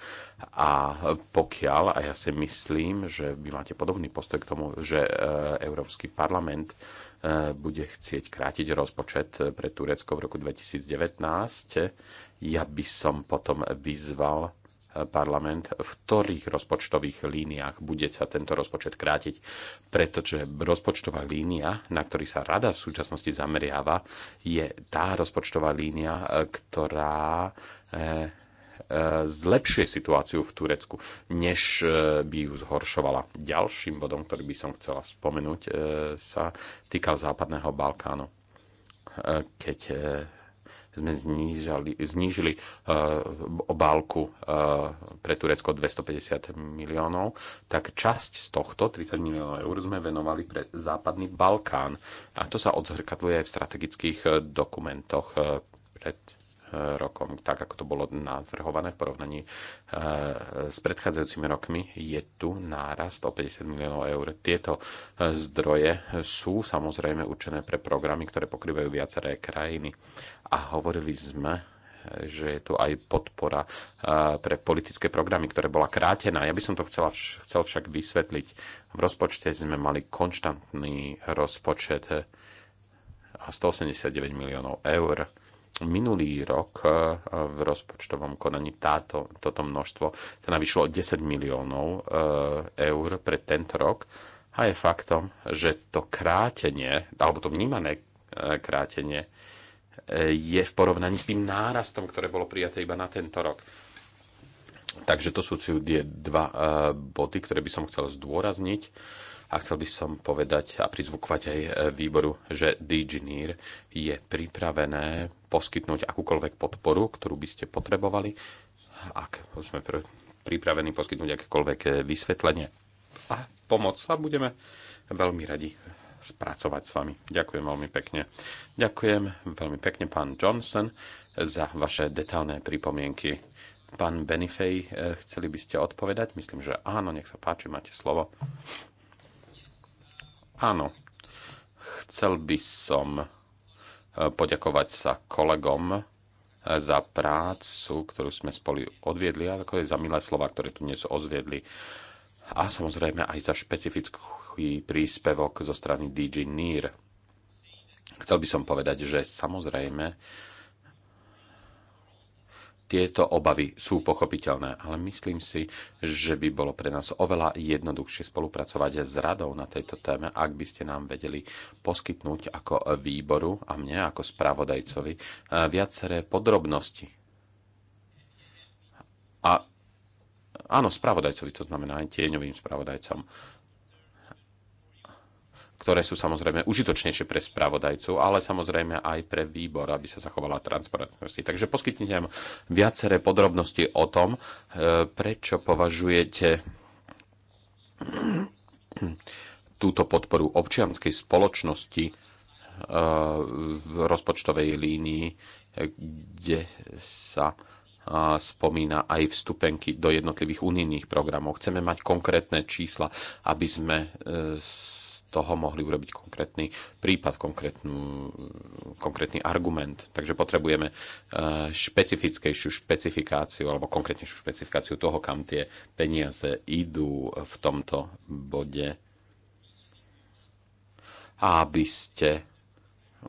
A pokiaľ, a ja si myslím, že vy máte podobný postoj k tomu, že Európsky parlament bude chcieť krátiť rozpočet pre Turecko v roku 2019, ja by som potom vyzval parlament, v ktorých rozpočtových líniách bude sa tento rozpočet krátiť, pretože rozpočtová línia, na ktorý sa rada v súčasnosti zameriava, je tá rozpočtová línia, ktorá eh, eh, zlepšuje situáciu v Turecku, než eh, by ju zhoršovala. Ďalším bodom, ktorý by som chcela spomenúť, sa týkal Západného Balkánu. Keď sme znížali, znížili eh, obálku eh, pre Turecko 250 miliónov, tak časť z tohto, 30 miliónov eur, sme venovali pre Západný Balkán. A to sa odzrkadluje aj v strategických eh, dokumentoch pred rokom, tak ako to bolo navrhované v porovnaní s predchádzajúcimi rokmi, je tu nárast o 50 miliónov eur. Tieto zdroje sú samozrejme určené pre programy, ktoré pokrývajú viaceré krajiny a hovorili sme, že je tu aj podpora pre politické programy, ktoré bola krátená. Ja by som to chcela, chcel však vysvetliť. V rozpočte sme mali konštantný rozpočet 189 e, miliónov eur. Minulý rok e, v rozpočtovom konaní táto, toto množstvo sa navýšilo 10 miliónov e, eur pre tento rok. A je faktom, že to krátenie, alebo to vnímané krátenie, je v porovnaní s tým nárastom, ktoré bolo prijaté iba na tento rok. Takže to sú tie dva e, body, ktoré by som chcel zdôrazniť a chcel by som povedať a prizvukovať aj e, výboru, že DGNIR je pripravené poskytnúť akúkoľvek podporu, ktorú by ste potrebovali, ak sme pripravení poskytnúť akékoľvek e, vysvetlenie a pomoc a budeme veľmi radi Spracovať s vami. Ďakujem veľmi pekne. Ďakujem veľmi pekne, pán Johnson, za vaše detálne pripomienky. Pán Benifej, eh, chceli by ste odpovedať? Myslím, že áno, nech sa páči, máte slovo. Áno, chcel by som eh, poďakovať sa kolegom eh, za prácu, ktorú sme spolu odviedli, a ako je za milé slova, ktoré tu dnes ozviedli. A samozrejme aj za špecifickú jednoduchý príspevok zo strany DJ NIR. Chcel by som povedať, že samozrejme tieto obavy sú pochopiteľné, ale myslím si, že by bolo pre nás oveľa jednoduchšie spolupracovať s radou na tejto téme, ak by ste nám vedeli poskytnúť ako výboru a mne ako spravodajcovi eh, viaceré podrobnosti. A áno, spravodajcovi, to znamená aj tieňovým spravodajcom ktoré sú samozrejme užitočnejšie pre spravodajcov, ale samozrejme aj pre výbor, aby sa zachovala transparentnosť. Takže poskytnite nám viaceré podrobnosti o tom, e, prečo považujete túto podporu občianskej spoločnosti e, v rozpočtovej línii, kde sa e, spomína aj vstupenky do jednotlivých unijných programov. Chceme mať konkrétne čísla, aby sme toho mohli urobiť konkrétny prípad, konkrétny argument. Takže potrebujeme e, špecifickejšiu špecifikáciu alebo konkrétnejšiu špecifikáciu toho, kam tie peniaze idú v tomto bode, aby ste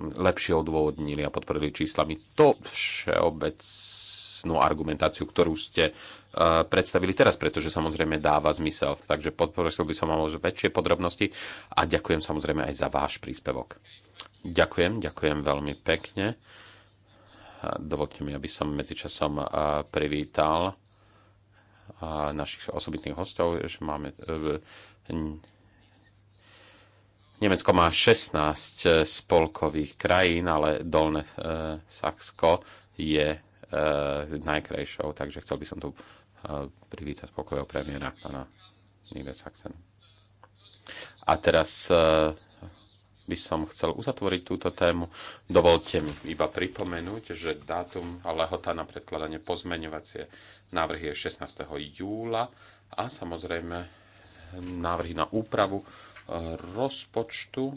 lepšie odôvodnili a podporili číslami to všeobecnú argumentáciu, ktorú ste uh, predstavili teraz, pretože samozrejme dáva zmysel. Takže podprosil by som vám už väčšie podrobnosti a ďakujem samozrejme aj za váš príspevok. Ďakujem, ďakujem veľmi pekne. Dovolte mi, aby som medzičasom privítal našich osobitných hostov, že máme e, Nemecko má 16 e, spolkových krajín, ale Dolné e, Saksko je najkrajšou, takže chcel by som tu privítať pokojov premiéra pána Nile Saxena. A teraz e, by som chcel uzatvoriť túto tému. Dovolte mi iba pripomenúť, že dátum a lehota na predkladanie pozmeňovacie návrhy je 16. júla a samozrejme návrhy na úpravu e, rozpočtu e,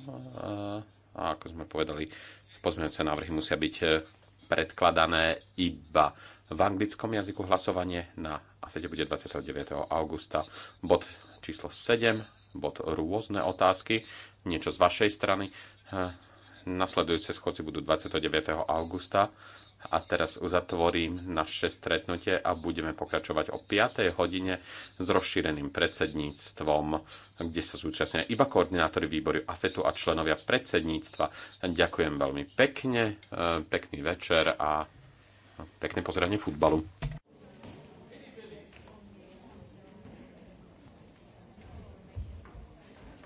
a ako sme povedali, pozmeňovacie návrhy musia byť predkladané iba v anglickom jazyku hlasovanie na afete bude 29. augusta. Bod číslo 7, bod rôzne otázky, niečo z vašej strany. Hm, nasledujúce schodci budú 29. augusta a teraz uzatvorím naše stretnutie a budeme pokračovať o 5. hodine s rozšíreným predsedníctvom, kde sa zúčastnia iba koordinátori výboru AFETu a členovia predsedníctva. Ďakujem veľmi pekne, hm, pekný večer a pekné pozeranie futbalu.